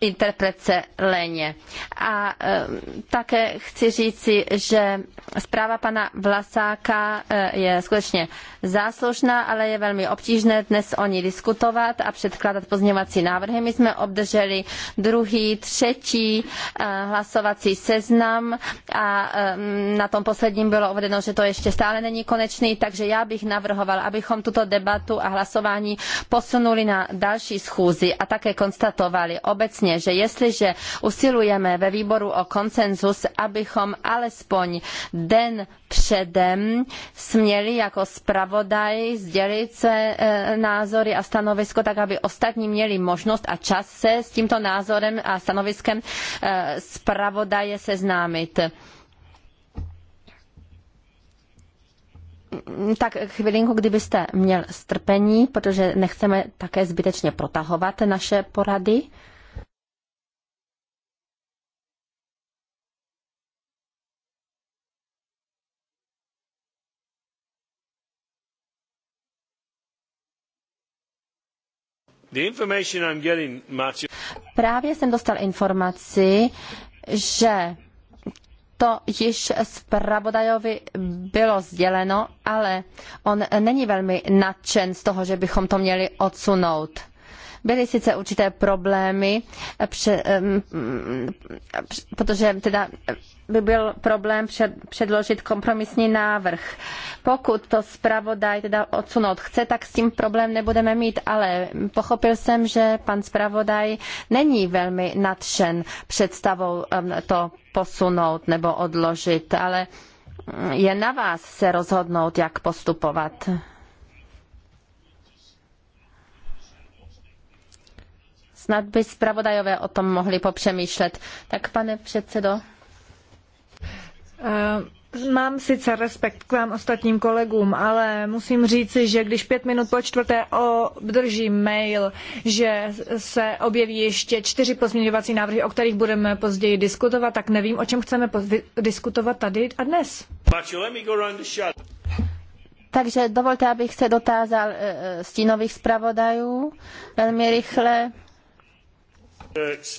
interpretace léně. A eh, také chci říci, že zpráva pana Vlasáka eh, je skutečně záslužná, ale je velmi obtížné dnes o ní diskutovat a předkládat pozměňovací návrhy. My jsme obdrželi druhý, třetí eh, hlasovací seznam a na tom posledním bylo uvedeno, že to ještě stále není konečný, takže já bych navrhoval, abychom tuto debatu a hlasování posunuli na další schůzi a také konstatovali obecně, jasně, že jestliže usilujeme ve výboru o konsenzus, abychom alespoň den předem směli jako zpravodaj sdělit své e, názory a stanovisko, tak aby ostatní měli možnost a čas se s tímto názorem a stanoviskem e, zpravodaje seznámit. tak chvilinku, kdybyste měl strpení, protože nechceme také zbytečně protahovat naše porady. Právě jsem dostal informaci, že to již zpravodajovi bylo sděleno, ale on není velmi nadšen z toho, že bychom to měli odsunout. Byly sice určité problémy, protože teda by byl problém předložit kompromisní návrh. Pokud to zpravodaj teda odsunout chce, tak s tím problém nebudeme mít, ale pochopil jsem, že pan zpravodaj není velmi nadšen představou um, to posunout nebo odložit, ale je na vás se rozhodnout, jak postupovat. Snad by zpravodajové o tom mohli popřemýšlet. Tak pane předsedo, Eh, mám sice respekt k vám ostatním kolegům, ale musím říci, že když pět minut po čtvrté obdržím mail, že se objeví ještě čtyři pozměňovací návrhy, o kterých budeme později diskutovat, tak nevím, o čem chceme diskutovat tady a dnes. Takže dovolte, abych se dotázal eh, stínových zpravodajů velmi rychle.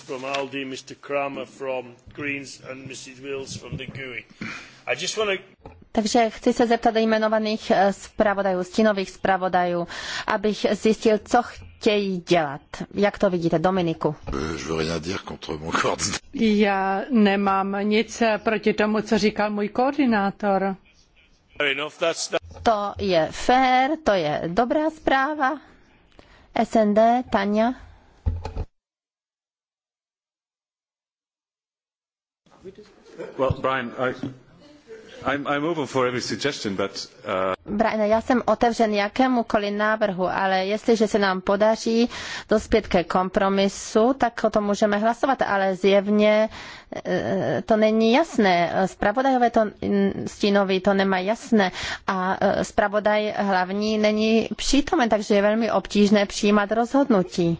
From Aldi, Mr. Kramer from Greens and Mrs. Wills from the GUI. I just want to... Takže chci se zeptat jmenovaných eh, zpravodajů, stínových zpravodajů, abych zjistil, co chtějí dělat. Jak to vidíte, Dominiku? Já nemám nic eh, proti tomu, co říkal můj koordinátor. To je fair, to je dobrá zpráva. SND, Tanja. Well, Brian, já jsem otevřen jakémukoliv návrhu, ale jestliže se nám podaří dospět ke kompromisu, tak o tom můžeme hlasovat, ale zjevně eh, to není jasné. Spravodajové to mm, stínoví to nemá jasné a eh, spravodaj hlavní není přítomen, takže je velmi obtížné přijímat rozhodnutí.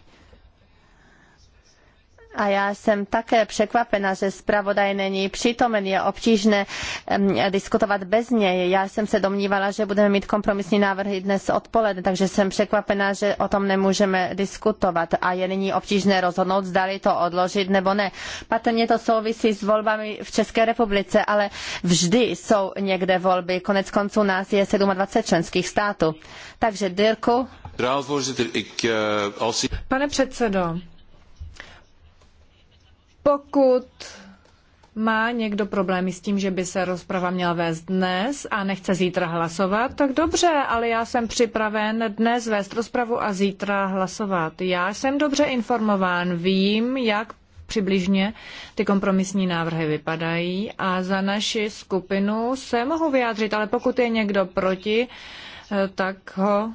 A já jsem také překvapena, že zpravodaj není přítomen. Je obtížné diskutovat bez něj. Já jsem se domnívala, že budeme mít kompromisní návrhy dnes odpoledne, takže jsem překvapena, že o tom nemůžeme diskutovat. A je nyní obtížné rozhodnout, zdali to odložit nebo ne. Patrně to souvisí s volbami v České republice, ale vždy jsou někde volby. Konec konců nás je 27 členských států. Takže Dirku. Eh, eh, Pane předsedo, pokud má někdo problémy s tím, že by se rozprava měla vést dnes a nechce zítra hlasovat, tak dobře, ale já jsem připraven dnes vést rozpravu a zítra hlasovat. Já jsem dobře informován, vím, jak přibližně ty kompromisní návrhy vypadají a za naši skupinu se mohu vyjádřit, ale pokud je někdo proti, eh, tak ho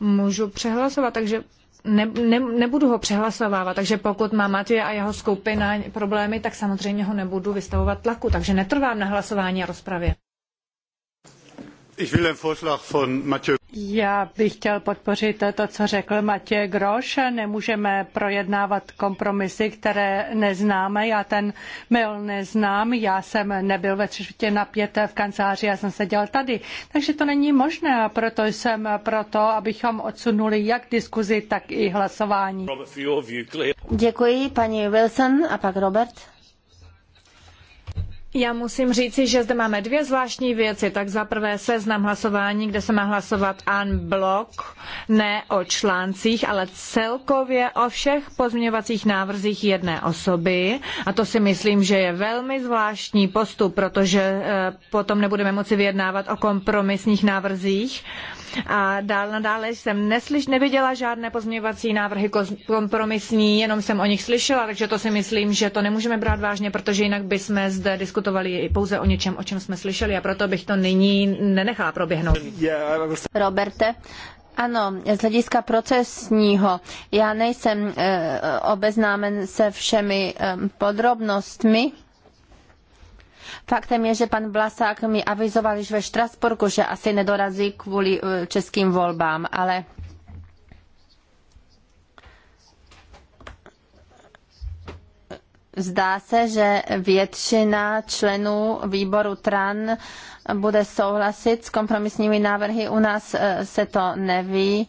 můžu přehlasovat. Takže ne, ne, nebudu ho přehlasovávat, takže pokud má Matěj a jeho skupina problémy, tak samozřejmě ho nebudu vystavovat tlaku, takže netrvám na hlasování a rozpravě. Já bych chtěl podpořit to, co řekl Matěj Groš. Nemůžeme projednávat kompromisy, které neznáme. Já ten mail neznám. Já jsem nebyl ve třetí na pět v kanceláři, já jsem seděl tady. Takže to není možné a proto jsem proto, abychom odsunuli jak diskuzi, tak i hlasování. Děkuji paní Wilson a pak Robert. Já musím říci, že zde máme dvě zvláštní věci. Tak za prvé seznam hlasování, kde se má hlasovat an blok, ne o článcích, ale celkově o všech pozměňovacích návrzích jedné osoby. A to si myslím, že je velmi zvláštní postup, protože eh, potom nebudeme moci vyjednávat o kompromisních návrzích. A dál nadále jsem neslyš, neviděla žádné pozměňovací návrhy kompromisní, jenom jsem o nich slyšela, takže to si myslím, že to nemůžeme brát vážně, protože jinak bychom zde diskutovali pouze o něčem, o čem jsme slyšeli a proto bych to nyní nenechala proběhnout. Roberte, ano, z hlediska procesního, já nejsem e, obeznámen se všemi e, podrobnostmi, Faktem je, že pan Vlasák mi avizoval již ve Štrasburku, že asi nedorazí kvůli eh, českým volbám, ale Zdá se, že většina členů výboru TRAN bude souhlasit s kompromisními návrhy. U nás eh, se to neví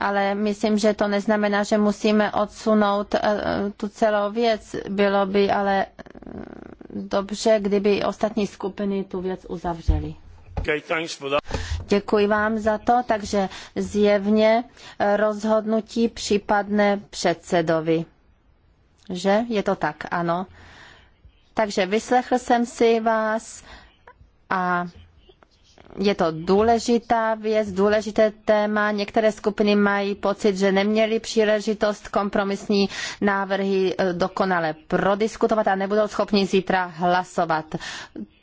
ale myslím, že to neznamená, že musíme odsunout eh, tu celou věc. Bylo by ale eh, dobře, kdyby ostatní skupiny tu věc uzavřely. Děkuji vám za to, takže zjevně eh, rozhodnutí případne předsedovi. Že? Je to tak, ano. Takže vyslechl jsem si vás a je to důležitá věc, důležité téma. Některé skupiny mají pocit, že neměly příležitost kompromisní návrhy eh, dokonale prodiskutovat a nebudou schopni zítra hlasovat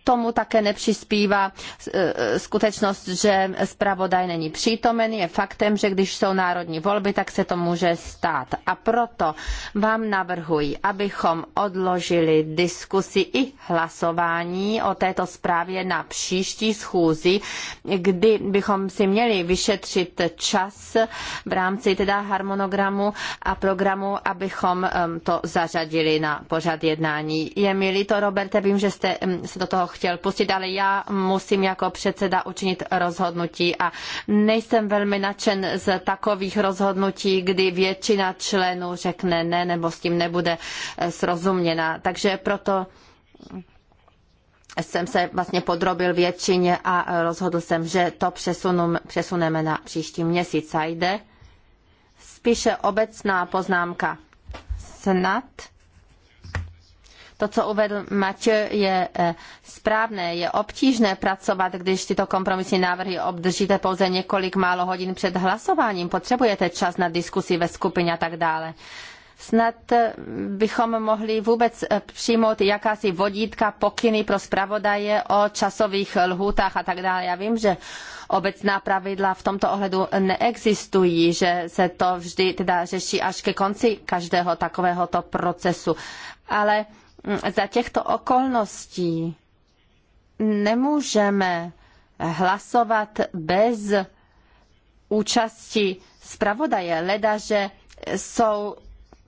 tomu také nepřispívá e, e, skutečnost, že zpravodaj není přítomen. Je faktem, že když jsou národní volby, tak se to může stát. A proto vám navrhuji, abychom odložili diskusi i hlasování o této zprávě na příští schůzi, kdy bychom si měli vyšetřit čas v rámci teda harmonogramu a programu, abychom to zařadili na pořad jednání. Je mi líto, Roberte, vím, že jste se do toho chtěl pustit, ale já musím jako předseda učinit rozhodnutí a nejsem velmi nadšen z takových rozhodnutí, kdy většina členů řekne ne nebo s tím nebude eh, srozuměna. Takže proto jsem se vlastně podrobil většině a rozhodl jsem, že to přesuneme na příští měsíc. A jde spíše obecná poznámka. Snad to, co uvedl Matěj, je eh, správné. Je obtížné pracovat, když tyto kompromisní návrhy obdržíte pouze několik málo hodin před hlasováním. Potřebujete čas na diskusi ve skupině a tak dále snad eh, bychom mohli vůbec eh, přijmout jakási vodítka, pokyny pro zpravodaje o časových lhůtách a tak dále. Já vím, že obecná pravidla v tomto ohledu neexistují, že se to vždy teda řeší až ke konci každého takovéhoto procesu. Ale Mm, za těchto okolností nemůžeme hlasovat bez účasti zpravodaje, ledaže jsou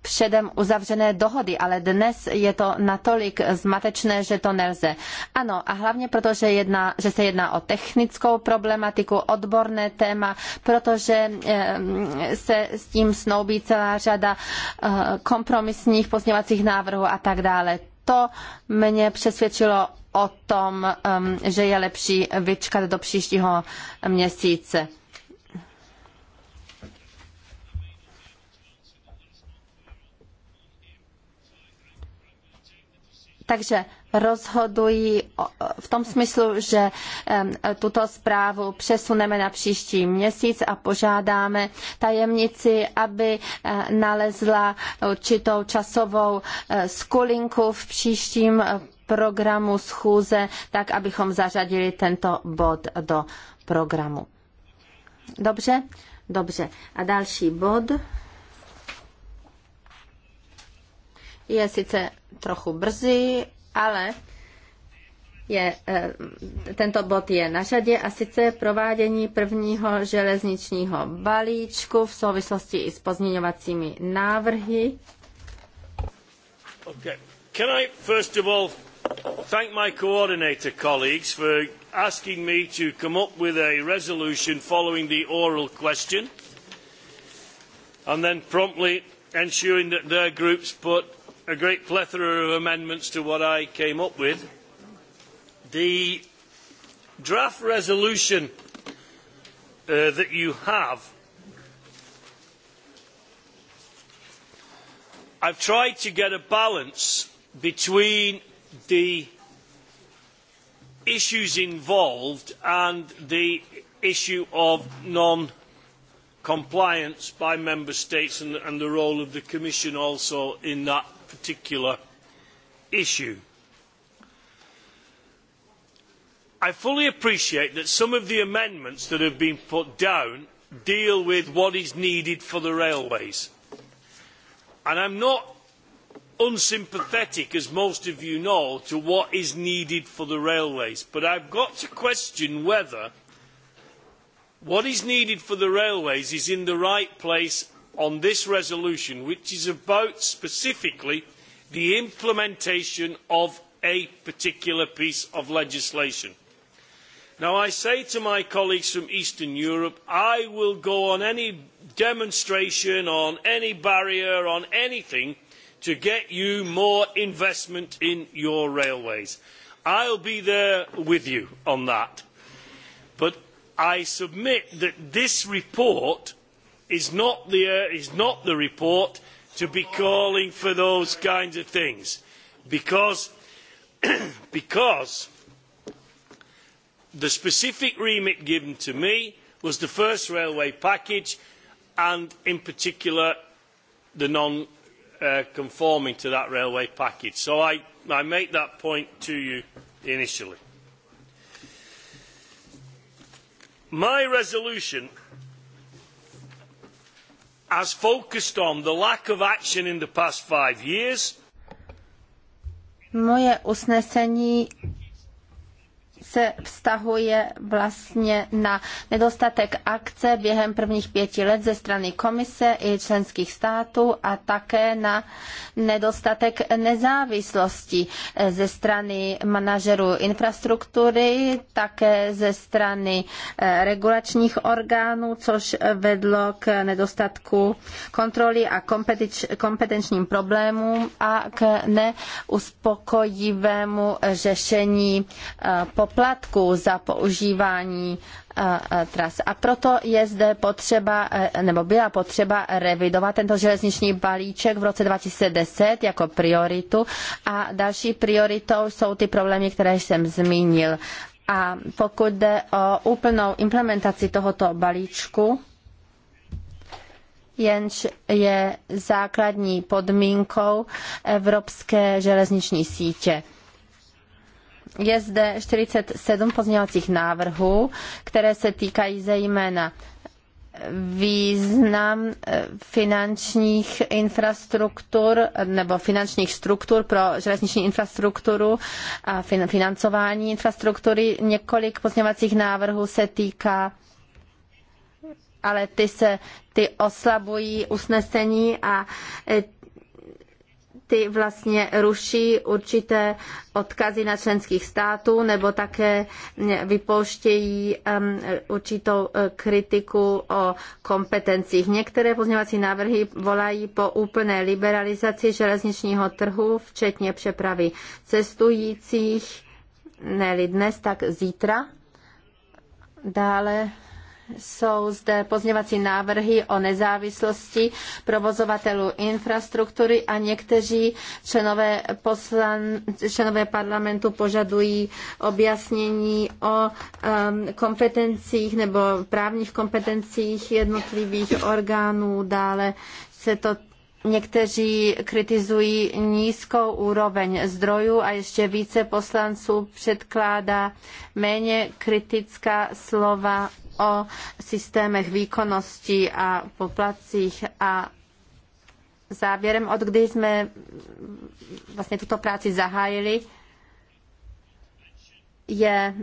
předem uzavřené dohody, ale dnes je to natolik zmatečné, že to nelze. Ano, a hlavně proto, že, jedna, že se jedná o technickou problematiku, odborné téma, protože eh, se s tím snoubí celá řada eh, kompromisních pozněvacích návrhů a tak dále to mě přesvědčilo o tom, um, že je lepší vyčkat do příštího měsíce. Takže rozhodují v tom smyslu, že tuto zprávu přesuneme na příští měsíc a požádáme tajemnici, aby eh, nalezla určitou časovou eh, skulinku v příštím eh, programu schůze, tak abychom zařadili tento bod do programu. Dobře? Dobře. A další bod je sice trochu brzy, ale je, eh, tento bod je na řadě a sice provádění prvního železničního balíčku v souvislosti i s pozměňovacími návrhy. Okay. Can I first of all thank my coordinator colleagues for asking me to come up with a resolution following the oral question and then promptly ensuring that their groups put a great plethora of amendments to what I came up with. The draft resolution uh, that you have, I've tried to get a balance between the issues involved and the issue of non compliance by member states and, and the role of the commission also in that particular issue. I fully appreciate that some of the amendments that have been put down deal with what is needed for the railways. And I'm not unsympathetic, as most of you know, to what is needed for the railways. But I've got to question whether what is needed for the railways is in the right place on this resolution, which is about specifically the implementation of a particular piece of legislation. Now, I say to my colleagues from Eastern Europe, I will go on any demonstration, on any barrier, on anything to get you more investment in your railways. I'll be there with you on that. But I submit that this report is not the, uh, is not the report to be calling for those kinds of things because, because the specific remit given to me was the first railway package and in particular the non uh, conforming to that railway package. So I, I make that point to you initially. My resolution has focused on the lack of action in the past five years. Moje usnesení se vztahuje vlastně na nedostatek akce během prvních pěti let ze strany komise i členských států a také na nedostatek nezávislosti eh, ze strany manažerů infrastruktury, také ze strany eh, regulačních orgánů, což vedlo k nedostatku kontroly a kompetenčním problémům a k neuspokojivému řešení eh, poplatků poplatků za používání eh, eh, tras. A proto je zde potřeba, eh, nebo byla potřeba revidovat tento železniční balíček v roce 2010 jako prioritu a další prioritou jsou ty problémy, které jsem zmínil. A pokud jde o úplnou implementaci tohoto balíčku, jenž je základní podmínkou evropské železniční sítě. Je zde 47 pozměňovacích návrhů, které se týkají zejména význam eh, finančních infrastruktur nebo finančních struktur pro železniční infrastrukturu a financování infrastruktury. Několik pozměňovacích návrhů se týká ale ty se ty oslabují usnesení a eh, ty vlastně ruší určité odkazy na členských států nebo také vypouštějí um, určitou eh, kritiku o kompetencích. Některé pozměňovací návrhy volají po úplné liberalizaci železničního trhu, včetně přepravy cestujících, ne-li dnes, tak zítra. Dále jsou zde pozněvací návrhy o nezávislosti provozovatelů infrastruktury a někteří členové, poslan, členové parlamentu požadují objasnění o um, kompetencích nebo právních kompetencích jednotlivých orgánů. Dále se to Někteří kritizují nízkou úroveň zdrojů a ještě více poslanců předkládá méně kritická slova o systémech výkonnosti a poplacích a závěrem, od kdy jsme vlastně tuto práci zahájili, je,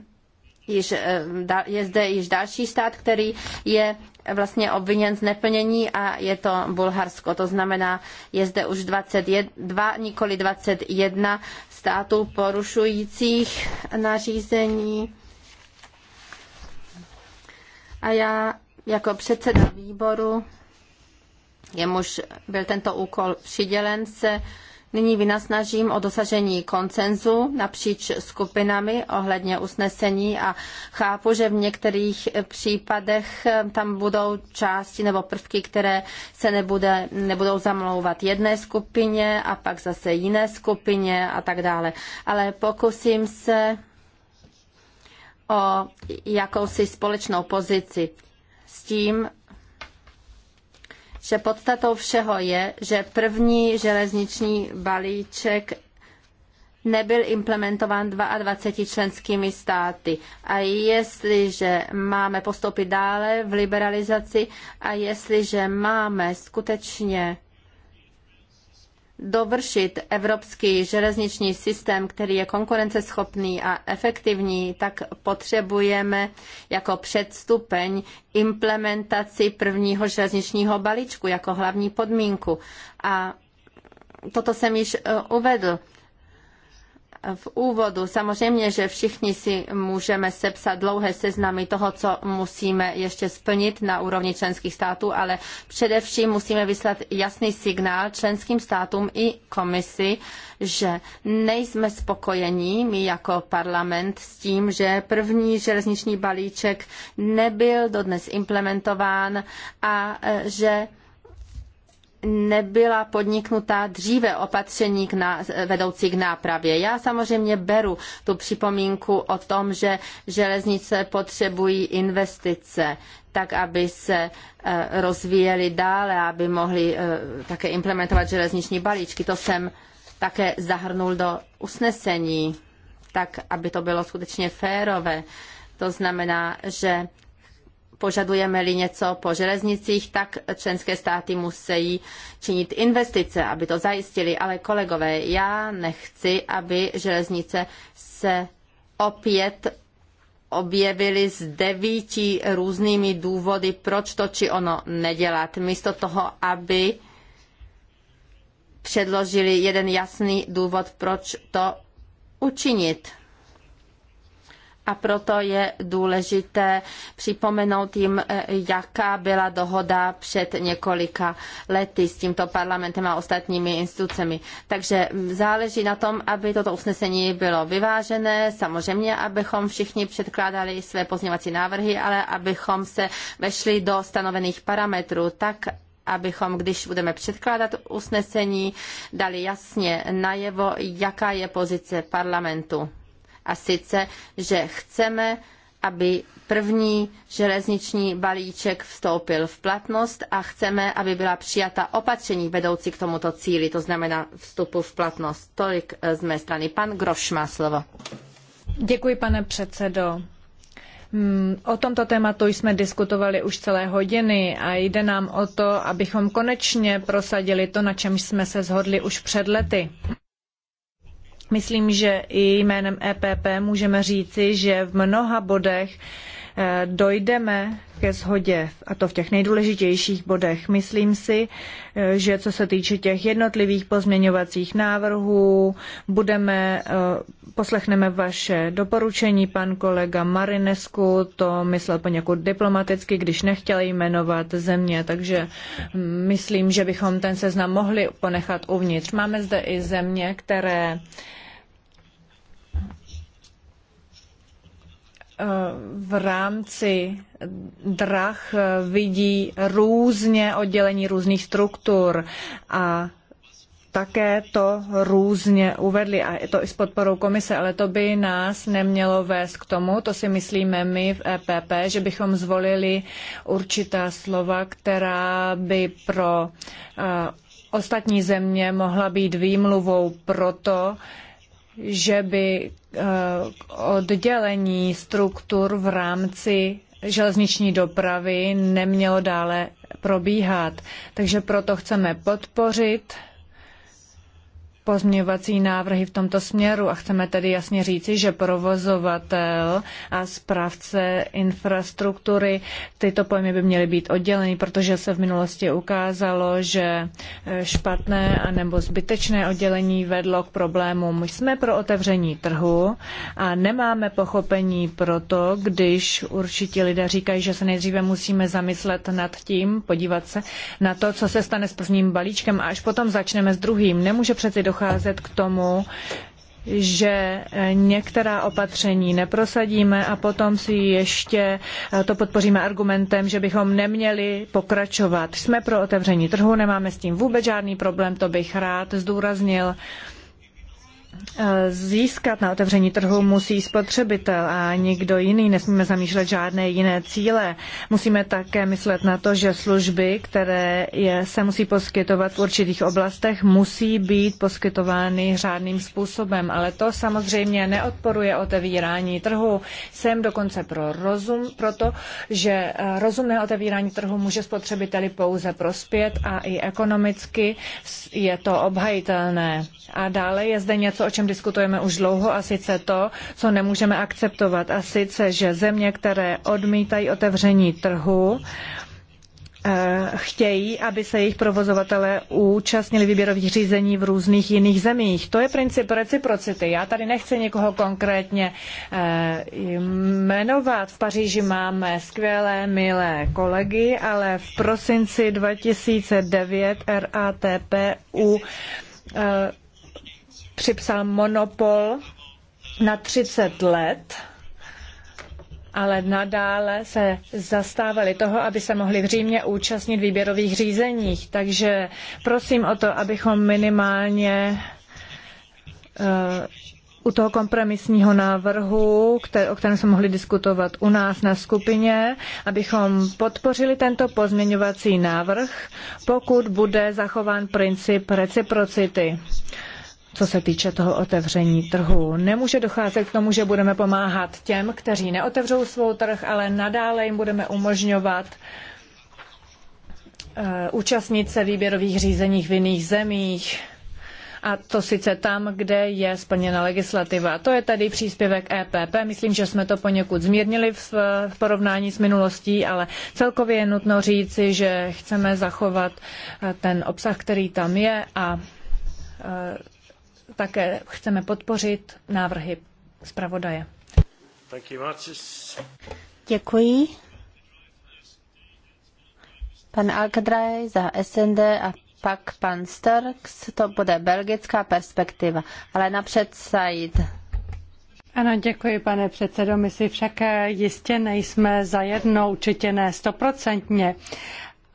již, eh, je zde již další stát, který je vlastně obviněn z neplnění a je to Bulharsko. To znamená, je zde už 22, nikoli 21 států porušujících nařízení a já jako předseda výboru, jemuž byl tento úkol přidělen, se nyní vynasnažím o dosažení koncenzu napříč skupinami ohledně usnesení a chápu, že v některých případech eh, tam budou části nebo prvky, které se nebude, nebudou zamlouvat jedné skupině a pak zase jiné skupině a tak dále. Ale pokusím se o jakousi společnou pozici s tím, že podstatou všeho je, že první železniční balíček nebyl implementován 22 členskými státy. A jestliže máme postoupit dále v liberalizaci a jestliže máme skutečně dovršit evropský železniční systém, který je konkurenceschopný a efektivní, tak potřebujeme jako předstupeň implementaci prvního železničního balíčku jako hlavní podmínku. A toto jsem již eh, uvedl v úvodu. Samozřejmě, že všichni si můžeme sepsat dlouhé seznamy toho, co musíme ještě splnit na úrovni členských států, ale především musíme vyslat jasný signál členským státům i komisi, že nejsme spokojení my jako parlament s tím, že první železniční balíček nebyl dodnes implementován a e, že nebyla podniknutá dříve opatření k vedoucí k nápravě. Já samozřejmě beru tu připomínku o tom, že železnice potřebují investice, tak aby se e, rozvíjely dále, aby mohly e, také implementovat železniční balíčky. To jsem také zahrnul do usnesení, tak aby to bylo skutečně férové. To znamená, že požadujeme-li něco po železnicích, tak členské státy musí činit investice, aby to zajistili. Ale kolegové, já nechci, aby železnice se opět objevily s devíti různými důvody, proč to či ono nedělat. Místo toho, aby předložili jeden jasný důvod, proč to učinit a proto je důležité připomenout jim, eh, jaká byla dohoda před několika lety s tímto parlamentem a ostatními institucemi. Takže záleží na tom, aby toto usnesení bylo vyvážené, samozřejmě, abychom všichni předkládali své pozněvací návrhy, ale abychom se vešli do stanovených parametrů, tak abychom, když budeme předkládat usnesení, dali jasně najevo, jaká je pozice parlamentu a sice, že chceme, aby první železniční balíček vstoupil v platnost a chceme, aby byla přijata opatření vedoucí k tomuto cíli, to znamená vstupu v platnost. Tolik eh, z mé strany. Pan Groš má slovo. Děkuji, pane předsedo. Hmm, o tomto tématu jsme diskutovali už celé hodiny a jde nám o to, abychom konečně prosadili to, na čem jsme se shodli už před lety. Myslím, že i jménem EPP můžeme říci, že v mnoha bodech Eh, dojdeme ke shodě, a to v těch nejdůležitějších bodech. Myslím si, eh, že co se týče těch jednotlivých pozměňovacích návrhů, budeme, eh, poslechneme vaše doporučení. Pan kolega Marinesku to myslel poněkud diplomaticky, když nechtěl jmenovat země, takže myslím, že bychom ten seznam mohli ponechat uvnitř. Máme zde i země, které v rámci drah vidí různě oddělení různých struktur a také to různě uvedli a je to i s podporou komise, ale to by nás nemělo vést k tomu, to si myslíme my v EPP, že bychom zvolili určitá slova, která by pro eh, ostatní země mohla být výmluvou pro to, že by eh, oddělení struktur v rámci železniční dopravy nemělo dále probíhat. Takže proto chceme podpořit pozměňovací návrhy v tomto směru a chceme tedy jasně říci, že provozovatel a správce infrastruktury tyto pojmy by měly být odděleny, protože se v minulosti ukázalo, že eh, špatné anebo zbytečné oddělení vedlo k problémům. Jsme pro otevření trhu a nemáme pochopení pro to, když určitě lidé říkají, že se nejdříve musíme zamyslet nad tím, podívat se na to, co se stane s prvním balíčkem a až potom začneme s druhým. Nemůže přeci do docházet k tomu, že některá opatření neprosadíme a potom si ještě to podpoříme argumentem, že bychom neměli pokračovat. Jsme pro otevření trhu, nemáme s tím vůbec žádný problém, to bych rád zdůraznil získat na otevření trhu musí spotřebitel a nikdo jiný. Nesmíme zamýšlet žádné jiné cíle. Musíme také myslet na to, že služby, které je, se musí poskytovat v určitých oblastech, musí být poskytovány řádným způsobem. Ale to samozřejmě neodporuje otevírání trhu. Jsem dokonce pro rozum, proto, že eh, rozumné otevírání trhu může spotřebiteli pouze prospět a i ekonomicky je to obhajitelné. A dále je zde něco, o čem diskutujeme už dlouho, a sice to, co nemůžeme akceptovat, a sice, že země, které odmítají otevření trhu, eh, chtějí, aby se jejich provozovatelé účastnili výběrových řízení v různých jiných zemích. To je princip reciprocity. Já tady nechci někoho konkrétně eh, jmenovat. V Paříži máme skvělé, milé kolegy, ale v prosinci 2009 RATP u eh, připsal monopol na 30 let, ale nadále se zastávali toho, aby se mohli v Římě účastnit výběrových řízeních. Takže prosím o to, abychom minimálně uh, u toho kompromisního návrhu, který, o kterém jsme mohli diskutovat u nás na skupině, abychom podpořili tento pozměňovací návrh, pokud bude zachován princip reciprocity. Uh, co se týče toho otevření trhu. Nemůže docházet k tomu, že budeme pomáhat těm, kteří neotevřou svou trh, ale nadále jim budeme umožňovat eh, účastnit se výběrových řízeních v jiných zemích, a to sice tam, kde je splněna legislativa. To je tady příspěvek EPP. Myslím, že jsme to poněkud zmírnili v porovnání s minulostí, ale celkově je nutno říci, že chceme zachovat eh, ten obsah, který tam je a eh, také chceme podpořit návrhy zpravodaje. Děkuji. Pan Alkadraj za SND a pak pan Starks, to bude belgická perspektiva, ale napřed Said. Ano, děkuji, pane předsedo. My si však jistě nejsme za zajedno, určitě ne stoprocentně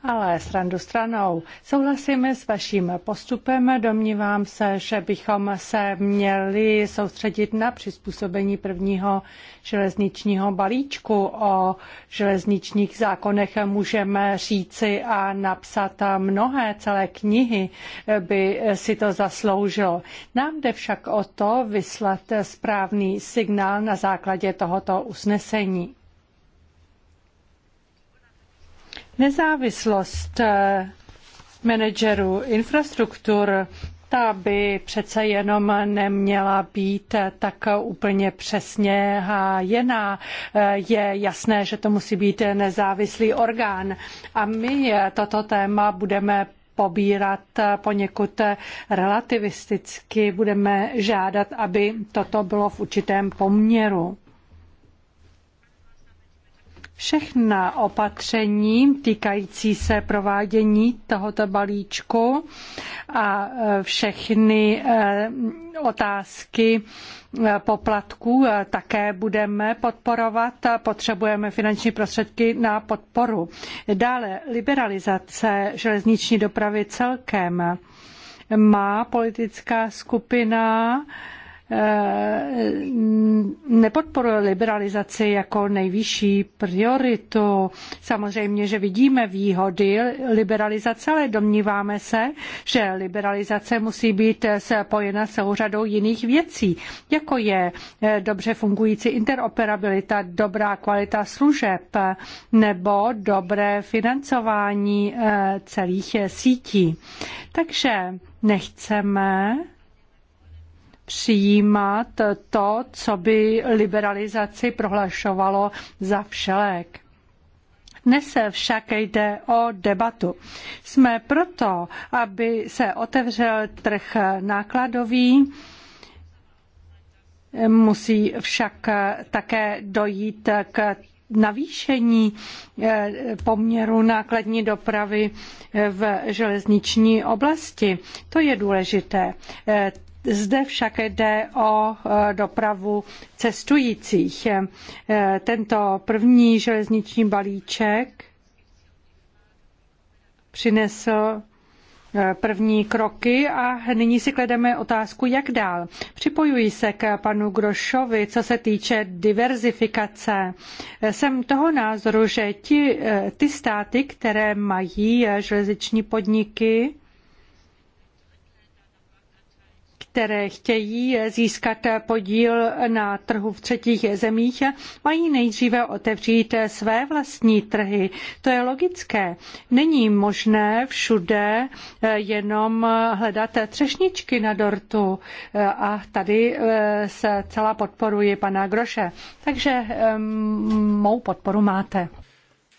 ale srandu stranou, souhlasíme s vaším postupem. Domnívám se, že bychom se měli soustředit na přizpůsobení prvního železničního balíčku. O železničních zákonech můžeme říci a napsat mnohé celé knihy, by si to zasloužilo. Nám jde však o to vyslat správný signál na základě tohoto usnesení. Nezávislost eh, manažerů infrastruktur ta by přece jenom neměla být eh, tak úplně přesně hájená. Eh, je jasné, že to musí být nezávislý orgán. A my toto téma budeme pobírat poněkud relativisticky. Budeme žádat, aby toto bylo v určitém poměru. Všechna opatření týkající se provádění tohoto balíčku a e, všechny e, otázky e, poplatků také budeme podporovat. Potřebujeme finanční prostředky na podporu. Dále liberalizace železniční dopravy celkem má politická skupina Eh, nepodporuje liberalizaci jako nejvyšší prioritu. Samozřejmě, že vidíme výhody liberalizace, ale domníváme se, že liberalizace musí být spojena s řadou jiných věcí, jako je eh, dobře fungující interoperabilita, dobrá kvalita služeb nebo dobré financování eh, celých sítí. Takže nechceme přijímat to, co by liberalizaci prohlašovalo za všelék. Dnes však jde o debatu. Jsme proto, aby se otevřel trh nákladový, musí však také dojít k navýšení eh, poměru nákladní dopravy v železniční oblasti. To je důležité. Eh, zde však jde o e, dopravu cestujících. E, tento první železniční balíček přinesl e, první kroky a nyní si klademe otázku, jak dál. Připojuji se k panu Grošovi, co se týče diverzifikace. Jsem toho názoru, že ti, ty státy, které mají železniční podniky, které chtějí získat podíl na trhu v třetích zemích, mají nejdříve otevřít své vlastní trhy. To je logické. Není možné všude eh, jenom hledat třešničky na dortu eh, a tady eh, se celá podporuji pana Groše. Takže mou podporu máte.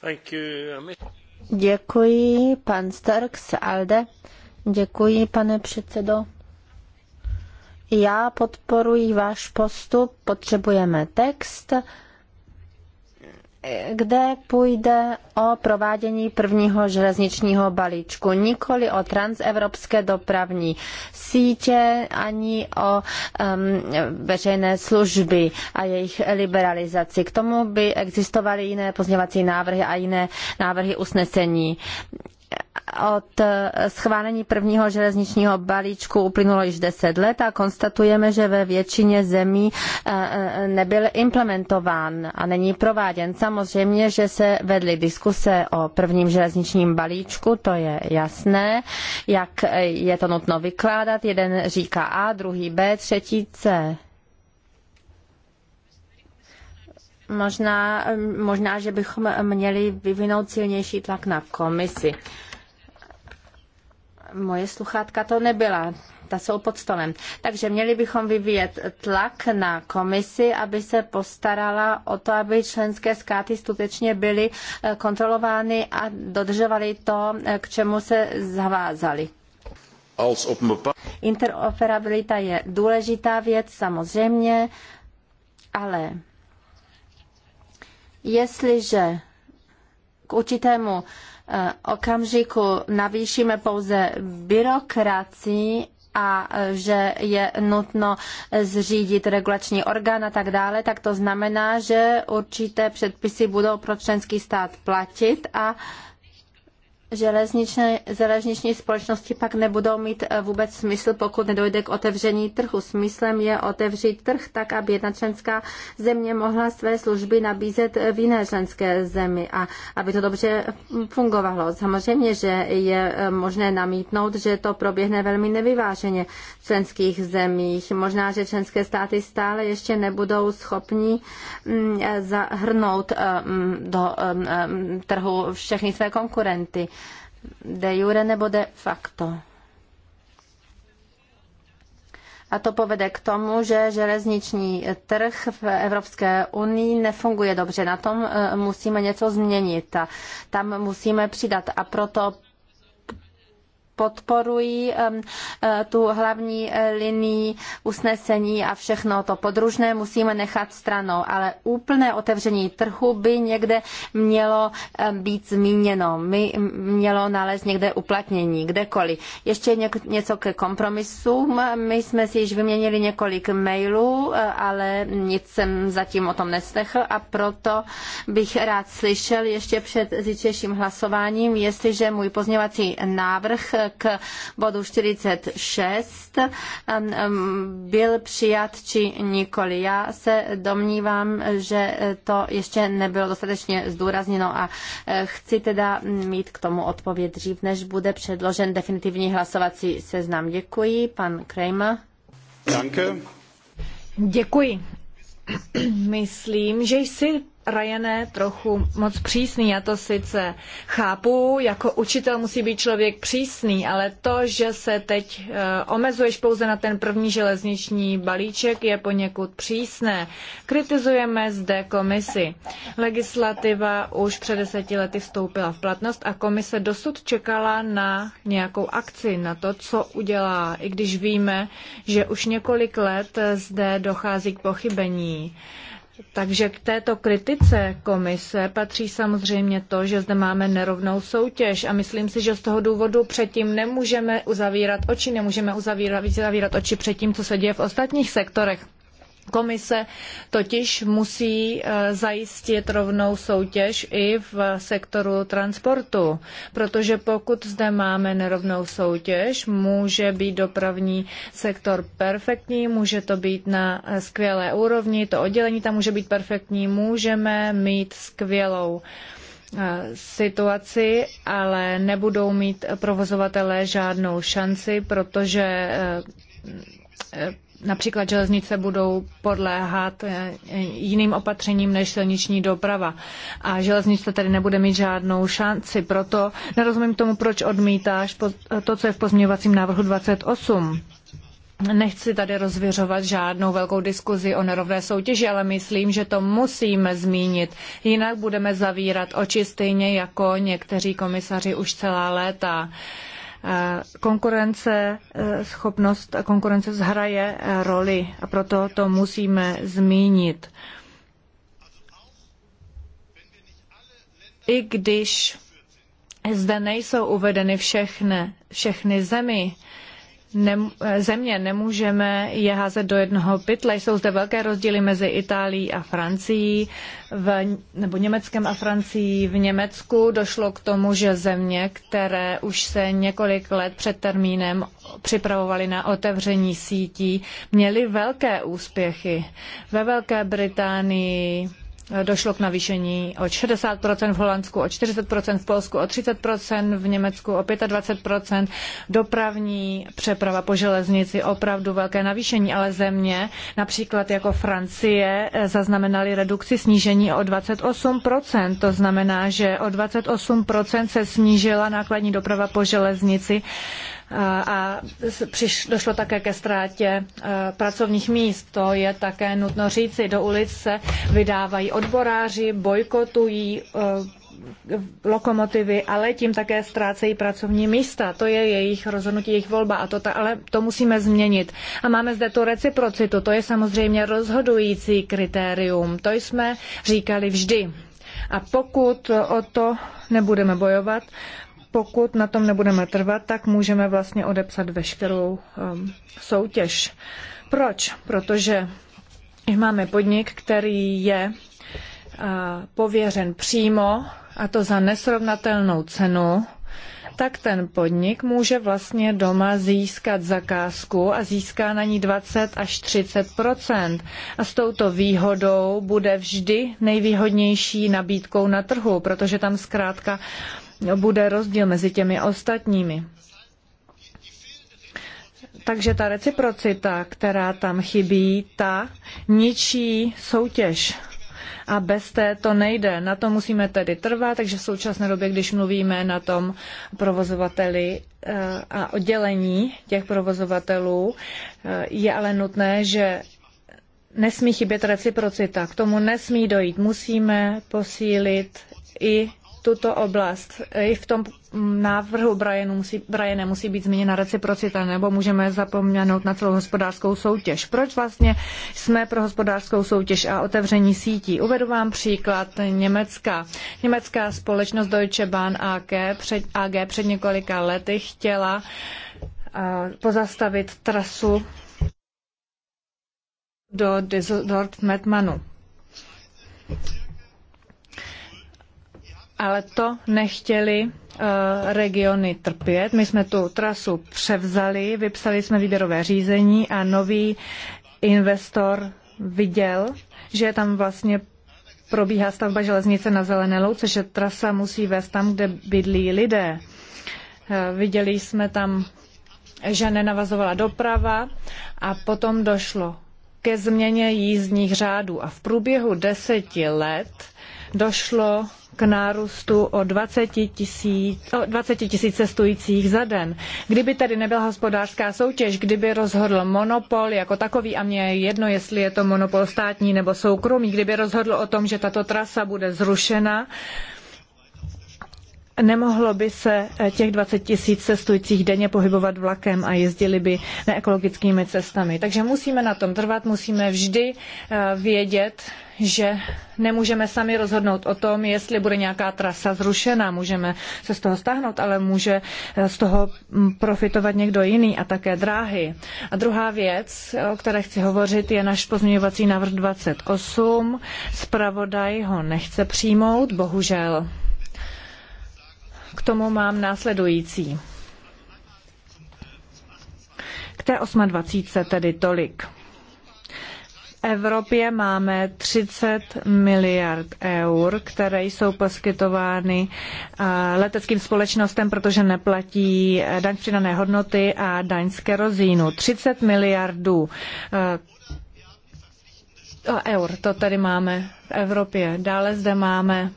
Uh, Děkuji, pan Starks, Alde. Děkuji, pane předsedo. Já podporuji váš postup, potřebujeme text, kde půjde o provádění prvního železničního balíčku, nikoli o transevropské dopravní sítě ani o um, veřejné služby a jejich liberalizaci. K tomu by existovaly jiné pozněvací návrhy a jiné návrhy usnesení. Od eh, schválení prvního železničního balíčku uplynulo již deset let a konstatujeme, že ve většině zemí eh, eh, nebyl implementován a není prováděn. Samozřejmě, že se vedly diskuse o prvním železničním balíčku, to je jasné, jak je to nutno vykládat. Jeden říká A, druhý B, třetí C. Možná, možná, že bychom měli vyvinout silnější tlak na komisi moje sluchátka to nebyla, ta jsou pod stolem. Takže měli bychom vyvíjet tlak na komisi, aby se postarala o to, aby členské skáty skutečně byly eh, kontrolovány a dodržovaly to, eh, k čemu se zavázali. Interoperabilita je důležitá věc samozřejmě, ale jestliže k určitému Eh, okamžiku navýšíme pouze byrokracii a eh, že je nutno zřídit regulační orgán a tak dále, tak to znamená, že určité předpisy budou pro členský stát platit a železniční železniční společnosti pak nebudou mít eh, vůbec smysl, pokud nedojde k otevření trhu. Smyslem je otevřít trh tak, aby jedna členská země mohla své služby nabízet eh, v jiné členské zemi a aby to dobře fungovalo. Samozřejmě, že je eh, možné namítnout, že to proběhne velmi nevyváženě v členských zemích. Možná, že členské státy stále ještě nebudou schopni mm, zahrnout mm, do mm, trhu všechny své konkurenty de jure nebo de facto. A to povede k tomu, že železniční trh v Evropské unii nefunguje dobře. Na tom eh, musíme něco změnit. Tam musíme přidat. A proto podporují e, tu hlavní e, linii usnesení a všechno to podružné musíme nechat stranou, ale úplné otevření trhu by někde mělo být zmíněno, my mělo nalézt někde uplatnění, kdekoliv. Ještě něco ke kompromisům. My jsme si již vyměnili několik mailů, e, ale nic jsem zatím o tom neslechl a proto bych rád slyšel ještě před zítřejším hlasováním, jestliže můj pozněvací návrh k bodu 46 byl přijat či nikoli. Já se domnívám, že to ještě nebylo dostatečně zdůrazněno a e, chci teda mít k tomu odpověď dřív, než bude předložen definitivní hlasovací seznam. Děkuji, pan Kramer. Danke. Děkuji. Myslím, že jsi rajené, trochu moc přísný. Já to sice chápu, jako učitel musí být člověk přísný, ale to, že se teď eh, omezuješ pouze na ten první železniční balíček, je poněkud přísné. Kritizujeme zde komisi. Legislativa už před deseti lety vstoupila v platnost a komise dosud čekala na nějakou akci, na to, co udělá, i když víme, že už několik let zde dochází k pochybení takže k této kritice komise patří samozřejmě to, že zde máme nerovnou soutěž a myslím si, že z toho důvodu předtím nemůžeme uzavírat oči, nemůžeme uzavírat, uzavírat oči před tím, co se děje v ostatních sektorech. Komise totiž musí eh, zajistit rovnou soutěž i v sektoru transportu, protože pokud zde máme nerovnou soutěž, může být dopravní sektor perfektní, může to být na eh, skvělé úrovni, to oddělení tam může být perfektní, můžeme mít skvělou eh, situaci, ale nebudou mít provozovatelé žádnou šanci, protože například železnice budou podléhat eh, jiným opatřením než silniční doprava. A železnice tady nebude mít žádnou šanci. Proto nerozumím tomu, proč odmítáš to, co je v pozměňovacím návrhu 28. Nechci tady rozvěřovat žádnou velkou diskuzi o nerovné soutěži, ale myslím, že to musíme zmínit. Jinak budeme zavírat oči stejně jako někteří komisaři už celá léta. Uh, Konkurence, eh, schopnost a konkurence zhraje eh, roli a proto to musíme zmínit. I když zde nejsou uvedeny všechny, všechny zemi, nem, eh, země nemůžeme je házet do jednoho pytle. Jsou zde velké rozdíly mezi Itálií a Francií, v, nebo Německem a Francií. V Německu došlo k tomu, že země, které už se několik let před termínem připravovaly na otevření sítí, měly velké úspěchy. Ve Velké Británii došlo k navýšení o 60% v Holandsku, o 40% v Polsku, o 30% v Německu, o 25%. Dopravní přeprava po železnici, opravdu velké navýšení, ale země, například jako Francie, zaznamenaly redukci snížení o 28%. To znamená, že o 28% se snížila nákladní doprava po železnici a přiš, došlo také ke ztrátě e, pracovních míst. To je také nutno říci. Do ulic se vydávají odboráři, bojkotují e, lokomotivy, ale tím také ztrácejí pracovní místa. To je jejich rozhodnutí, jejich volba, a to ta, ale to musíme změnit. A máme zde tu reciprocitu, to je samozřejmě rozhodující kritérium. To jsme říkali vždy. A pokud o to nebudeme bojovat, pokud na tom nebudeme trvat, tak můžeme vlastně odepsat veškerou um, soutěž. Proč? Protože máme podnik, který je uh, pověřen přímo, a to za nesrovnatelnou cenu, tak ten podnik může vlastně doma získat zakázku a získá na ní 20 až 30 A s touto výhodou bude vždy nejvýhodnější nabídkou na trhu, protože tam zkrátka bude rozdíl mezi těmi ostatními. Takže ta reciprocita, která tam chybí, ta ničí soutěž. A bez té to nejde. Na to musíme tedy trvat, takže v současné době, když mluvíme na tom provozovateli eh, a oddělení těch provozovatelů, eh, je ale nutné, že nesmí chybět reciprocita. K tomu nesmí dojít. Musíme posílit i tuto oblast. I v tom návrhu Brianu musí, Briane musí být změněna reciprocita, nebo můžeme zapomenout na celou hospodářskou soutěž. Proč vlastně jsme pro hospodářskou soutěž a otevření sítí? Uvedu vám příklad Německa. Německá společnost Deutsche Bahn AG před, AG před několika lety chtěla pozastavit trasu do Düsseldorf-Metmanu ale to nechtěli eh, regiony trpět. My jsme tu trasu převzali, vypsali jsme výběrové řízení a nový investor viděl, že tam vlastně probíhá stavba železnice na Zelené louce, že trasa musí vést tam, kde bydlí lidé. Eh, viděli jsme tam, že nenavazovala doprava a potom došlo ke změně jízdních řádů a v průběhu deseti let došlo k nárůstu o 20 tisíc, 20 cestujících za den. Kdyby tady nebyla hospodářská soutěž, kdyby rozhodl monopol jako takový, a mně je jedno, jestli je to monopol státní nebo soukromý, kdyby rozhodl o tom, že tato trasa bude zrušena, Nemohlo by se eh, těch 20 tisíc cestujících denně pohybovat vlakem a jezdili by neekologickými cestami. Takže musíme na tom trvat, musíme vždy eh, vědět, že nemůžeme sami rozhodnout o tom, jestli bude nějaká trasa zrušena, můžeme se z toho stáhnout, ale může eh, z toho mm, profitovat někdo jiný a také dráhy. A druhá věc, o které chci hovořit, je náš pozměňovací návrh 28. Spravodaj ho nechce přijmout, bohužel. K tomu mám následující. K té 28. tedy tolik. V Evropě máme 30 miliard eur, které jsou poskytovány eh, leteckým společnostem, protože neplatí eh, daň přidané hodnoty a daň z kerozínu. 30 miliardů eh, eur, to tady máme v Evropě. Dále zde máme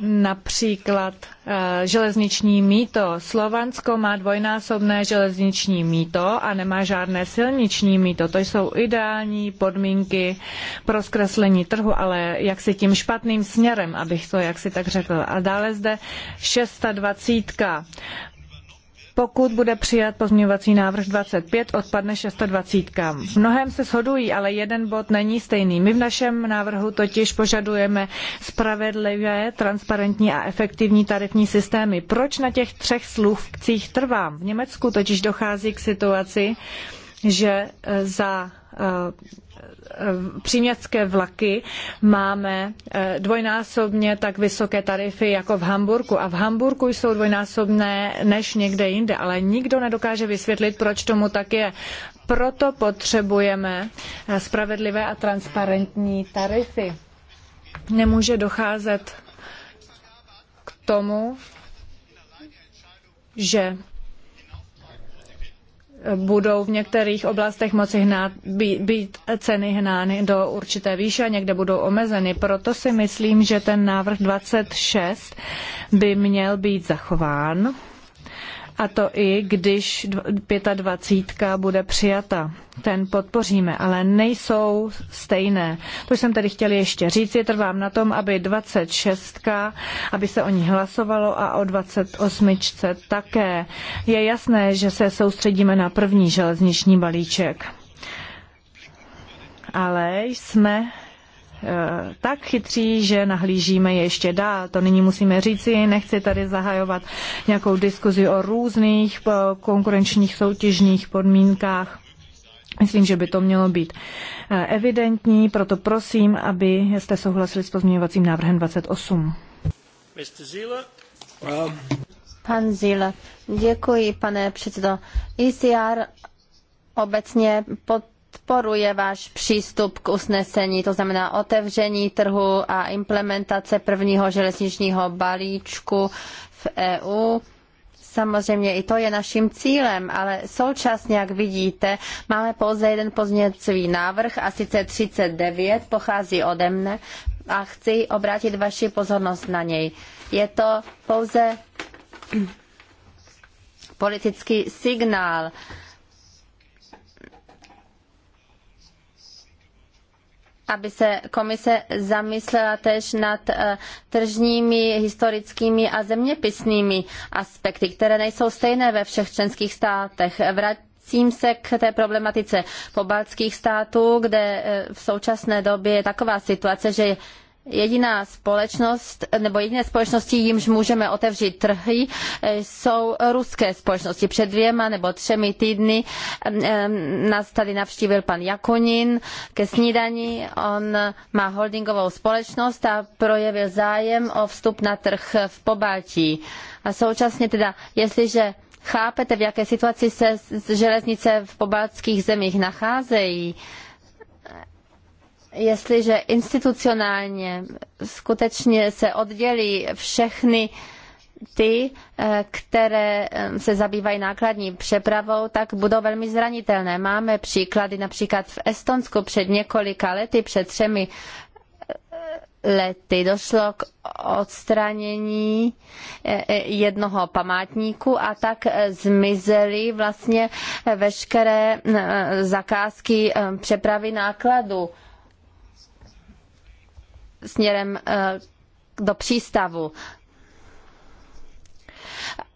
například eh, železniční mýto. Slovansko má dvojnásobné železniční mýto a nemá žádné silniční mýto. To jsou ideální podmínky pro zkreslení trhu, ale jaksi tím špatným směrem, abych to si tak řekl. A dále zde 620. Pokud bude přijat pozměňovací návrh 25, odpadne 620. V mnohem se shodují, ale jeden bod není stejný. My v našem návrhu totiž požadujeme spravedlivé, transparentní a efektivní tarifní systémy. Proč na těch třech slůvcích trvám? V Německu totiž dochází k situaci, že e, za Eh, eh, příměstské vlaky máme eh, dvojnásobně tak vysoké tarify jako v Hamburku. A v Hamburku jsou dvojnásobné než někde jinde, ale nikdo nedokáže vysvětlit, proč tomu tak je. Proto potřebujeme spravedlivé a transparentní tarify. Nemůže docházet k tomu, že budou v některých oblastech moci hnát, být, být ceny hnány do určité výše a někde budou omezeny. Proto si myslím, že ten návrh 26 by měl být zachován a to i když 25 bude přijata. Ten podpoříme, ale nejsou stejné. To jsem tedy chtěl ještě říct. Je trvám na tom, aby 26, aby se o ní hlasovalo a o 28 také. Je jasné, že se soustředíme na první železniční balíček. Ale jsme Eh, tak chytří, že nahlížíme ještě dál. To nyní musíme říci, nechci tady zahajovat nějakou diskuzi o různých eh, konkurenčních soutěžních podmínkách. Myslím, že by to mělo být eh, evidentní, proto prosím, aby jste souhlasili s pozměňovacím návrhem 28. Pan Zíle, děkuji, pane předsedo. ICR e obecně pod podporuje váš přístup k usnesení, to znamená otevření trhu a implementace prvního železničního balíčku v EU. Samozřejmě i to je naším cílem, ale současně, jak vidíte, máme pouze jeden pozměňovací návrh, a sice 39, pochází ode mne a chci obrátit vaši pozornost na něj. Je to pouze politický signál aby se komise zamyslela tež nad eh, tržními, historickými a zeměpisnými aspekty, které nejsou stejné ve všech členských státech. Vrať vracím se k té problematice pobaltských států, kde eh, v současné době je taková situace, že jediná společnost, nebo jediné společnosti, jimž můžeme otevřít trhy, jsou ruské společnosti. Před dvěma nebo třemi týdny nás tady navštívil pan Jakunin ke snídani. On má holdingovou společnost a projevil zájem o vstup na trh v Pobaltí. A současně teda, jestliže chápete, v jaké situaci se železnice v pobaltských zemích nacházejí, Jestliže institucionálně skutečně se oddělí všechny ty, eh, které eh, se zabývají nákladní přepravou, tak budou velmi zranitelné. Máme příklady například v Estonsku před několika lety, před třemi eh, lety došlo k odstranění jednoho památníku a tak zmizely vlastně veškeré zakázky přepravy nákladu směrem eh, do přístavu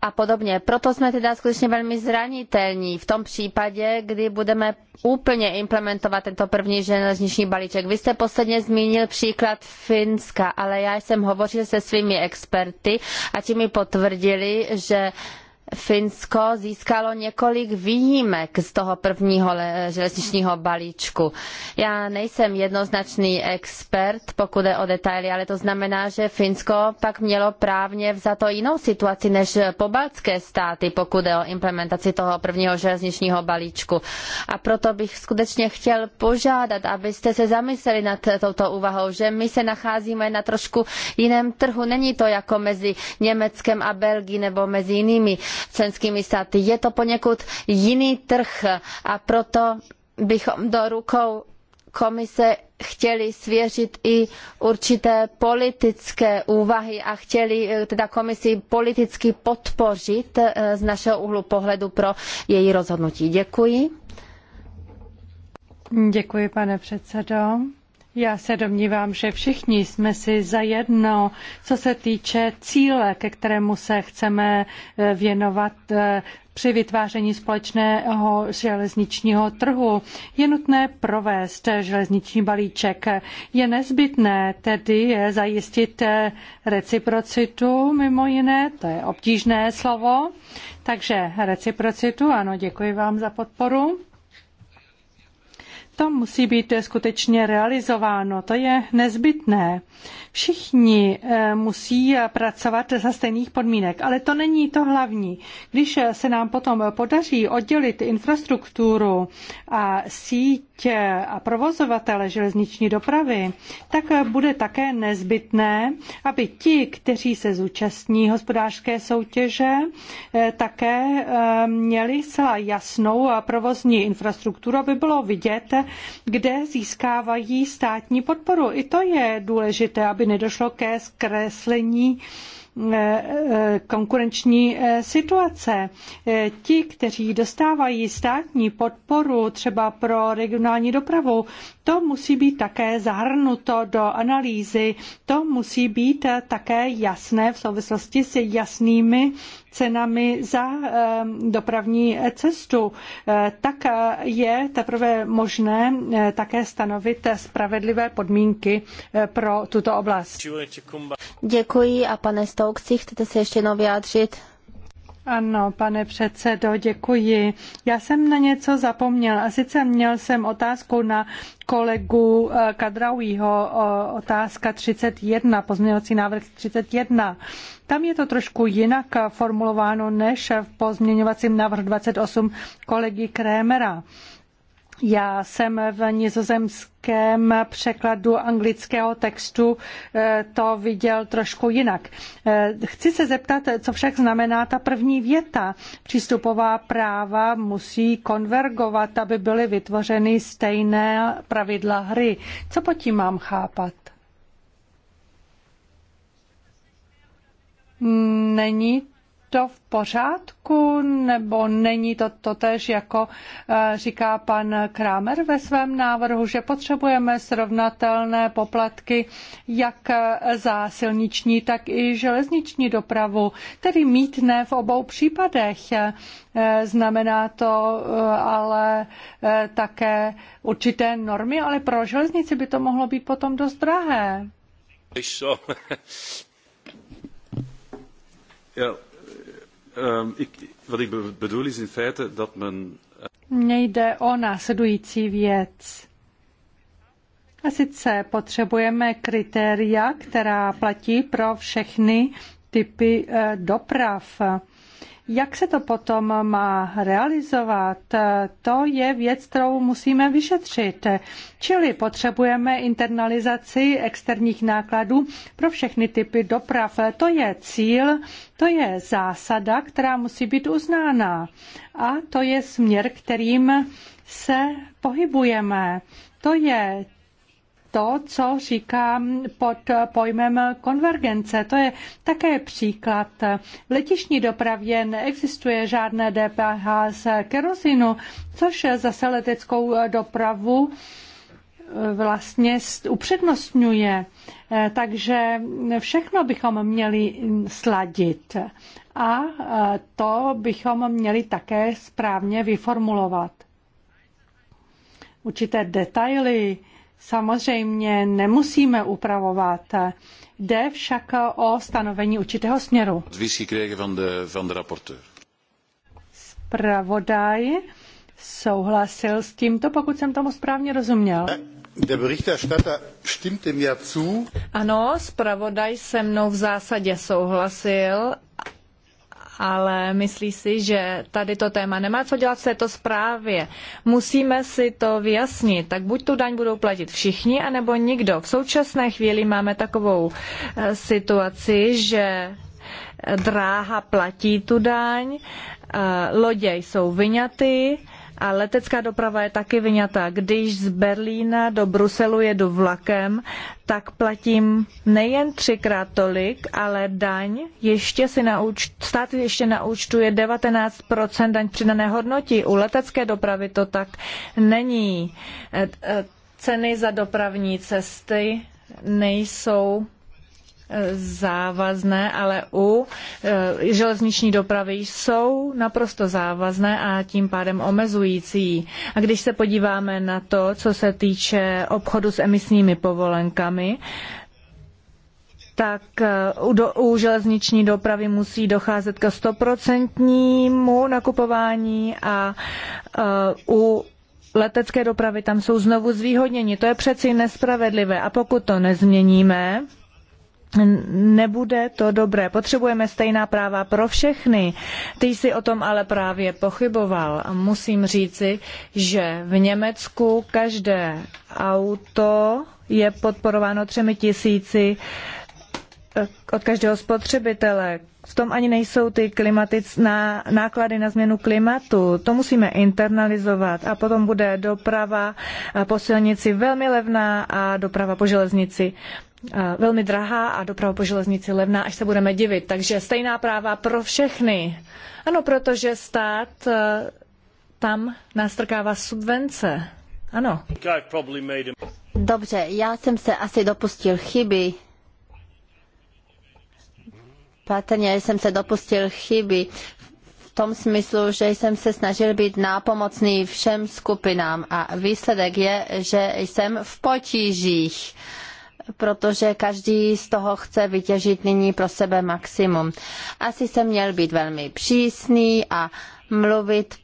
a podobně. Proto jsme teda skutečně velmi zranitelní v tom případě, kdy budeme úplně implementovat tento první železniční balíček. Vy jste posledně zmínil příklad Finska, ale já jsem hovořil se svými experty a ti mi potvrdili, že Finsko získalo několik výjimek z toho prvního železničního balíčku. Já nejsem jednoznačný expert, pokud je o detaily, ale to znamená, že Finsko pak mělo právně za to jinou situaci než pobaltské státy, pokud je o implementaci toho prvního železničního balíčku. A proto bych skutečně chtěl požádat, abyste se zamysleli nad touto úvahou, že my se nacházíme na trošku jiném trhu. Není to jako mezi Německem a Belgií nebo mezi jinými členskými státy. Je to poněkud jiný trh a proto bychom do rukou komise chtěli svěřit i určité politické úvahy a chtěli eh, teda komisi politicky podpořit eh, z našeho úhlu pohledu pro její rozhodnutí. Děkuji. Děkuji, pane předsedo. Já se domnívám, že všichni jsme si zajedno, co se týče cíle, ke kterému se chceme eh, věnovat eh, při vytváření společného železničního trhu je nutné provést železniční balíček. Je nezbytné tedy zajistit eh, reciprocitu, mimo jiné, to je obtížné slovo, takže reciprocitu, ano, děkuji vám za podporu. To musí být skutečně realizováno, to je nezbytné. Všichni eh, musí pracovat za stejných podmínek, ale to není to hlavní. Když eh, se nám potom podaří oddělit infrastrukturu a síť a provozovatele železniční dopravy, tak eh, bude také nezbytné, aby ti, kteří se zúčastní hospodářské soutěže, také měli zcela jasnou provozní infrastrukturu, aby bylo vidět, kde získávají státní podporu. I to je důležité, aby nedošlo ke zkreslení eh, eh, konkurenční eh, situace. Ti, kteří dostávají státní podporu třeba pro regionální dopravu, to musí být také zahrnuto do analýzy, to musí být také jasné v souvislosti s jasnými cenami za ehm, dopravní cestu, eh, tak eh, je teprve možné eh, také stanovit spravedlivé podmínky pro tuto oblast. Děkuji a pane Stoukci, chcete se ještě jednou vyjádřit? Ano, pane předsedo, děkuji. Já jsem na něco zapomněl a sice měl jsem otázku na kolegu Kadraujího, otázka 31, pozměňovací návrh 31. Tam je to trošku jinak formulováno než v pozměňovacím návrhu 28 kolegy Krémera. Já jsem v nizozemském překladu anglického textu eh, to viděl trošku jinak. Eh, chci se zeptat, co však znamená ta první věta. Přístupová práva musí konvergovat, aby byly vytvořeny stejné pravidla hry. Co pod tím mám chápat? Není to v pořádku, nebo není to totéž, jako eh, říká pan Kramer ve svém návrhu, že potřebujeme srovnatelné poplatky jak eh, za silniční, tak i železniční dopravu, tedy mítné v obou případech. Eh, znamená to ale také určité normy, ale pro železnici by to mohlo být potom dost drahé. Ja, um, ik, wat ik bedoel is in feite dat men... Eh, Mně jde o následující věc. A sice potřebujeme kritéria, která platí pro všechny typy eh, doprav. Jak se to potom má realizovat, to je věc, kterou musíme vyšetřit. Čili potřebujeme internalizaci externích nákladů pro všechny typy doprav. To je cíl, to je zásada, která musí být uznána. A to je směr, kterým se pohybujeme. To je to, co říkám pod pojmem konvergence. To je také příklad. V letišní dopravě neexistuje žádné DPH z kerozinu, což zase leteckou dopravu vlastně upřednostňuje. Takže všechno bychom měli sladit a to bychom měli také správně vyformulovat. Určité detaily samozřejmě nemusíme upravovat. Jde však o stanovení určitého směru. Zpravodaj souhlasil s tímto, pokud jsem tomu správně rozuměl. Ano, zpravodaj se mnou v zásadě souhlasil ale myslí si, že tady to téma nemá co dělat v této zprávě. Musíme si to vyjasnit, tak buď tu daň budou platit všichni, anebo nikdo. V současné chvíli máme takovou eh, situaci, že dráha platí tu daň, eh, lodě jsou vyňaty, a letecká doprava je taky vyňata. Když z Berlína do Bruselu jedu vlakem, tak platím nejen třikrát tolik, ale daň ještě si stát ještě naúčtuje 19% daň přidané hodnoty. U letecké dopravy to tak není. E, e, ceny za dopravní cesty nejsou závazné, ale u eh, železniční dopravy jsou naprosto závazné a tím pádem omezující. A když se podíváme na to, co se týče obchodu s emisními povolenkami, tak eh, u, do, u železniční dopravy musí docházet ke stoprocentnímu nakupování a uh, u letecké dopravy tam jsou znovu zvýhodněni. To je přeci nespravedlivé a pokud to nezměníme, nebude to dobré. Potřebujeme stejná práva pro všechny. Ty jsi o tom ale právě pochyboval. Musím říci, že v Německu každé auto je podporováno třemi tisíci eh, od každého spotřebitele. V tom ani nejsou ty klimatic, na, náklady na změnu klimatu. To musíme internalizovat a potom bude doprava po silnici velmi levná a doprava po železnici velmi drahá a doprava po železnici levná, až se budeme divit. Takže stejná práva pro všechny. Ano, protože stát e, tam nastrkává subvence. Ano. Dobře, já jsem se asi dopustil chyby. Patrně jsem se dopustil chyby v tom smyslu, že jsem se snažil být nápomocný všem skupinám a výsledek je, že jsem v potížích protože každý z toho chce vytěžit nyní pro sebe maximum. Asi jsem měl být velmi přísný a mluvit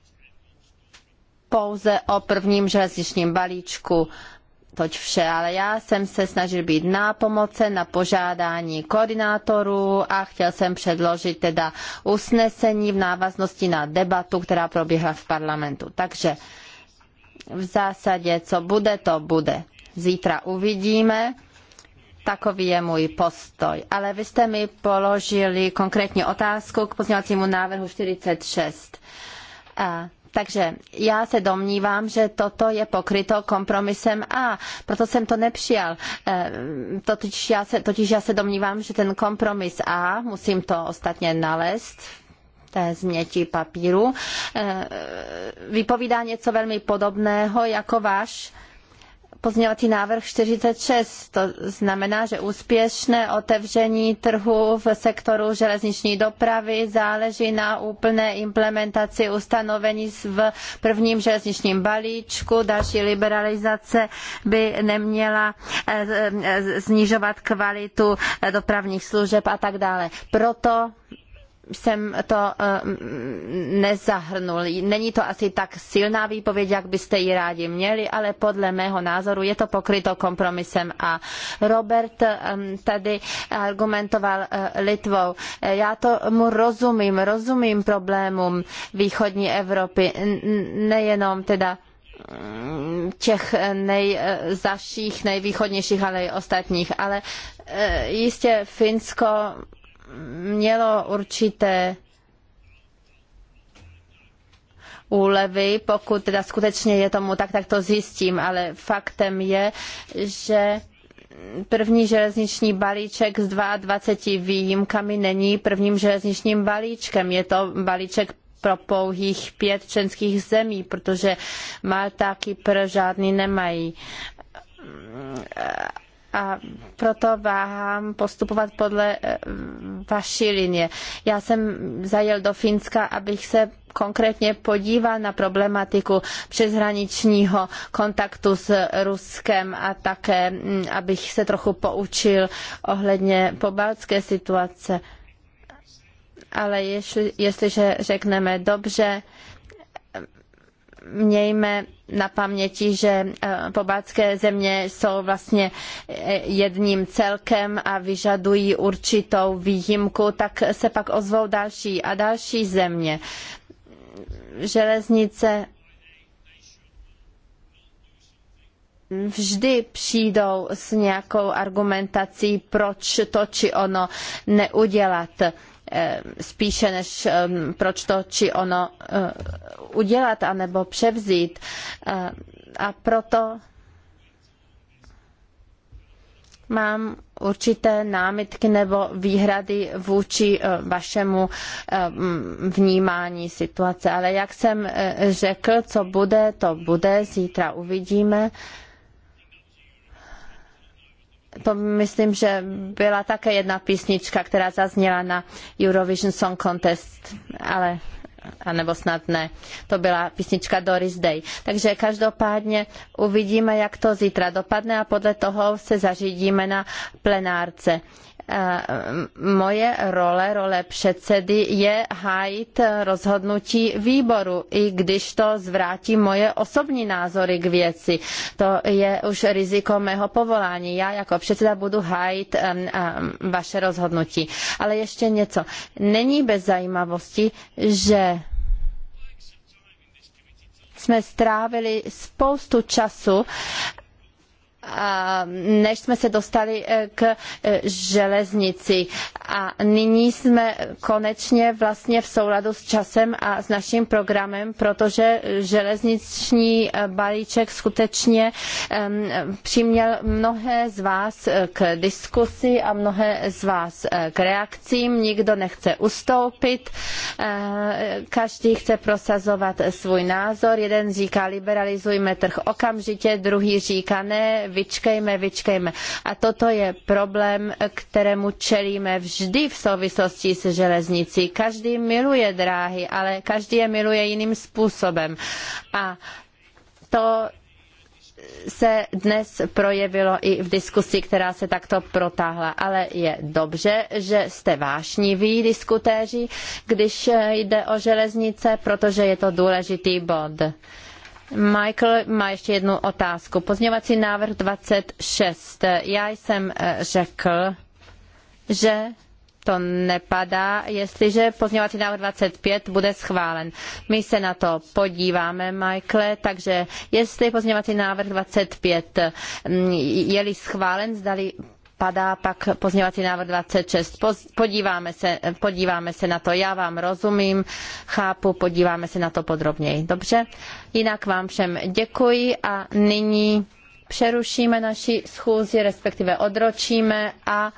pouze o prvním železničním balíčku. Toť vše, ale já jsem se snažil být na pomoce, na požádání koordinátorů a chtěl jsem předložit teda usnesení v návaznosti na debatu, která proběhla v parlamentu. Takže v zásadě, co bude, to bude. Zítra uvidíme. Takový je můj postoj. Ale vy jste mi položili konkrétně otázku k pozměňovacímu návrhu 46. A takže já se domnívám, že toto je pokryto kompromisem A, proto jsem to nepřijal. E, totiž já se, totiž já se domnívám, že ten kompromis A, musím to ostatně nalézt té změti papíru, e, vypovídá něco velmi podobného jako váš pozměňovací návrh 46. To znamená, že úspěšné otevření trhu v sektoru železniční dopravy záleží na úplné implementaci ustanovení v prvním železničním balíčku. Další liberalizace by neměla eh, eh, snižovat kvalitu eh, dopravních služeb a tak dále. Proto jsem to eh, nezahrnul. Není to asi tak silná výpověď, jak byste ji rádi měli, ale podle mého názoru je to pokryto kompromisem. A Robert eh, tady argumentoval eh, Litvou. Já to mu rozumím, rozumím problémům východní Evropy, nejenom teda mm, těch nejzaších, nejvýchodnějších, ale i ostatních. Ale jistě Finsko mělo určité úlevy, pokud teda skutečně je tomu tak, tak to zjistím, ale faktem je, že první železniční balíček s 22 výjimkami není prvním železničním balíčkem. Je to balíček pro pouhých pět členských zemí, protože Malta a Kypr žádný nemají a proto váhám postupovat podle eh, vaší linie. Já jsem zajel do Finska, abych se konkrétně podíval na problematiku přeshraničního kontaktu s Ruskem a také, mm, abych se trochu poučil ohledně pobaltské situace. Ale jestli, jestliže řekneme dobře, mějme na paměti, že eh, pobaltské země jsou vlastně eh, jedním celkem a vyžadují určitou výjimku, tak se pak ozvou další a další země. Železnice vždy přijdou s nějakou argumentací, proč to či ono neudělat Eh, spíše než proč to či ono eh, udělat anebo převzít. Eh, a proto mám určité námitky nebo výhrady vůči vašemu vnímání situace. Ale jak jsem řekl, co bude, to bude, zítra uvidíme. Uh, to myslím, že byla také jedna písnička, která zazněla na Eurovision Song Contest, ale anebo snad ne. To byla písnička Doris Day. Takže každopádně uvidíme, jak to zítra dopadne a podle toho se zařídíme na plenárce. Eh, moje role, role předsedy je hájit rozhodnutí výboru, i když to zvrátí moje osobní názory k věci. To je už riziko mého povolání. Já jako předseda budu hájit vaše rozhodnutí. Ale ještě něco. Není bez zajímavosti, že jsme strávili spoustu času než jsme se dostali eh, k eh, železnici. A nyní jsme konečně vlastně v souladu s časem a s naším programem, protože železniční eh, balíček skutečně přiměl mnohé z vás k diskusi a mnohé z vás k reakcím. Nikdo nechce ustoupit, každý chce prosazovat svůj názor. Jeden říká liberalizujme trh okamžitě, druhý říká ne, vyčkejme, vyčkejme. A toto je problém, kterému čelíme vždy v souvislosti se železnicí. Každý miluje dráhy, ale každý je miluje jiným způsobem. A to se dnes projevilo i v diskusi, která se takto protáhla. Ale je dobře, že jste vášniví diskutéři, když jde o železnice, protože je to důležitý bod. Michael má ještě jednu otázku. Pozměňovací návrh 26. Já jsem eh, řekl, že to nepadá, jestliže pozměňovací návrh 25 bude schválen. My se na to podíváme, Michaele, takže jestli pozměňovací návrh 25 mm, je-li schválen, zdali padá, pak pozměňovací návrh 26. Podíváme se, podíváme se na to, já vám rozumím, chápu, podíváme se na to podrobněji. Dobře, jinak vám všem děkuji a nyní přerušíme naši schůzi, respektive odročíme a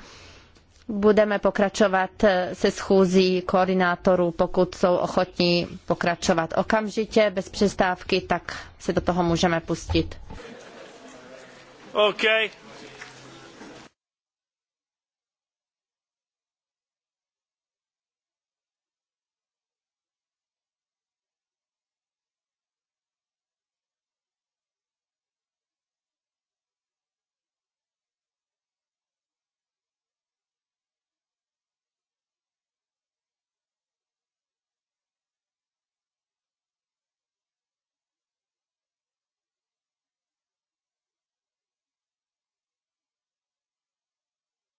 budeme pokračovat se schůzí koordinátorů, pokud jsou ochotní pokračovat okamžitě, bez přestávky, tak se do toho můžeme pustit. Okay.